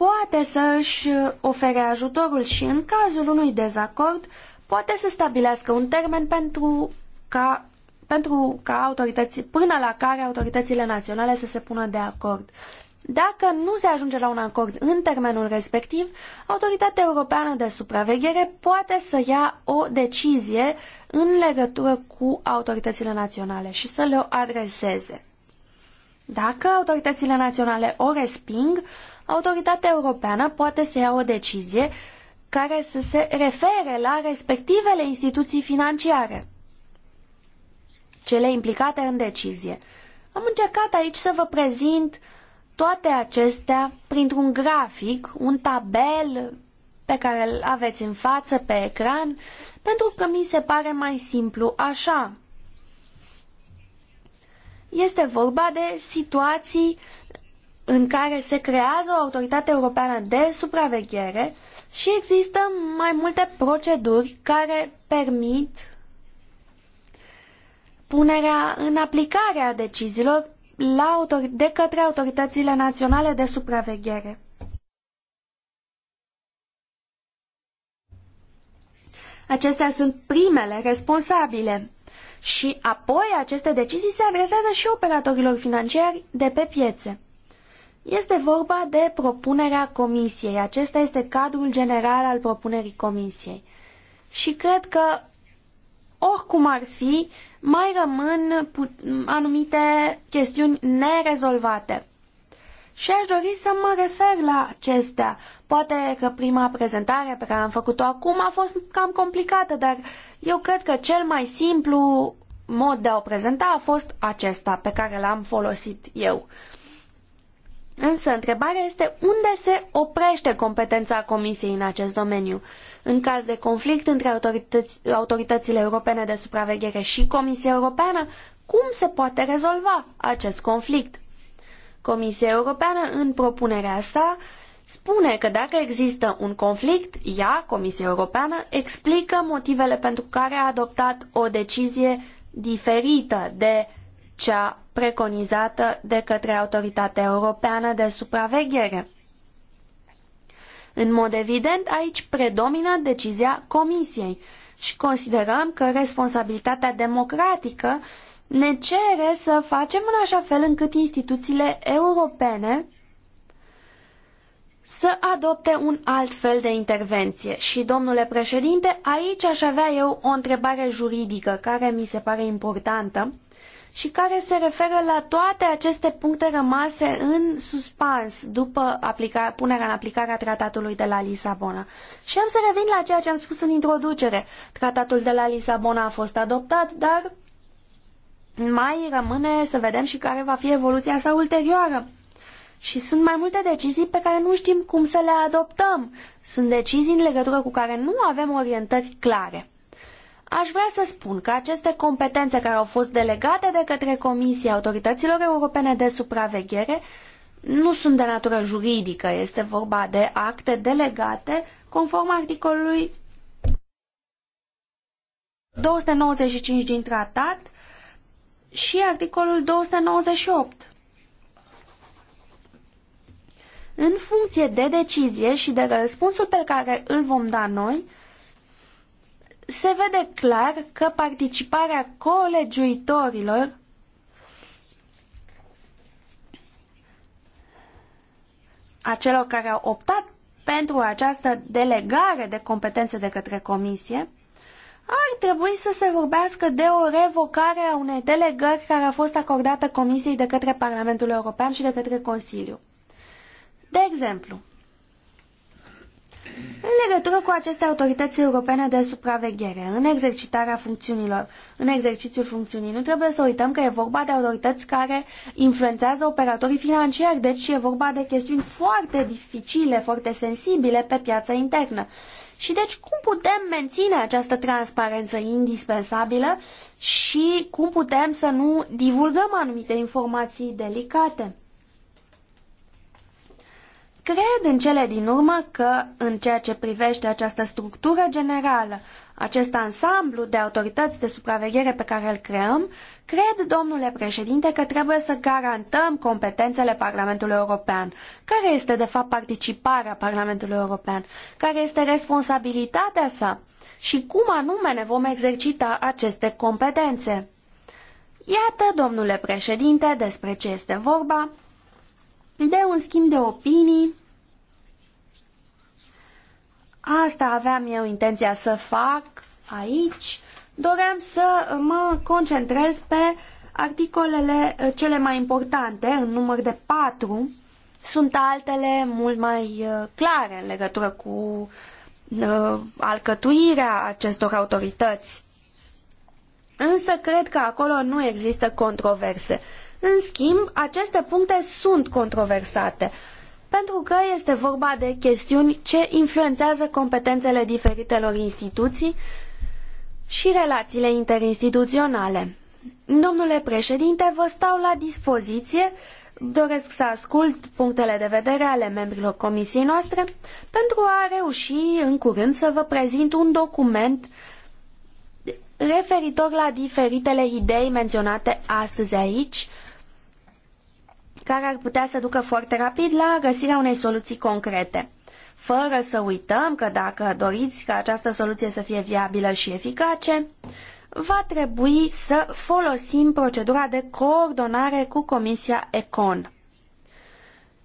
Speaker 2: poate să își ofere ajutorul și în cazul unui dezacord poate să stabilească un termen pentru ca, pentru ca autorități, până la care autoritățile naționale să se pună de acord. Dacă nu se ajunge la un acord în termenul respectiv, Autoritatea Europeană de Supraveghere poate să ia o decizie în legătură cu autoritățile naționale și să le o adreseze. Dacă autoritățile naționale o resping, autoritatea europeană poate să ia o decizie care să se refere la respectivele instituții financiare, cele implicate în decizie. Am încercat aici să vă prezint toate acestea printr-un grafic, un tabel pe care îl aveți în față pe ecran, pentru că mi se pare mai simplu așa. Este vorba de situații în care se creează o autoritate europeană de supraveghere și există mai multe proceduri care permit punerea în aplicare a deciziilor la de către autoritățile naționale de supraveghere. Acestea sunt primele responsabile și apoi aceste decizii se adresează și operatorilor financiari de pe piețe. Este vorba de propunerea Comisiei. Acesta este cadrul general al propunerii Comisiei. Și cred că, oricum ar fi, mai rămân anumite chestiuni nerezolvate. Și aș dori să mă refer la acestea. Poate că prima prezentare pe care am făcut-o acum a fost cam complicată, dar eu cred că cel mai simplu mod de a o prezenta a fost acesta pe care l-am folosit eu. Însă, întrebarea este unde se oprește competența Comisiei în acest domeniu. În caz de conflict între autorități, autoritățile europene de supraveghere și Comisia Europeană, cum se poate rezolva acest conflict? Comisia Europeană, în propunerea sa, spune că dacă există un conflict, ea, Comisia Europeană, explică motivele pentru care a adoptat o decizie diferită de cea preconizată de către Autoritatea Europeană de Supraveghere. În mod evident, aici predomină decizia Comisiei și considerăm că responsabilitatea democratică ne cere să facem în așa fel încât instituțiile europene să adopte un alt fel de intervenție. Și, domnule președinte, aici aș avea eu o întrebare juridică care mi se pare importantă și care se referă la toate aceste puncte rămase în suspans după aplica, punerea în aplicare a tratatului de la Lisabona. Și am să revin la ceea ce am spus în introducere. Tratatul de la Lisabona a fost adoptat, dar mai rămâne să vedem și care va fi evoluția sa ulterioară. Și sunt mai multe decizii pe care nu știm cum să le adoptăm. Sunt decizii în legătură cu care nu avem orientări clare. Aș vrea să spun că aceste competențe care au fost delegate de către Comisia Autorităților Europene de Supraveghere nu sunt de natură juridică, este vorba de acte delegate conform articolului 295 din tratat și articolul 298. În funcție de decizie și de răspunsul pe care îl vom da noi, se vede clar că participarea colegiuitorilor a celor care au optat pentru această delegare de competențe de către comisie, ar trebui să se vorbească de o revocare a unei delegări care a fost acordată Comisiei de către Parlamentul European și de către Consiliu. De exemplu, în legătură cu aceste autorități europene de supraveghere, în exercitarea funcțiunilor, în exercițiul funcțiunii. Nu trebuie să uităm că e vorba de autorități care influențează operatorii financiari, deci e vorba de chestiuni foarte dificile, foarte sensibile pe piața internă. Și deci cum putem menține această transparență indispensabilă și cum putem să nu divulgăm anumite informații delicate? Cred în cele din urmă că, în ceea ce privește această structură generală, acest ansamblu de autorități de supraveghere pe care îl creăm, cred, domnule președinte, că trebuie să garantăm competențele Parlamentului European. Care este, de fapt, participarea Parlamentului European? Care este responsabilitatea sa? Și cum anume ne vom exercita aceste competențe? Iată, domnule președinte, despre ce este vorba de un schimb de opinii. Asta aveam eu intenția să fac aici. Doream să mă concentrez pe articolele eh, cele mai importante, în număr de patru. Sunt altele mult mai eh, clare în legătură cu uh, alcătuirea acestor autorități. Însă cred că acolo nu există controverse. În schimb, aceste puncte sunt controversate, pentru că este vorba de chestiuni ce influențează competențele diferitelor instituții și relațiile interinstituționale. Domnule președinte, vă stau la dispoziție, doresc să ascult punctele de vedere ale membrilor comisiei noastre pentru a reuși în curând să vă prezint un document referitor la diferitele idei menționate astăzi aici, care ar putea să ducă foarte rapid la găsirea unei soluții concrete. Fără să uităm că dacă doriți ca această soluție să fie viabilă și eficace, va trebui să folosim procedura de coordonare cu Comisia Econ.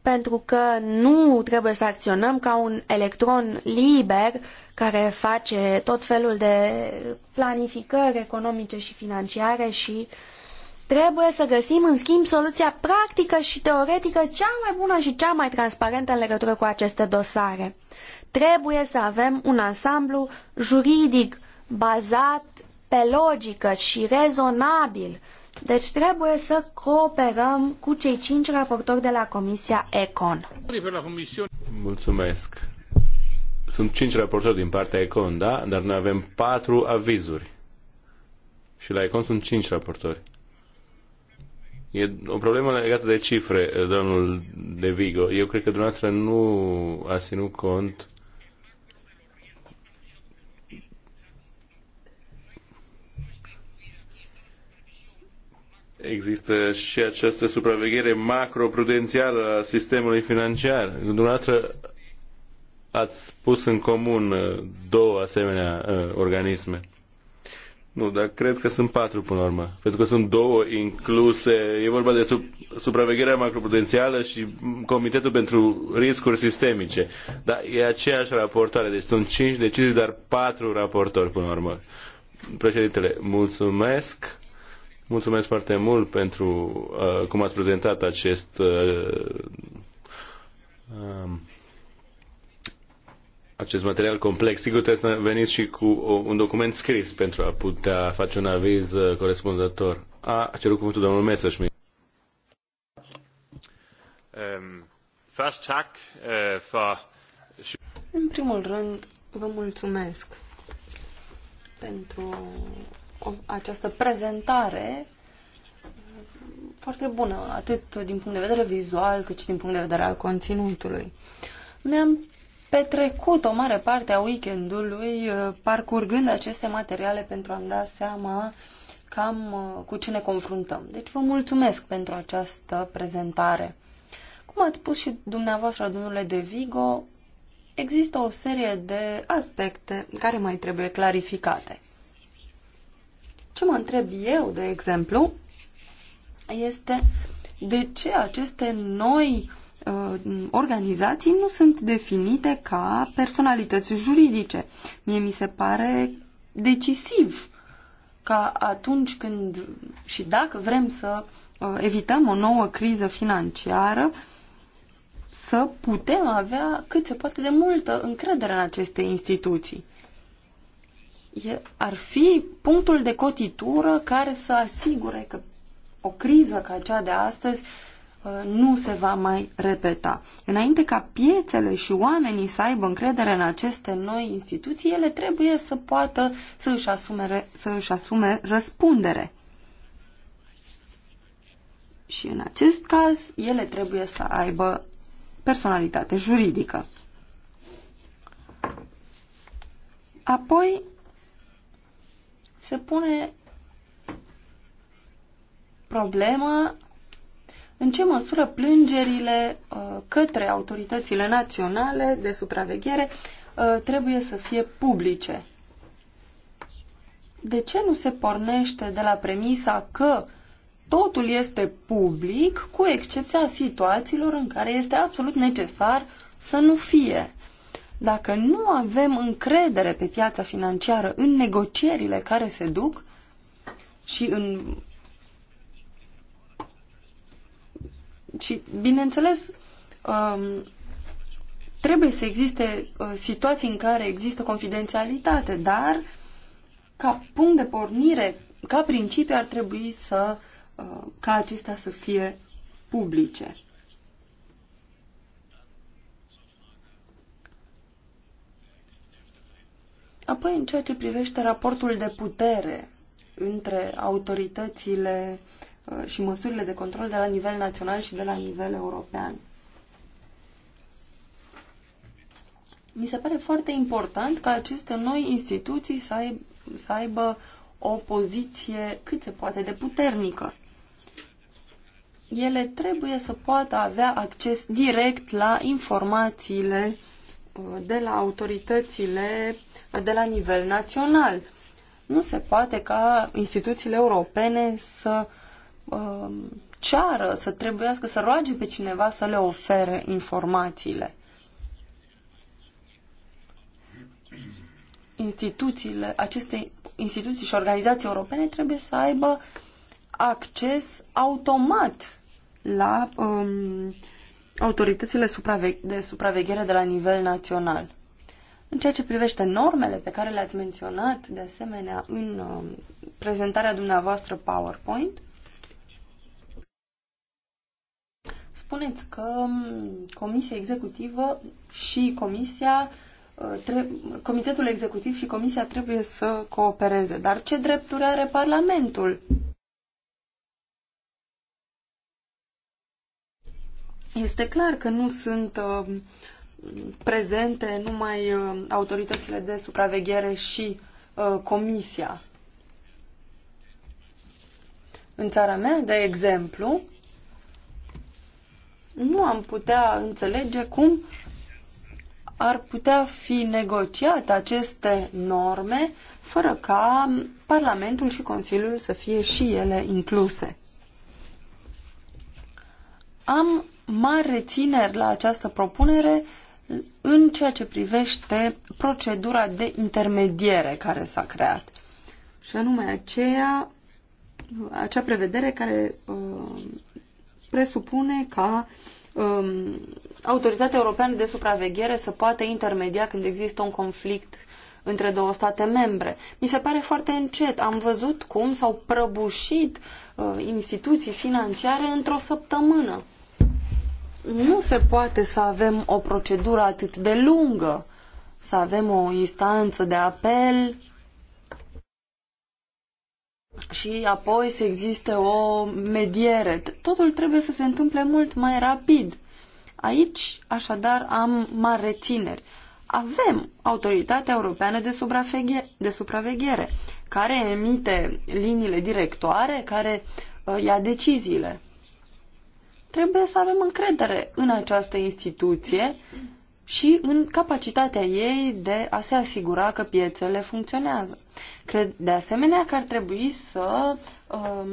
Speaker 2: Pentru că nu trebuie să acționăm ca un electron liber care face tot felul de planificări economice și financiare și uh, Trebuie să găsim, în schimb, soluția practică și teoretică cea mai bună și cea mai transparentă în legătură cu aceste dosare. Trebuie să avem un ansamblu juridic bazat pe logică și rezonabil. Deci trebuie să cooperăm cu cei cinci raportori de la Comisia Econ.
Speaker 1: Mulțumesc. Sunt cinci raportori din partea Econ, da? Dar noi avem patru avizuri. Și la Econ sunt cinci raportori. E o problemă legată de cifre, domnul De Vigo. Eu cred că dumneavoastră nu a ținut cont Există și această supraveghere macroprudențială a sistemului financiar. Dumneavoastră ați pus în comun două asemenea uh, organisme. Nu, dar cred că sunt patru până la urmă. Pentru că sunt două incluse. E vorba de sub, supravegherea macroprudențială și Comitetul pentru Riscuri Sistemice. Dar e aceeași raportare. Deci sunt cinci decizii, dar patru raportori până la urmă. Președintele, mulțumesc. Mulțumesc foarte mult pentru uh, cum ați prezentat acest uh, uh, acest material complex. Sigur, trebuie să veniți și cu un document scris pentru a putea face un aviz uh, corespunzător. A cerut cuvântul domnul Messerschmidt. Ehm, eh,
Speaker 3: În primul rând, vă mulțumesc pentru această prezentare foarte bună, atât din punct de vedere vizual, cât și din punct de vedere al conținutului. Mi-am petrecut o mare parte a weekendului uh, parcurgând aceste materiale pentru a-mi da seama cam uh, cu ce ne confruntăm. Deci vă mulțumesc pentru această prezentare. Cum ați spus și dumneavoastră, domnule De Vigo, există o serie de aspecte care mai trebuie clarificate. Ce mă întreb eu, de exemplu, este de ce aceste noi uh, Uh, organizații nu sunt definite ca personalități juridice. Mie mi se pare decisiv ca atunci când și dacă vrem să uh, evităm o nouă criză financiară, să putem avea cât se poate de multă încredere în aceste instituții. E, ar fi punctul de cotitură care să asigure că o criză ca cea de astăzi Uh, nu se va mai repeta. Înainte ca piețele și oamenii să aibă încredere în aceste noi instituții, ele trebuie să poată să își asume, să își asume răspundere. Și în acest caz, ele trebuie să aibă personalitate juridică. Apoi se pune problema în ce măsură plângerile uh, către autoritățile naționale de supraveghere uh, trebuie să fie publice. De ce nu se pornește de la premisa că totul este public, cu excepția situațiilor în care este absolut necesar să nu fie? Dacă nu avem încredere pe piața financiară în negocierile care se duc și în Și, bineînțeles, um, trebuie să existe uh, situații în care există confidențialitate, dar ca punct de pornire, ca principiu ar trebui să uh, ca acestea să fie publice. Apoi, în ceea ce privește raportul de putere între autoritățile Uh, și măsurile de control de la nivel național și de la nivel european. Mi se pare foarte important ca aceste noi instituții să, aib să aibă o poziție cât se poate de puternică. Ele trebuie să poată avea acces direct la informațiile uh, de la autoritățile uh, de la nivel național. Nu se poate ca instituțiile europene să uh, Um, ceară, să trebuiască să roage pe cineva să le ofere informațiile. Instituțiile, aceste instituții și organizații europene trebuie să aibă acces automat la um, autoritățile supraveg de supraveghere de la nivel național. În ceea ce privește normele pe care le-ați menționat, de asemenea, în um, prezentarea dumneavoastră PowerPoint, spuneți că mm, Comisia Executivă și Comisia uh, Comitetul Executiv și Comisia trebuie să coopereze. Dar ce drepturi are Parlamentul? Este clar că nu sunt uh, prezente numai uh, autoritățile de supraveghere și uh, Comisia. În țara mea, de exemplu, nu am putea înțelege cum ar putea fi negociate aceste norme fără ca Parlamentul și Consiliul să fie și ele incluse. Am mari rețineri la această propunere în ceea ce privește procedura de intermediere care s-a creat. Și anume aceea, acea prevedere care uh, presupune ca um, Autoritatea Europeană de Supraveghere să poată intermedia când există un conflict între două state membre. Mi se pare foarte încet. Am văzut cum s-au prăbușit uh, instituții financiare într-o săptămână. Nu se poate să avem o procedură atât de lungă, să avem o instanță de apel și apoi să existe o mediere. Totul trebuie să se întâmple mult mai rapid. Aici, așadar, am mari rețineri. Avem Autoritatea Europeană de, supraveghe- de Supraveghere, care emite liniile directoare, care uh, ia deciziile. Trebuie să avem încredere în această instituție și în capacitatea ei de a se asigura că piețele funcționează. Cred de asemenea că ar trebui să um,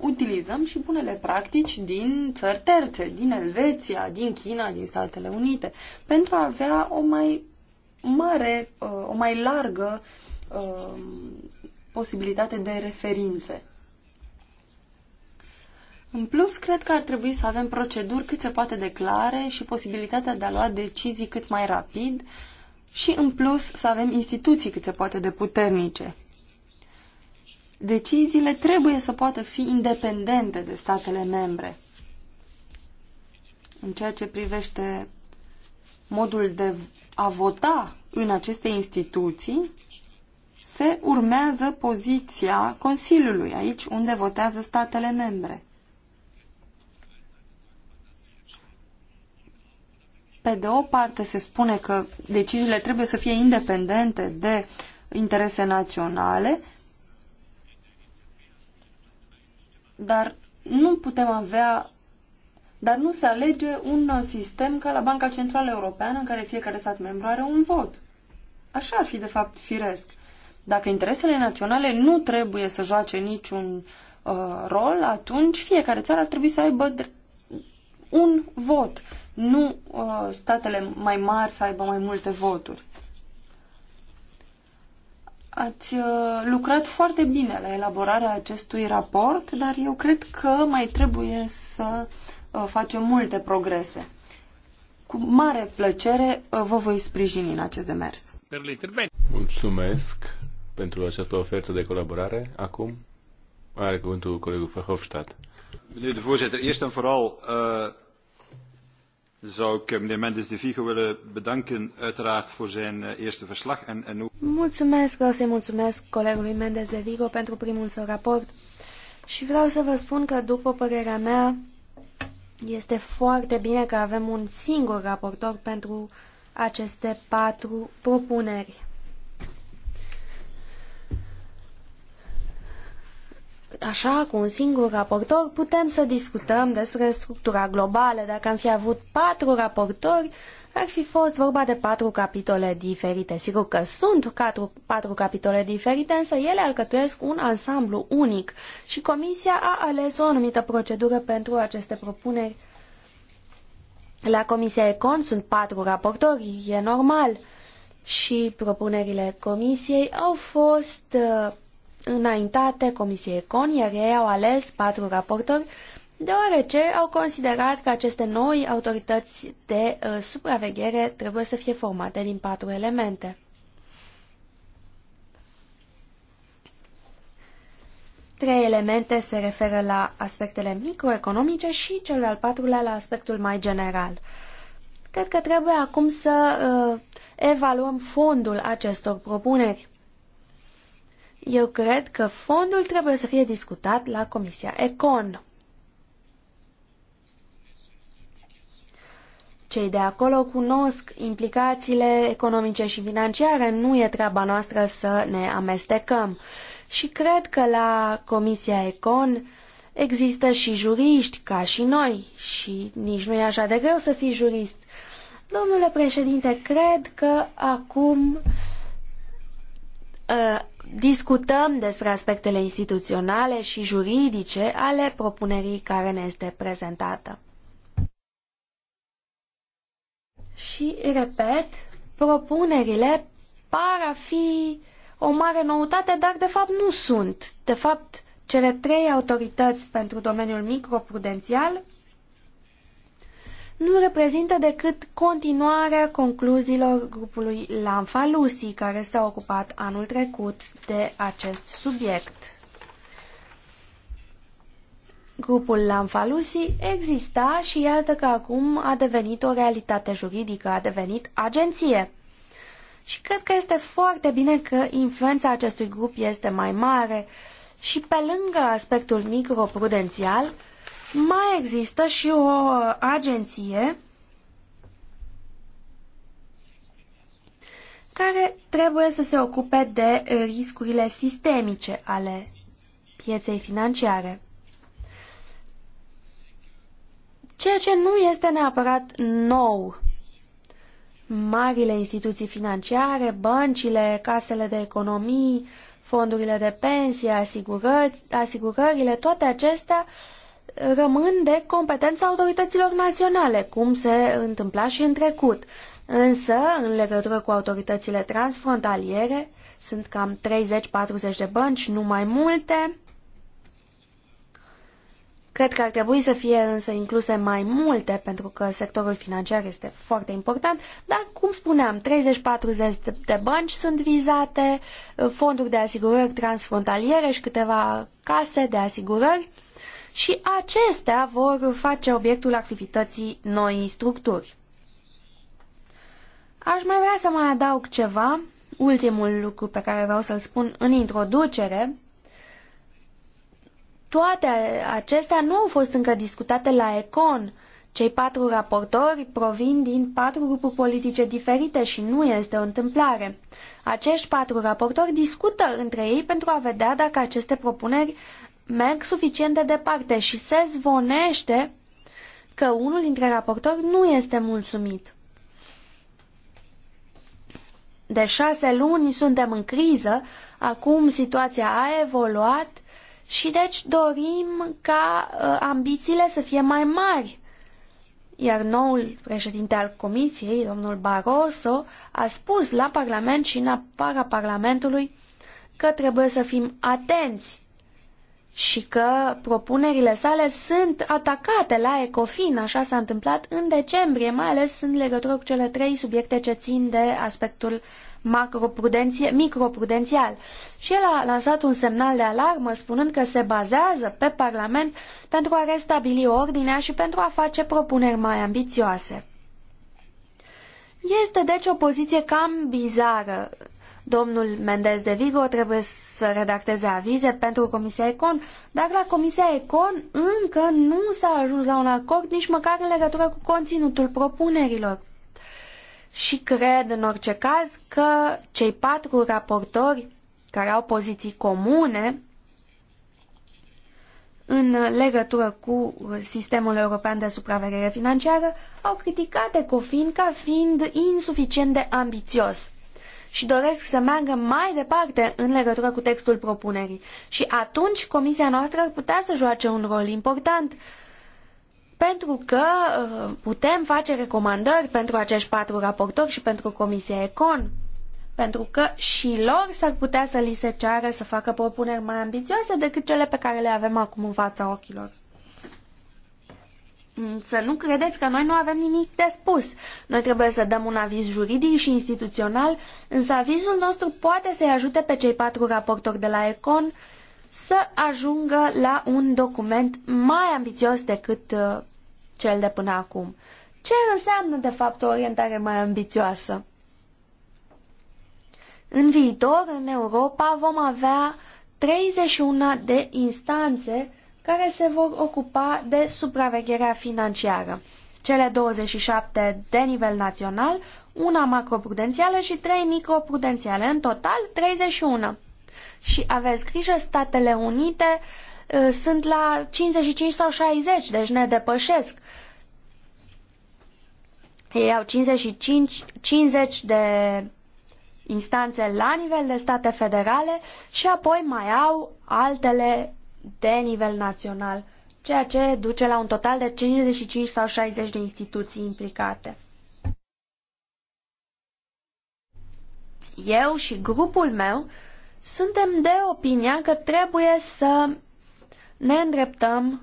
Speaker 3: utilizăm și bunele practici din țări terțe, din Elveția, din China, din Statele Unite, pentru a avea o mai mare, uh, o mai largă uh, posibilitate de referințe. În plus, cred că ar trebui să avem proceduri cât se poate de clare și posibilitatea de a lua decizii cât mai rapid și, în plus, să avem instituții cât se poate de puternice. Deciziile trebuie să poată fi independente de statele membre. În ceea ce privește modul de a vota în aceste instituții, se urmează poziția Consiliului, aici unde votează statele membre. Pe de o parte se spune că deciziile trebuie să fie independente de interese naționale, dar nu putem avea dar nu se alege un sistem ca la Banca Centrală Europeană în care fiecare stat membru are un vot. Așa ar fi de fapt firesc. Dacă interesele naționale nu trebuie să joace niciun uh, rol, atunci fiecare țară ar trebui să aibă un vot nu uh, statele mai mari să aibă mai multe voturi. Ați uh, lucrat foarte bine la elaborarea acestui raport, dar eu cred că mai trebuie să uh, facem multe progrese. Cu mare plăcere uh, vă voi sprijini în acest demers.
Speaker 1: Mulțumesc pentru această ofertă de colaborare. Acum are cuvântul colegul Fahofstadt.
Speaker 3: Meneer de voorzitter, eerst en vooral uh, zou ik meneer Mendes de Vigo willen bedanken, uiteraard, voor zijn eh, eerste verslag. En, en ook...
Speaker 2: Mulțumesc, vreau să-i mulțumesc colegului Mendes de Vigo pentru primul său raport. Și vreau să vă spun că, după părerea mea, este foarte bine că avem un singur raportor pentru aceste patru propuneri. așa, cu un singur raportor, putem să discutăm despre structura globală. Dacă am fi avut patru raportori, ar fi fost vorba de patru capitole diferite. Sigur că sunt patru, patru capitole diferite, însă ele alcătuiesc un ansamblu unic și Comisia a ales o anumită procedură pentru aceste propuneri. La Comisia Econ sunt patru raportori, e normal. Și propunerile Comisiei au fost uh, înaintate Comisiei CON, iar ei au ales patru raportori, deoarece au considerat că aceste noi autorități de uh, supraveghere trebuie să fie formate din patru elemente. Trei elemente se referă la aspectele microeconomice și cel al patrulea la aspectul mai general. Cred că trebuie acum să uh, evaluăm fondul acestor propuneri. Eu cred că fondul trebuie să fie discutat la Comisia Econ. Cei de acolo cunosc implicațiile economice și financiare, nu e treaba noastră să ne amestecăm. Și cred că la Comisia Econ există și juriști, ca și noi, și nici nu e așa de greu să fii jurist. Domnule președinte, cred că acum uh, discutăm despre aspectele instituționale și juridice ale propunerii care ne este prezentată. Și, repet, propunerile par a fi o mare noutate, dar de fapt nu sunt. De fapt, cele trei autorități pentru domeniul microprudențial nu reprezintă decât continuarea concluziilor grupului Lamfalusi, care s-a ocupat anul trecut de acest subiect. Grupul Lanfalusi exista și iată că acum a devenit o realitate juridică, a devenit agenție. Și cred că este foarte bine că influența acestui grup este mai mare și pe lângă aspectul microprudențial, mai există și o agenție care trebuie să se ocupe de riscurile sistemice ale pieței financiare. Ceea ce nu este neapărat nou. Marile instituții financiare, băncile, casele de economii, fondurile de pensie, asigurări, asigurările, toate acestea uh, rămân de competența autorităților naționale, cum se întâmpla și în trecut. Însă, în legătură cu autoritățile transfrontaliere, sunt cam 30-40 de bănci, nu mai multe. Cred că ar trebui să fie însă incluse mai multe, pentru că sectorul financiar este foarte important, dar, cum spuneam, 30-40 de bănci sunt vizate, fonduri de asigurări transfrontaliere și câteva case de asigurări și acestea vor face obiectul activității noii structuri. Aș mai vrea să mai adaug ceva, ultimul lucru pe care vreau să-l spun în introducere. Toate acestea nu au fost încă discutate la ECON. Cei patru raportori provin din patru grupuri politice diferite și nu este o întâmplare. Acești patru raportori discută între ei pentru a vedea dacă aceste propuneri merg suficient de departe și se zvonește că unul dintre raportori nu este mulțumit. De șase luni suntem în criză, acum situația a evoluat și deci dorim ca uh, ambițiile să fie mai mari. Iar noul președinte al Comisiei, domnul Barroso, a spus la Parlament și în afara Parlamentului că trebuie să fim atenți și că propunerile sale sunt atacate la Ecofin, așa s-a întâmplat în decembrie, mai ales în legătură cu cele trei subiecte ce țin de aspectul microprudențial. Și el a lansat un semnal de alarmă spunând că se bazează pe Parlament pentru a restabili ordinea și pentru a face propuneri mai ambițioase. Este deci o poziție cam bizară Domnul Mendez de Vigo trebuie să redacteze avize pentru Comisia Econ, dar la Comisia Econ încă nu s-a ajuns la un acord nici măcar în legătură cu conținutul propunerilor. Și cred în orice caz că cei patru raportori care au poziții comune în legătură cu sistemul european de supraveghere financiară, au criticat Ecofin ca fiind insuficient de ambițios și doresc să meargă mai departe în legătură cu textul propunerii. Și atunci comisia noastră ar putea să joace un rol important pentru că uh, putem face recomandări pentru acești patru raportori și pentru Comisia Econ, pentru că și lor s-ar putea să li se ceară să facă propuneri mai ambițioase decât cele pe care le avem acum în fața ochilor. Mm, să nu credeți că noi nu avem nimic de spus. Noi trebuie să dăm un aviz juridic și instituțional, însă avizul nostru poate să-i ajute pe cei patru raportori de la Econ să ajungă la un document mai ambițios decât uh, cel de până acum. Ce înseamnă, de fapt, o orientare mai ambițioasă? În viitor, în Europa, vom avea 31 de instanțe care se vor ocupa de supravegherea financiară. Cele 27 de nivel național, una macroprudențială și 3 microprudențiale, în total 31. Și aveți grijă, Statele Unite uh, sunt la 55 sau 60, deci ne depășesc. Ei au 55, 50 de instanțe la nivel de state federale și apoi mai au altele de nivel național, ceea ce duce la un total de 55 sau 60 de instituții implicate. Eu și grupul meu suntem de opinia că trebuie să ne îndreptăm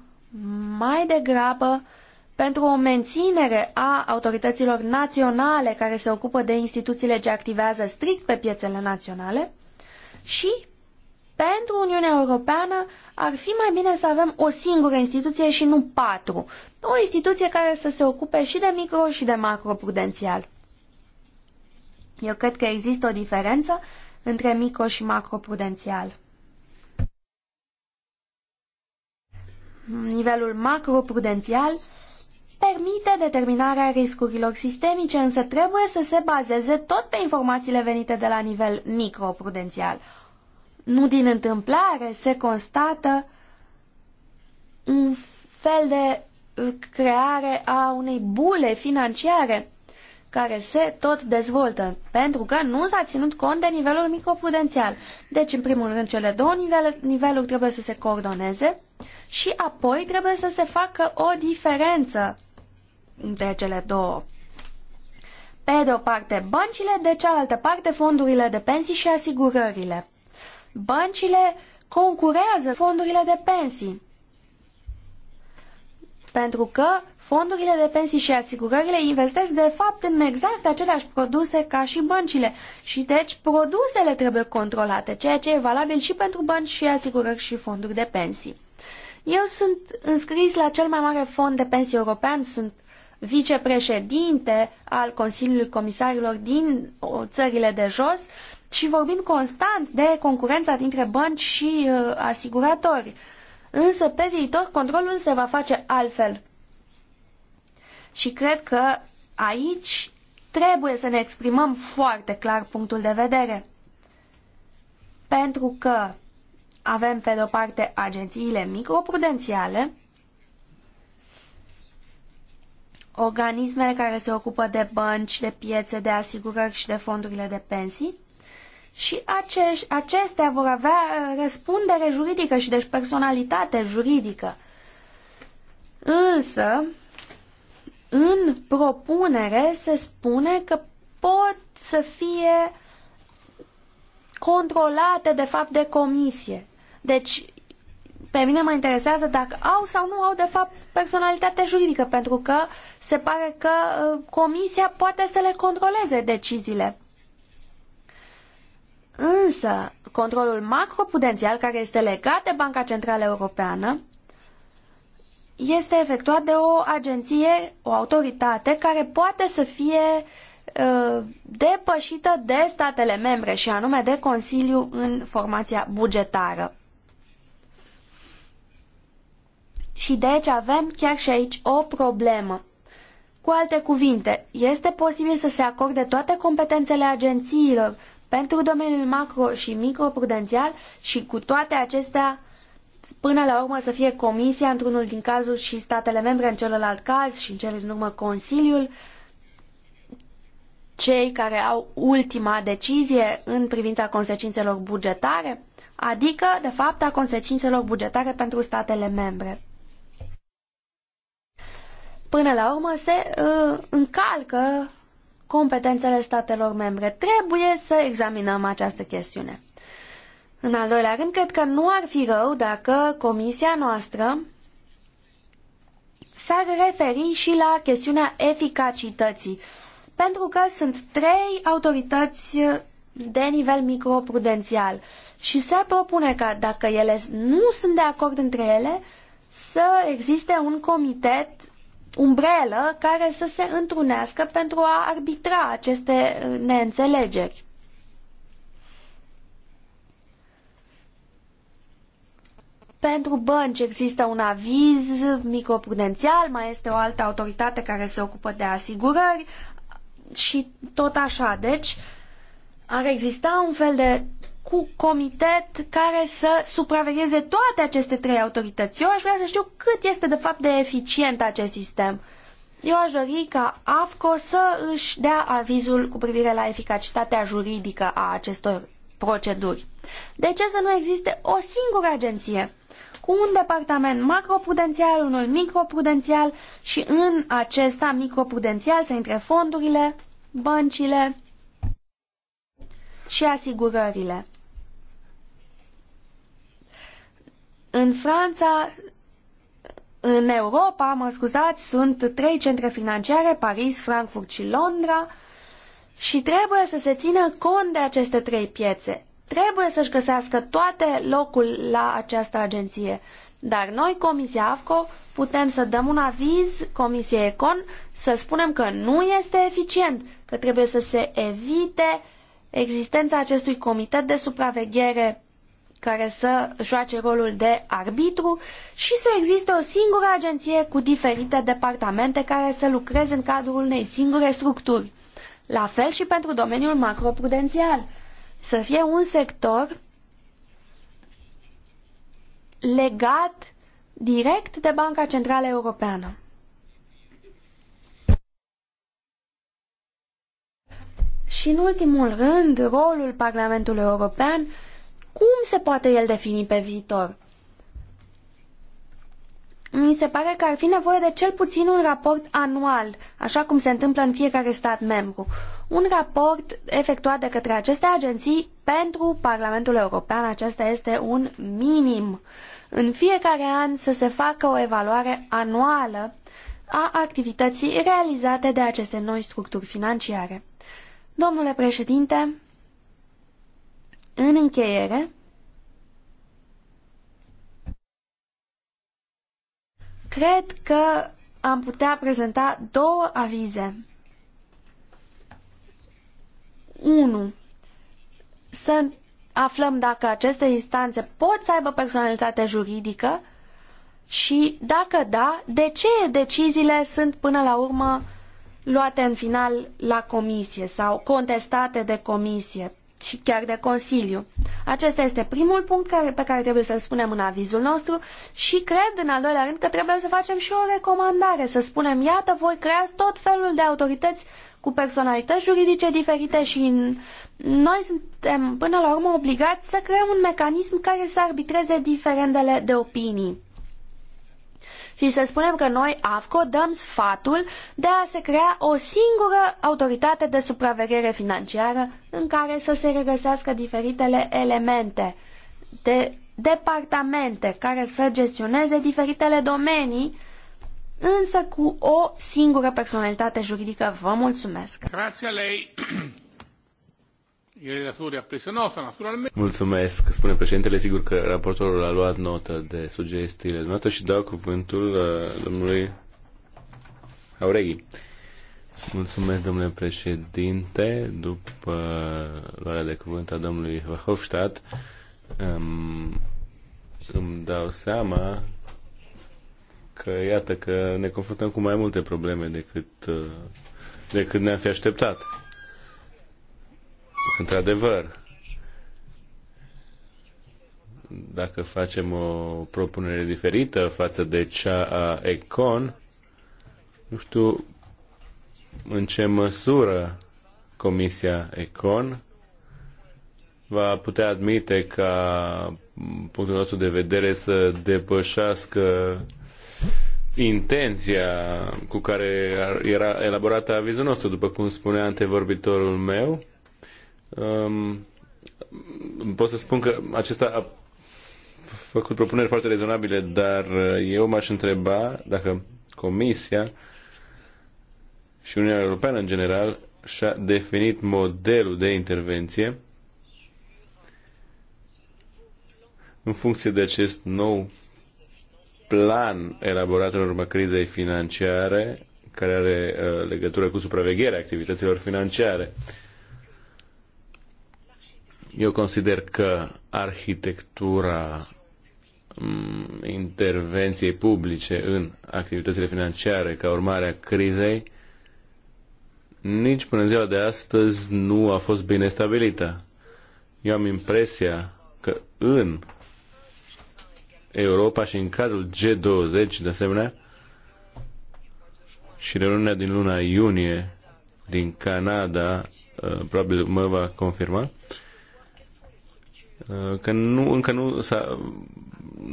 Speaker 2: mai degrabă pentru o menținere a autorităților naționale care se ocupă de instituțiile ce activează strict pe piețele naționale și pentru Uniunea Europeană ar fi mai bine să avem o singură instituție și nu patru. O instituție care să se ocupe și de micro și de macro prudențial. Eu cred că există o diferență între micro și macro prudențial. Nivelul macro prudențial permite determinarea riscurilor sistemice, însă trebuie să se bazeze tot pe informațiile venite de la nivel microprudențial nu din întâmplare, se constată un fel de uh, creare a unei bule financiare care se tot dezvoltă, pentru că nu s-a ținut cont de nivelul microprudențial. Deci, în primul rând, cele două nivele, niveluri trebuie să se coordoneze și apoi trebuie să se facă o diferență între cele două. Pe de o parte băncile, de cealaltă parte fondurile de pensii și asigurările băncile concurează fondurile de pensii. Pentru că fondurile de pensii și asigurările investesc de fapt în exact aceleași produse ca și băncile și deci produsele trebuie controlate, ceea ce e valabil și pentru bănci și asigurări și fonduri de pensii. Eu sunt înscris la cel mai mare fond de pensii european, sunt vicepreședinte al Consiliului Comisarilor din țările de jos și vorbim constant de concurența dintre bănci și uh, asiguratori. Însă, pe viitor, controlul se va face altfel. Și cred că aici trebuie să ne exprimăm foarte clar punctul de vedere. Pentru că avem, pe de-o parte, agențiile microprudențiale, organismele care se ocupă de bănci, de piețe, de asigurări și de fondurile de pensii, și acești, acestea vor avea uh, răspundere juridică și deci personalitate juridică. Însă, în propunere se spune că pot să fie controlate de fapt de comisie. Deci, pe mine mă interesează dacă au sau nu au de fapt personalitate juridică, pentru că se pare că uh, comisia poate să le controleze deciziile. Însă, controlul macroprudențial care este legat de Banca Centrală Europeană este efectuat de o agenție, o autoritate care poate să fie ă, depășită de statele membre și anume de Consiliu în formația bugetară. Și deci avem chiar și aici o problemă. Cu alte cuvinte, este posibil să se acorde toate competențele agențiilor, pentru domeniul macro și microprudențial și cu toate acestea până la urmă să fie Comisia într-unul din cazuri și statele membre în celălalt caz și în cele din urmă Consiliul cei care au ultima decizie în privința consecințelor bugetare, adică, de fapt, a consecințelor bugetare pentru statele membre. Până la urmă se uh, încalcă competențele statelor membre. Trebuie să examinăm această chestiune. În al doilea rând, cred că nu ar fi rău dacă comisia noastră s-ar referi și la chestiunea eficacității, pentru că sunt trei autorități de nivel microprudențial și se propune ca dacă ele nu sunt de acord între ele, să existe un comitet umbrelă care să se întrunească pentru a arbitra aceste uh, neînțelegeri. Pentru bănci există un aviz microprudențial, mai este o altă autoritate care se ocupă de asigurări și tot așa. Deci, ar exista un fel de cu comitet care să supravegheze toate aceste trei autorități. Eu aș vrea să știu cât este de fapt de eficient acest sistem. Eu aș dori ca AFCO să își dea avizul cu privire la eficacitatea juridică a acestor proceduri. De ce să nu existe o singură agenție cu un departament macroprudențial, unul microprudențial și în acesta microprudențial să intre fondurile, băncile și asigurările? În Franța, în Europa, mă scuzați, sunt trei centre financiare, Paris, Frankfurt și Londra, și trebuie să se țină cont de aceste trei piețe. Trebuie să-și găsească toate locul la această agenție. Dar noi, Comisia AFCO, putem să dăm un aviz Comisiei Econ să spunem că nu este eficient, că trebuie să se evite existența acestui comitet de supraveghere care să joace rolul de arbitru și să existe o singură agenție cu diferite departamente care să lucreze în cadrul unei singure structuri. La fel și pentru domeniul macroprudențial. Să fie un sector legat direct de Banca Centrală Europeană. Și în ultimul rând, rolul Parlamentului European cum se poate el defini pe viitor? Mi se pare că ar fi nevoie de cel puțin un raport anual, așa cum se întâmplă în fiecare stat membru. Un raport efectuat de către aceste agenții pentru Parlamentul European, acesta este un minim. În fiecare an să se facă o evaluare anuală a activității realizate de aceste noi structuri financiare. Domnule președinte, în încheiere, cred că am putea prezenta două avize. 1. Să aflăm dacă aceste instanțe pot să aibă personalitate juridică și, dacă da, de ce deciziile sunt până la urmă luate în final la comisie sau contestate de comisie și chiar de Consiliu. Acesta este primul punct care, pe care trebuie să-l spunem în avizul nostru și cred, în al doilea rând, că trebuie să facem și o recomandare, să spunem, iată, voi creați tot felul de autorități cu personalități juridice diferite și noi suntem, până la urmă, obligați să creăm un mecanism care să arbitreze diferendele de opinii și să spunem că noi, AFCO, dăm sfatul de a se crea o singură autoritate de supraveghere financiară în care să se regăsească diferitele elemente de departamente care să gestioneze diferitele domenii, însă cu o singură personalitate juridică. Vă mulțumesc!
Speaker 1: Grazie lei! Mulțumesc, spune președintele. Sigur că raportorul a luat notă de sugestiile noastre și dau cuvântul uh, domnului Aureghi. Mulțumesc, domnule președinte. După luarea de cuvânt a domnului Hofstadt, um, îmi dau seama că iată că ne confruntăm cu mai multe probleme decât, uh, decât ne-am fi așteptat într-adevăr, dacă facem o propunere diferită față de cea a Econ, nu știu în ce măsură Comisia Econ va putea admite ca punctul nostru de vedere să depășească intenția cu care era elaborată avizul nostru, după cum spunea antevorbitorul meu Um, pot să spun că acesta a făcut propuneri foarte rezonabile, dar uh, eu m-aș întreba dacă Comisia și Uniunea Europeană în general și-a definit modelul de intervenție în funcție de acest nou plan elaborat în urma crizei financiare care are uh, legătură cu supravegherea activităților financiare. Uh, eu consider că arhitectura mm, intervenției publice în activitățile financiare ca urmare a crizei nici până în ziua de astăzi nu a fost bine stabilită. Eu am impresia că în Europa și în cadrul G20, de asemenea, și reuniunea din luna iunie din Canada, uh, probabil mă va confirma, Uh, că nu, încă nu,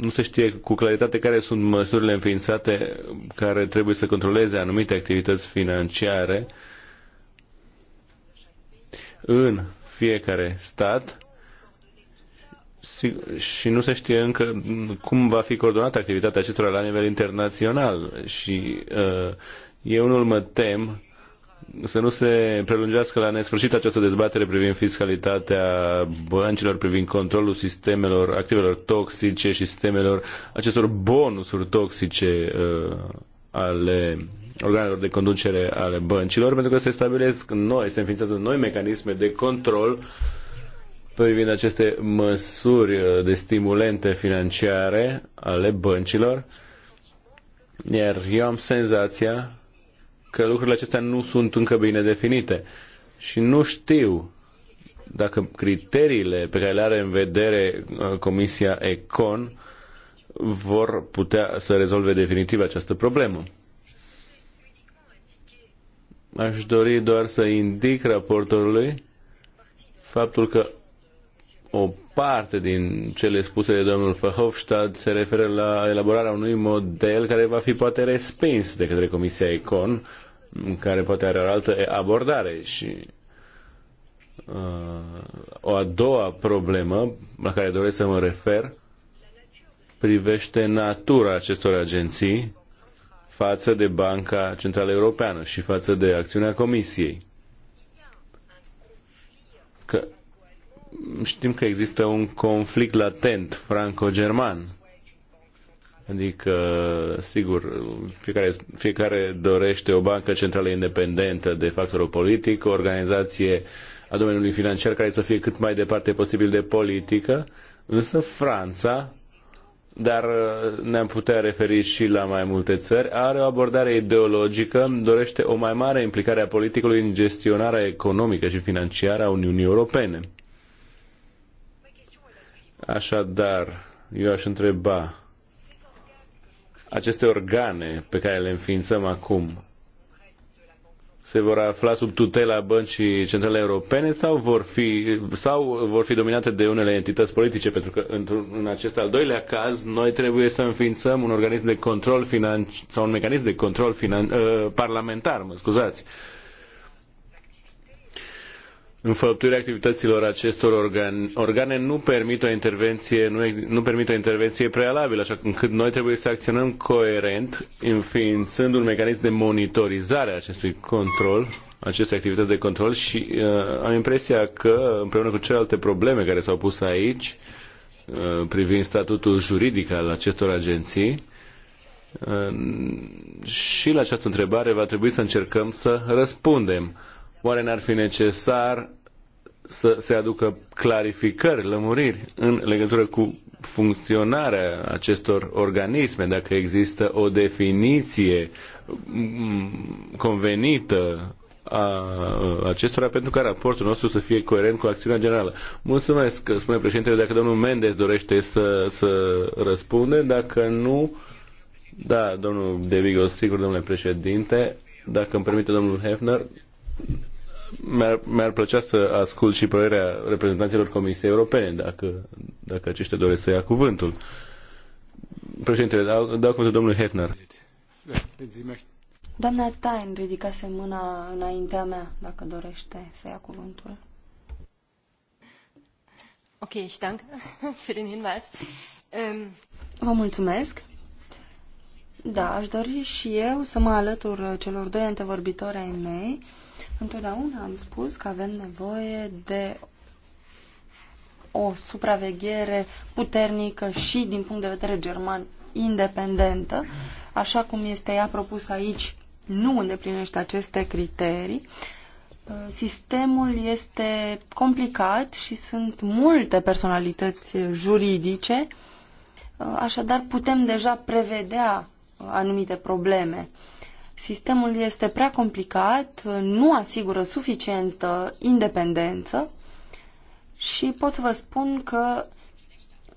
Speaker 1: nu se știe cu claritate care sunt măsurile înființate care trebuie să controleze anumite activități financiare în fiecare stat și nu se știe încă cum va fi coordonată activitatea acestora la nivel internațional și uh, eu unul mă tem să nu se prelungească la nesfârșit această dezbatere privind fiscalitatea băncilor, privind controlul sistemelor, activelor toxice și sistemelor, acestor bonusuri toxice uh, ale organelor de conducere ale băncilor, pentru că se stabilesc noi, se înființează noi mecanisme de control privind aceste măsuri uh, de stimulente financiare ale băncilor. Iar eu am senzația că lucrurile acestea nu sunt încă bine definite și nu știu dacă criteriile pe care le are în vedere uh, Comisia Econ vor putea să rezolve definitiv această problemă. Aș dori doar să indic raportorului faptul că o parte din cele spuse de domnul Făhofstad se referă la elaborarea unui model care va fi poate respins de către Comisia Econ, care poate are o altă abordare și uh, o a doua problemă la care doresc să mă refer privește natura acestor agenții față de Banca Centrală Europeană și față de acțiunea Comisiei. Că știm că există un conflict latent franco-german. Adică, sigur, fiecare, fiecare dorește o bancă centrală independentă de factorul politic, o organizație a domeniului financiar care să fie cât mai departe posibil de politică, însă Franța, dar uh, ne-am putea referi și la mai multe țări, are o abordare ideologică, dorește o mai mare implicare a politicului în gestionarea economică și financiară a Uniunii Europene. Așadar, eu aș întreba, aceste organe pe care le înființăm acum se vor afla sub tutela băncii centrale europene sau vor fi, sau vor fi dominate de unele entități politice? Pentru că în acest al doilea caz noi trebuie să înființăm un organism de control financiar sau un mecanism de control finan- uh, parlamentar, mă scuzați. Uh, înfăptuirea activităților acestor organe, organe nu permit o intervenție, nu, nu permit o intervenție prealabilă, așa încât noi trebuie să acționăm coerent, înființând un mecanism de monitorizare a acestui control, aceste activități de control și uh, am impresia că, împreună cu celelalte probleme care s-au pus aici, uh, privind statutul juridic al acestor agenții, uh, și la această întrebare va trebui să încercăm să răspundem Oare n-ar fi necesar să se aducă clarificări, lămuriri în legătură cu funcționarea acestor organisme, dacă există o definiție mm, convenită a acestora pentru ca raportul nostru să fie coerent cu acțiunea generală. Mulțumesc, spune președintele, dacă domnul Mendes dorește să, să răspunde, dacă nu, da, domnul De Vigo, sigur, domnule președinte, dacă îmi permite domnul Hefner, mi-ar, mi plăcea să ascult și părerea reprezentanților Comisiei Europene, dacă, dacă aceștia doresc să ia cuvântul. Președintele, dau, dau cuvântul domnului Hefner.
Speaker 3: Doamna Tain ridicase mâna înaintea mea, dacă dorește să ia cuvântul. Ok, ich danke für den Hinweis. Um... Ehm, Vă mulțumesc. Da, aș dori și eu să mă alătur celor doi antevorbitori ai mei Întotdeauna am spus că avem nevoie de o supraveghere puternică și din punct de vedere german independentă, așa cum este ea propusă aici, nu îndeplinește aceste criterii. Sistemul este complicat și sunt multe personalități juridice, așadar putem deja prevedea anumite probleme. Sistemul este prea complicat, nu asigură suficientă independență și pot să vă spun că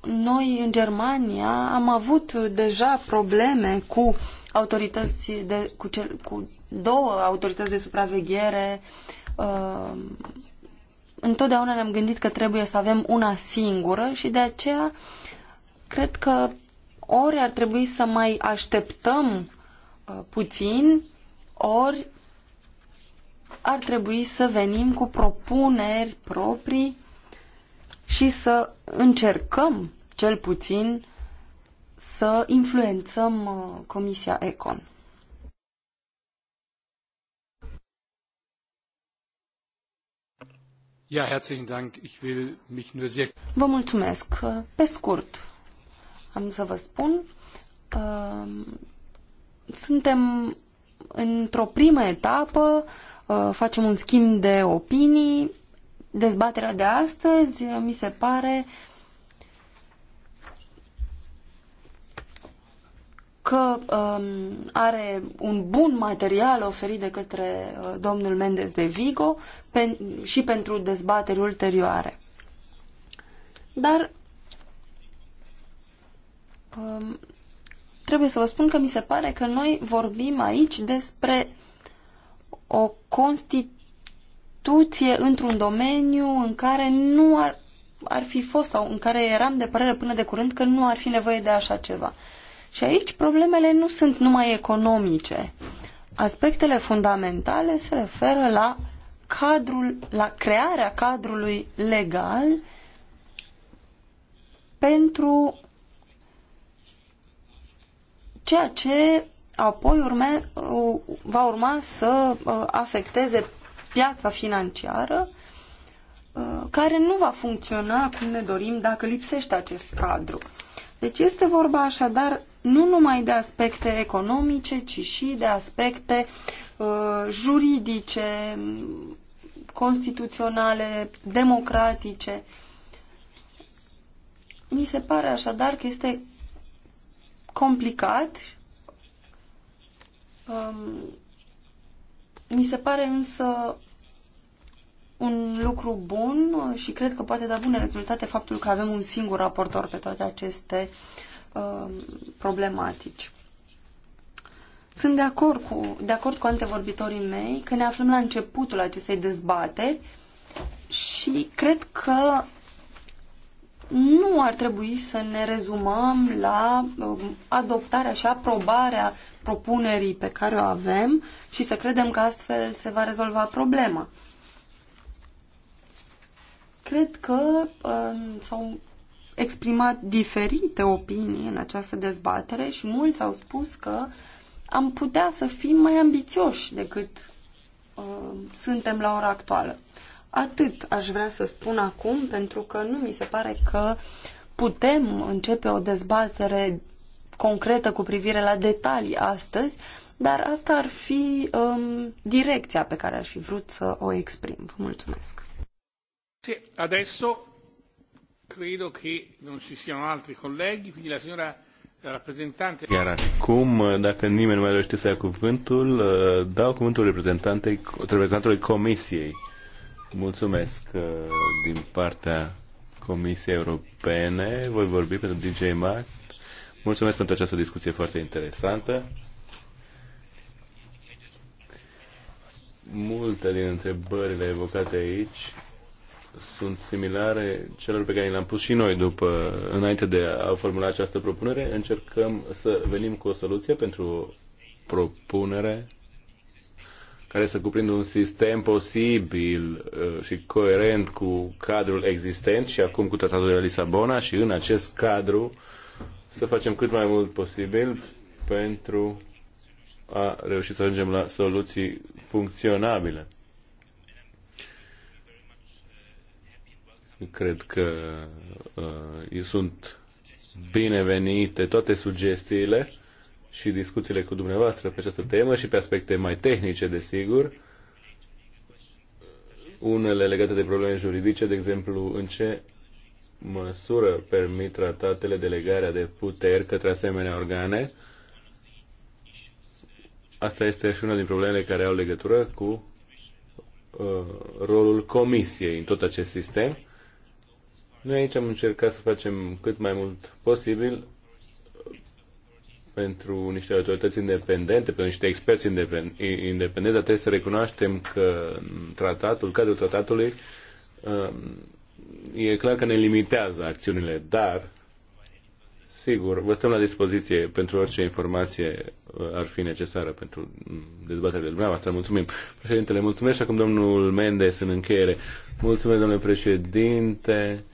Speaker 3: noi în Germania am avut deja probleme cu autorități de, cu, cel, cu două autorități de supraveghere. Uh, întotdeauna ne-am gândit că trebuie să avem una singură și de aceea cred că ori ar trebui să mai așteptăm Uh, puțin, ori ar trebui să venim cu propuneri proprii și să încercăm, cel puțin, să influențăm uh, Comisia Econ. Ja, herzlichen Dank. Ich will mich nur sehr... Vă mulțumesc. Pe scurt, am să vă spun, uh, suntem într-o primă etapă, uh, facem un schimb de opinii. Dezbaterea de astăzi uh, mi se pare că um, are un bun material oferit de către uh, domnul Mendes de Vigo pen, și pentru dezbateri ulterioare. Dar um, trebuie să vă spun că mi se pare că noi vorbim aici despre o constituție într-un domeniu în care nu ar, ar fi fost sau în care eram de părere până de curând că nu ar fi nevoie de așa ceva. Și aici problemele nu sunt numai economice. Aspectele fundamentale se referă la cadrul, la crearea cadrului legal pentru ceea ce apoi urme, va urma să uh, afecteze piața financiară uh, care nu va funcționa cum ne dorim dacă lipsește acest cadru. Deci este vorba așadar nu numai de aspecte economice, ci și de aspecte uh, juridice, constituționale, democratice. Mi se pare așadar că este complicat. Um, mi se pare însă un lucru bun și cred că poate da bune rezultate faptul că avem un singur raportor pe toate aceste um, problematici. Sunt de acord, cu, de acord cu antevorbitorii mei că ne aflăm la începutul acestei dezbateri și cred că nu ar trebui să ne rezumăm la um, adoptarea și aprobarea propunerii pe care o avem și să credem că astfel se va rezolva problema. Cred că um, s-au exprimat diferite opinii în această dezbatere și mulți au spus că am putea să fim mai ambițioși decât uh, suntem la ora actuală. Atât aș vrea să spun acum, pentru că nu mi se pare că putem începe o dezbatere concretă cu privire la detalii astăzi, dar asta ar fi um, direcția pe care aș fi vrut să o exprim. Vă
Speaker 1: mulțumesc. Adesso credo che non ci siano altri colleghi, quindi la signora rappresentante... Iar acum, dacă nimeni nu mai dorește să ia cuvântul, uh, dau cuvântul reprezentantului Comisiei. Mulțumesc uh, din partea Comisiei Europene. Voi vorbi pentru DJ Mac. Mulțumesc pentru această discuție foarte interesantă. Multe din întrebările evocate aici sunt similare celor pe care le-am pus și noi după, înainte de a formula această propunere. Încercăm să venim cu o soluție pentru propunere care să cuprindă un sistem posibil uh, și coerent cu cadrul existent și acum cu tratatul de la Lisabona și în acest cadru să facem cât mai mult posibil pentru a reuși să ajungem la soluții funcționabile. Cred că uh, sunt binevenite toate sugestiile și discuțiile cu dumneavoastră pe această temă și pe aspecte mai tehnice, desigur, unele legate de probleme juridice, de exemplu, în ce măsură permit tratatele delegarea de puteri către asemenea organe. Asta este și una din problemele care au legătură cu uh, rolul comisiei în tot acest sistem. Noi aici am încercat să facem cât mai mult posibil pentru niște autorități independente, pentru niște experți independenți, dar trebuie să recunoaștem că tratatul, cadrul tratatului, um, e clar că ne limitează acțiunile, dar, sigur, vă stăm la dispoziție pentru orice informație uh, ar fi necesară pentru de dumneavoastră. Mulțumim. Președintele, mulțumesc și acum domnul Mendes în încheiere. Mulțumesc, domnule președinte.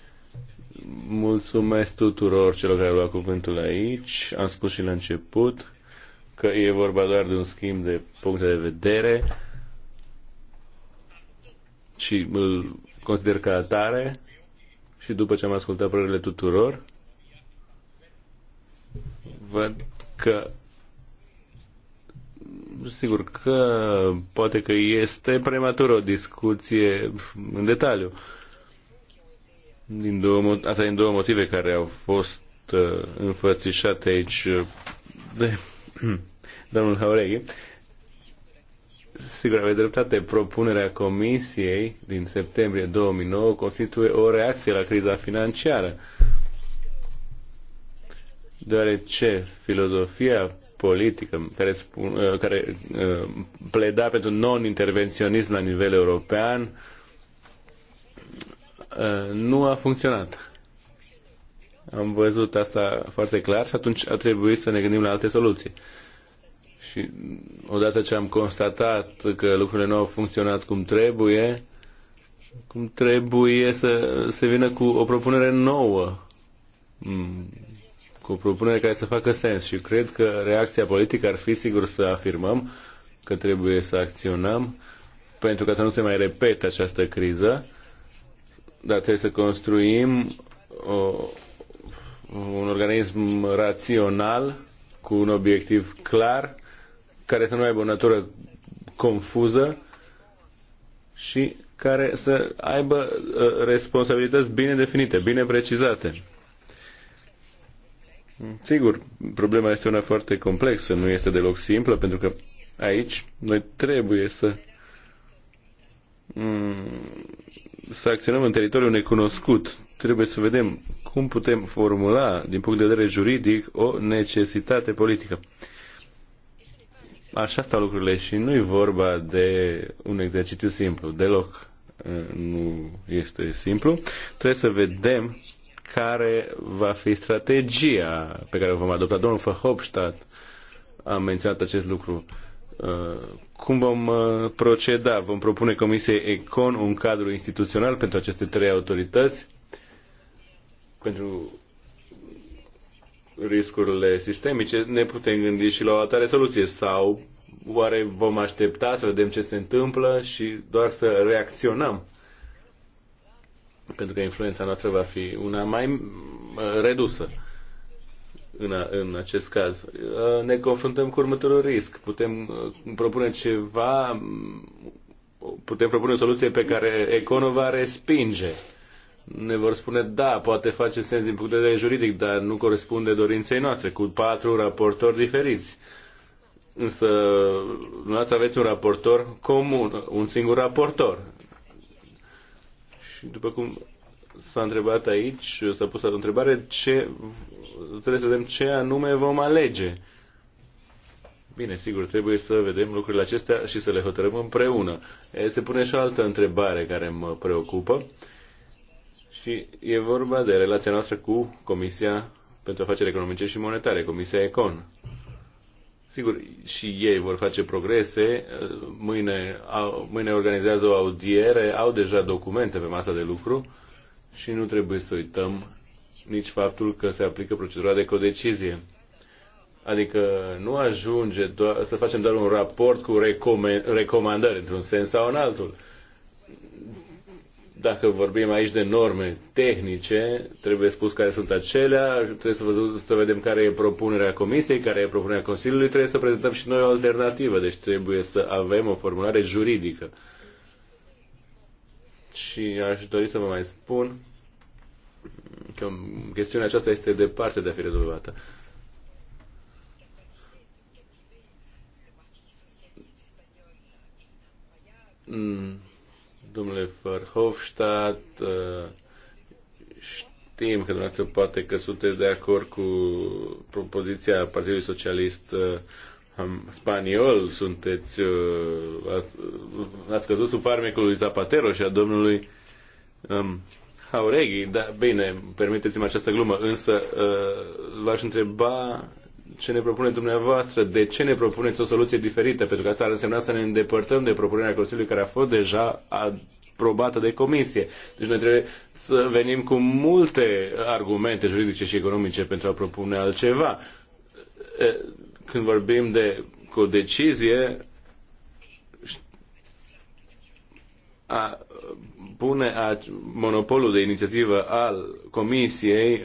Speaker 1: Mulțumesc tuturor celor care au luat cuvântul aici. Am spus și la început că e vorba doar de un schimb de puncte de vedere și îl consider ca atare și după ce am ascultat părerile tuturor, văd că sigur că poate că este prematură o discuție în detaliu din două, asta din două motive care au fost uh, înfățișate aici uh, de domnul Haureghi. Sigur, aveți dreptate, propunerea Comisiei din septembrie 2009 constituie o reacție la criza financiară, deoarece filozofia politică care, spun, uh, care uh, pleda pentru non-intervenționism la nivel european Eh, nu a funcționat. Am văzut asta foarte clar și atunci a trebuit să ne gândim la alte soluții. Și odată ce am constatat că lucrurile nu au funcționat cum trebuie, cum trebuie să se vină cu o propunere nouă, mm, cu o propunere care să facă sens. Și cred că reacția politică ar fi sigur să afirmăm că trebuie să acționăm pentru ca să nu se mai repete această criză dar trebuie să construim o, un organism rațional cu un obiectiv clar, care să nu aibă o natură confuză și care să aibă uh, responsabilități bine definite, bine precizate. Sigur, problema este una foarte complexă, nu este deloc simplă, pentru că aici noi trebuie să Mm, să acționăm în teritoriul necunoscut. Trebuie să vedem cum putem formula, din punct de vedere juridic, o necesitate politică. Așa stau lucrurile și nu e vorba de un exercițiu simplu, deloc eh, nu este simplu. Trebuie să vedem care va fi strategia pe care o vom adopta. Domnul Verhofstadt a menționat acest lucru. Cum vom uh, proceda? Vom propune Comisiei Econ un cadru instituțional pentru aceste trei autorități, pentru riscurile sistemice, ne putem gândi și la o altă soluție sau oare vom aștepta să vedem ce se întâmplă și doar să reacționăm? Pentru că influența noastră va fi una mai uh, redusă în, a, în acest caz. Uh, ne confruntăm cu următorul risc. Putem uh, propune ceva, mm, putem propune o soluție pe care Econo va respinge. Ne vor spune, da, poate face sens din punct de vedere juridic, dar nu corespunde dorinței noastre, cu patru raportori diferiți. Însă, dumneavoastră aveți un raportor comun, un singur raportor. Și după cum s-a întrebat aici, s-a pus o întrebare, ce, trebuie să vedem ce anume vom alege. Bine, sigur, trebuie să vedem lucrurile acestea și să le hotărâm împreună. Se pune și o altă întrebare care mă preocupă și e vorba de relația noastră cu Comisia pentru Afaceri Economice și Monetare, Comisia Econ. Sigur, și ei vor face progrese. Mâine, au, mâine organizează o audiere, au deja documente pe masa de lucru și nu trebuie să uităm nici faptul că se aplică procedura de codecizie. Adică nu ajunge doar, să facem doar un raport cu recomandări într-un sens sau în altul. Dacă vorbim aici de norme tehnice, trebuie spus care sunt acelea, trebuie să, văzut, să vedem care e propunerea Comisiei, care e propunerea Consiliului, trebuie să prezentăm și noi o alternativă, deci trebuie să avem o formulare juridică și aș dori să vă mai spun că chestiunea aceasta este departe de a fi rezolvată. Mm, domnule Verhofstadt, uh, știm că dumneavoastră poate că sunteți de acord cu propoziția Partidului Socialist uh, spaniol, sunteți, uh, uh, ați căzut sub farmecul lui Zapatero și a domnului um, Haureghi, da, bine, permiteți-mi această glumă, însă uh, v-aș întreba ce ne propune dumneavoastră, de ce ne propuneți o soluție diferită, pentru că asta ar însemna să ne îndepărtăm de propunerea Consiliului care a fost deja aprobată de comisie. Deci noi trebuie să venim cu multe argumente juridice și economice pentru a propune altceva. Uh, când vorbim de cu decizie, a pune a, monopolul de inițiativă al Comisiei,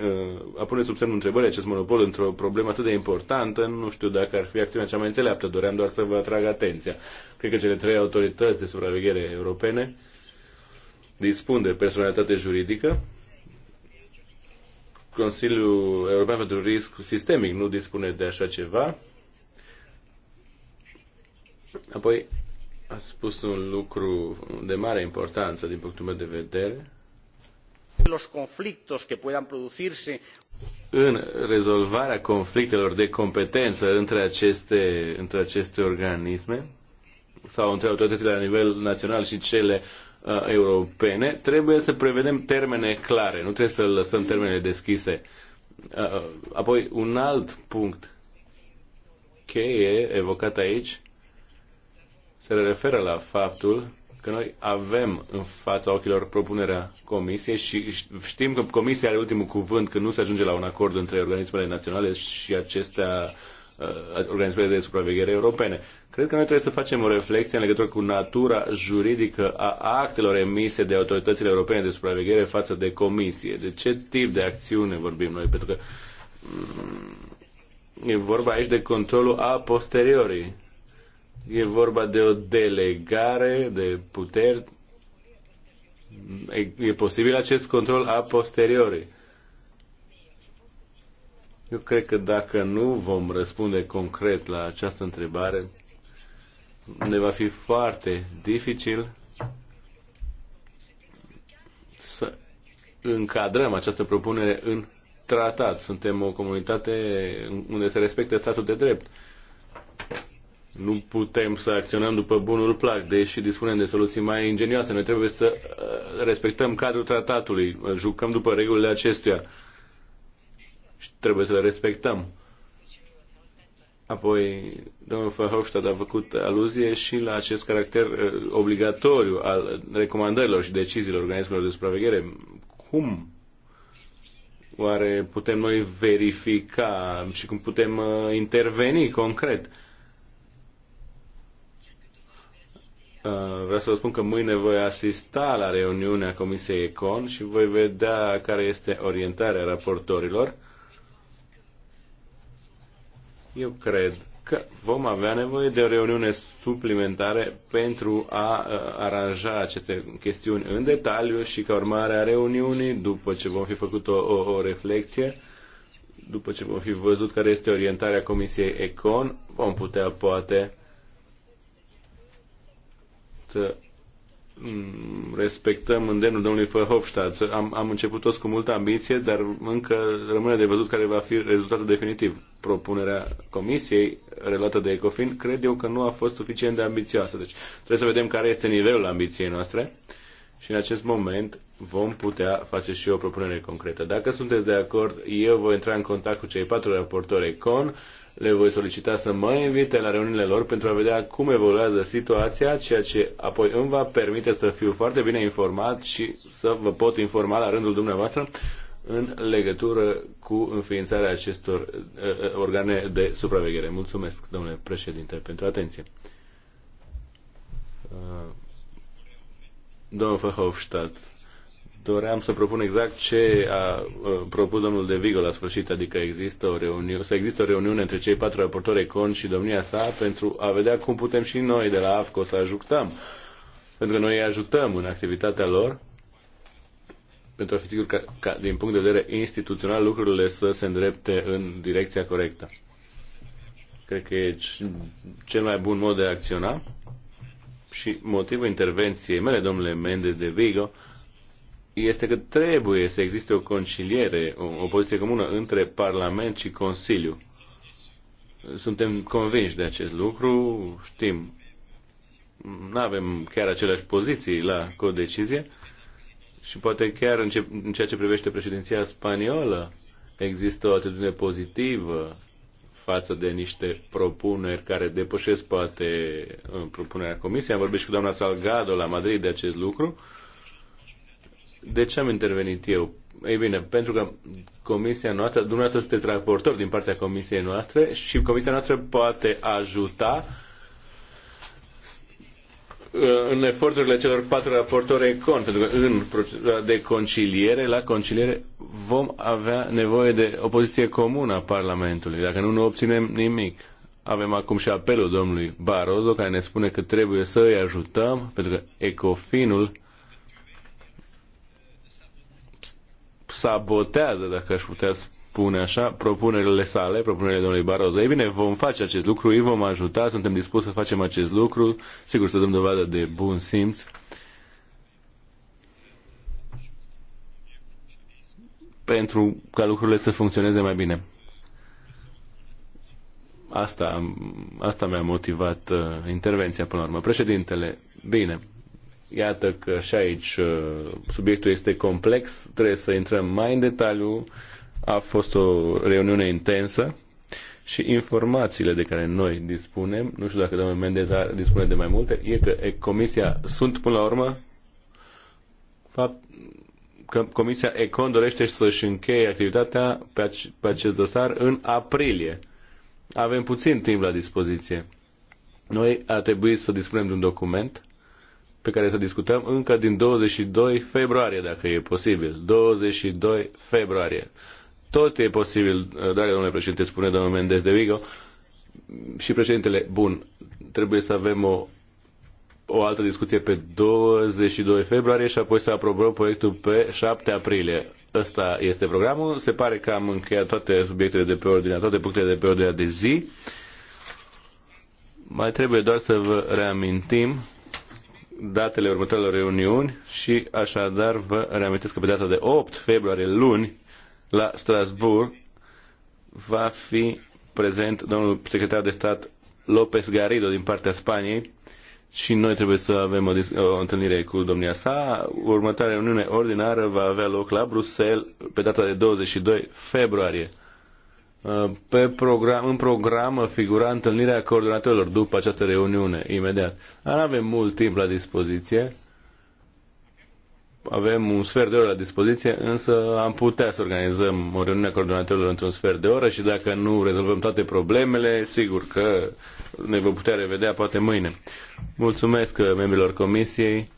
Speaker 1: a pune sub semnul întrebării acest monopol într-o problemă atât de importantă, nu știu dacă ar fi acțiunea cea mai înțeleaptă, doream doar să vă atrag atenția. Cred că cele trei autorități de supraveghere europene dispun de personalitate juridică, Consiliul European pentru Risc Sistemic nu dispune de așa ceva, Apoi a spus un lucru de mare importanță din punctul meu de vedere.
Speaker 3: Los conflictos que puedan producirse
Speaker 1: în rezolvarea conflictelor de competență între aceste, între aceste organisme sau între autoritățile la nivel național și cele uh, europene, trebuie să prevedem termene clare, nu trebuie să lăsăm termene deschise. Uh, apoi, un alt punct cheie evocat aici se referă la faptul că noi avem în fața ochilor propunerea Comisiei și știm că Comisia are ultimul cuvânt că nu se ajunge la un acord între organismele naționale și acestea uh, organismele de supraveghere europene. Cred că noi trebuie să facem o reflexie în legătură cu natura juridică a actelor emise de autoritățile europene de supraveghere față de comisie. De ce tip de acțiune vorbim noi? Pentru că mm, e vorba aici de controlul a posteriori E vorba de o delegare de puteri. E, e posibil acest control a posteriori. Eu cred că dacă nu vom răspunde concret la această întrebare, ne va fi foarte dificil să încadrăm această propunere în tratat. Suntem o comunitate unde se respectă statul de drept nu putem să acționăm după bunul plac, deși dispunem de soluții mai ingenioase. Noi trebuie să uh, respectăm cadrul tratatului, jucăm după regulile acestuia și trebuie să le respectăm. Apoi, domnul Verhofstadt a făcut aluzie și la acest caracter uh, obligatoriu al recomandărilor și deciziilor organismelor de supraveghere. Cum oare putem noi verifica și cum putem uh, interveni concret? Uh, vreau să vă spun că mâine voi asista la reuniunea Comisiei Econ și voi vedea care este orientarea raportorilor. Eu cred că vom avea nevoie de o reuniune suplimentare pentru a uh, aranja aceste chestiuni în detaliu și ca urmare a reuniunii, după ce vom fi făcut o, o, o reflexie, după ce vom fi văzut care este orientarea Comisiei Econ, vom putea poate Uh, mm, respectăm îndemnul domnului Verhofstadt. Am, am început toți cu multă ambiție, dar încă rămâne de văzut care va fi rezultatul definitiv. Propunerea comisiei relată de Ecofin cred eu că nu a fost suficient de ambițioasă. Deci trebuie să vedem care este nivelul ambiției noastre și în acest moment vom putea face și o propunere concretă. Dacă sunteți de acord, eu voi intra în contact cu cei patru raportori CON le voi solicita să mă invite la reuniunile lor pentru a vedea cum evoluează situația, ceea ce apoi îmi va permite să fiu foarte bine informat și să vă pot informa la rândul dumneavoastră în legătură cu înființarea acestor uh, uh organe de supraveghere. Mulțumesc, domnule președinte, pentru atenție. Uh, domnul Verhofstadt doream să propun exact ce a propus domnul De Vigo la sfârșit, adică există o reuniune, să există o reuniune între cei patru raportori Econ și domnia sa pentru a vedea cum putem și noi de la AFCO să ajutăm. Pentru că noi îi ajutăm în activitatea lor pentru a fi sigur că, ca, din punct de vedere instituțional, lucrurile să se îndrepte în direcția corectă. Cred că e cel mai bun mod de a acționa și motivul intervenției mele, domnule Mende de Vigo, este că trebuie să existe o conciliere, o, o poziție comună între Parlament și Consiliu. Suntem convinși de acest lucru, știm. Nu avem chiar aceleași poziții la codecizie și poate chiar în, ce, în ceea ce privește președinția spaniolă există o atitudine pozitivă față de niște propuneri care depășesc poate propunerea Comisiei. Am vorbit și cu doamna Salgado la Madrid de acest lucru de ce am intervenit eu? Ei bine, pentru că comisia noastră, dumneavoastră sunteți raportor din partea comisiei noastre și comisia noastră poate ajuta uh, în eforturile celor patru raportori econ, pentru că în procedura de conciliere, la conciliere, vom avea nevoie de o poziție comună a Parlamentului. Dacă nu, nu obținem nimic. Avem acum și apelul domnului Barroso, care ne spune că trebuie să îi ajutăm, pentru că ecofinul sabotează, dacă aș putea spune așa, propunerile sale, propunerile domnului Barroso. Ei bine, vom face acest lucru, îi vom ajuta, suntem dispuși să facem acest lucru, sigur să dăm dovadă de bun simț. pentru ca lucrurile să funcționeze mai bine. Asta, asta mi-a motivat uh, intervenția până la urmă. Președintele, bine, Iată că și aici uh, subiectul este complex, trebuie să intrăm mai în detaliu. A fost o reuniune intensă și informațiile de care noi dispunem, nu știu dacă domnul Mendez dispune de mai multe, e că Comisia sunt până la urmă fapt că Comisia Econ dorește să-și încheie activitatea pe, ac- pe acest dosar în aprilie. Avem puțin timp la dispoziție. Noi ar trebui să dispunem de un document pe care să discutăm încă din 22 februarie, dacă e posibil. 22 februarie. Tot e posibil, dragă domnule președinte, spune domnul Mendez de Vigo. Și președintele, bun, trebuie să avem o o altă discuție pe 22 februarie și apoi să aprobăm proiectul pe 7 aprilie. Ăsta este programul. Se pare că am încheiat toate subiectele de pe ordinea, toate punctele de pe ordinea de zi. Mai trebuie doar să vă reamintim datele următoarelor reuniuni și așadar vă reamintesc că pe data de 8 februarie luni la Strasbourg va fi prezent domnul secretar de stat López Garrido din partea Spaniei și noi trebuie să avem o, o întâlnire cu domnia sa. Următoarea reuniune ordinară va avea loc la Bruxelles pe data de 22 februarie. Uh, pe program, în programă figura întâlnirea coordonatorilor după această reuniune, imediat. Dar avem mult timp la dispoziție, avem un sfert de oră la dispoziție, însă am putea să organizăm o reuniune a coordonatorilor într-un sfert de oră și dacă nu rezolvăm toate problemele, sigur că ne vom putea revedea poate mâine. Mulțumesc membrilor comisiei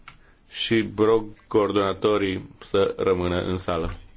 Speaker 1: și rog coordonatorii să rămână în sală.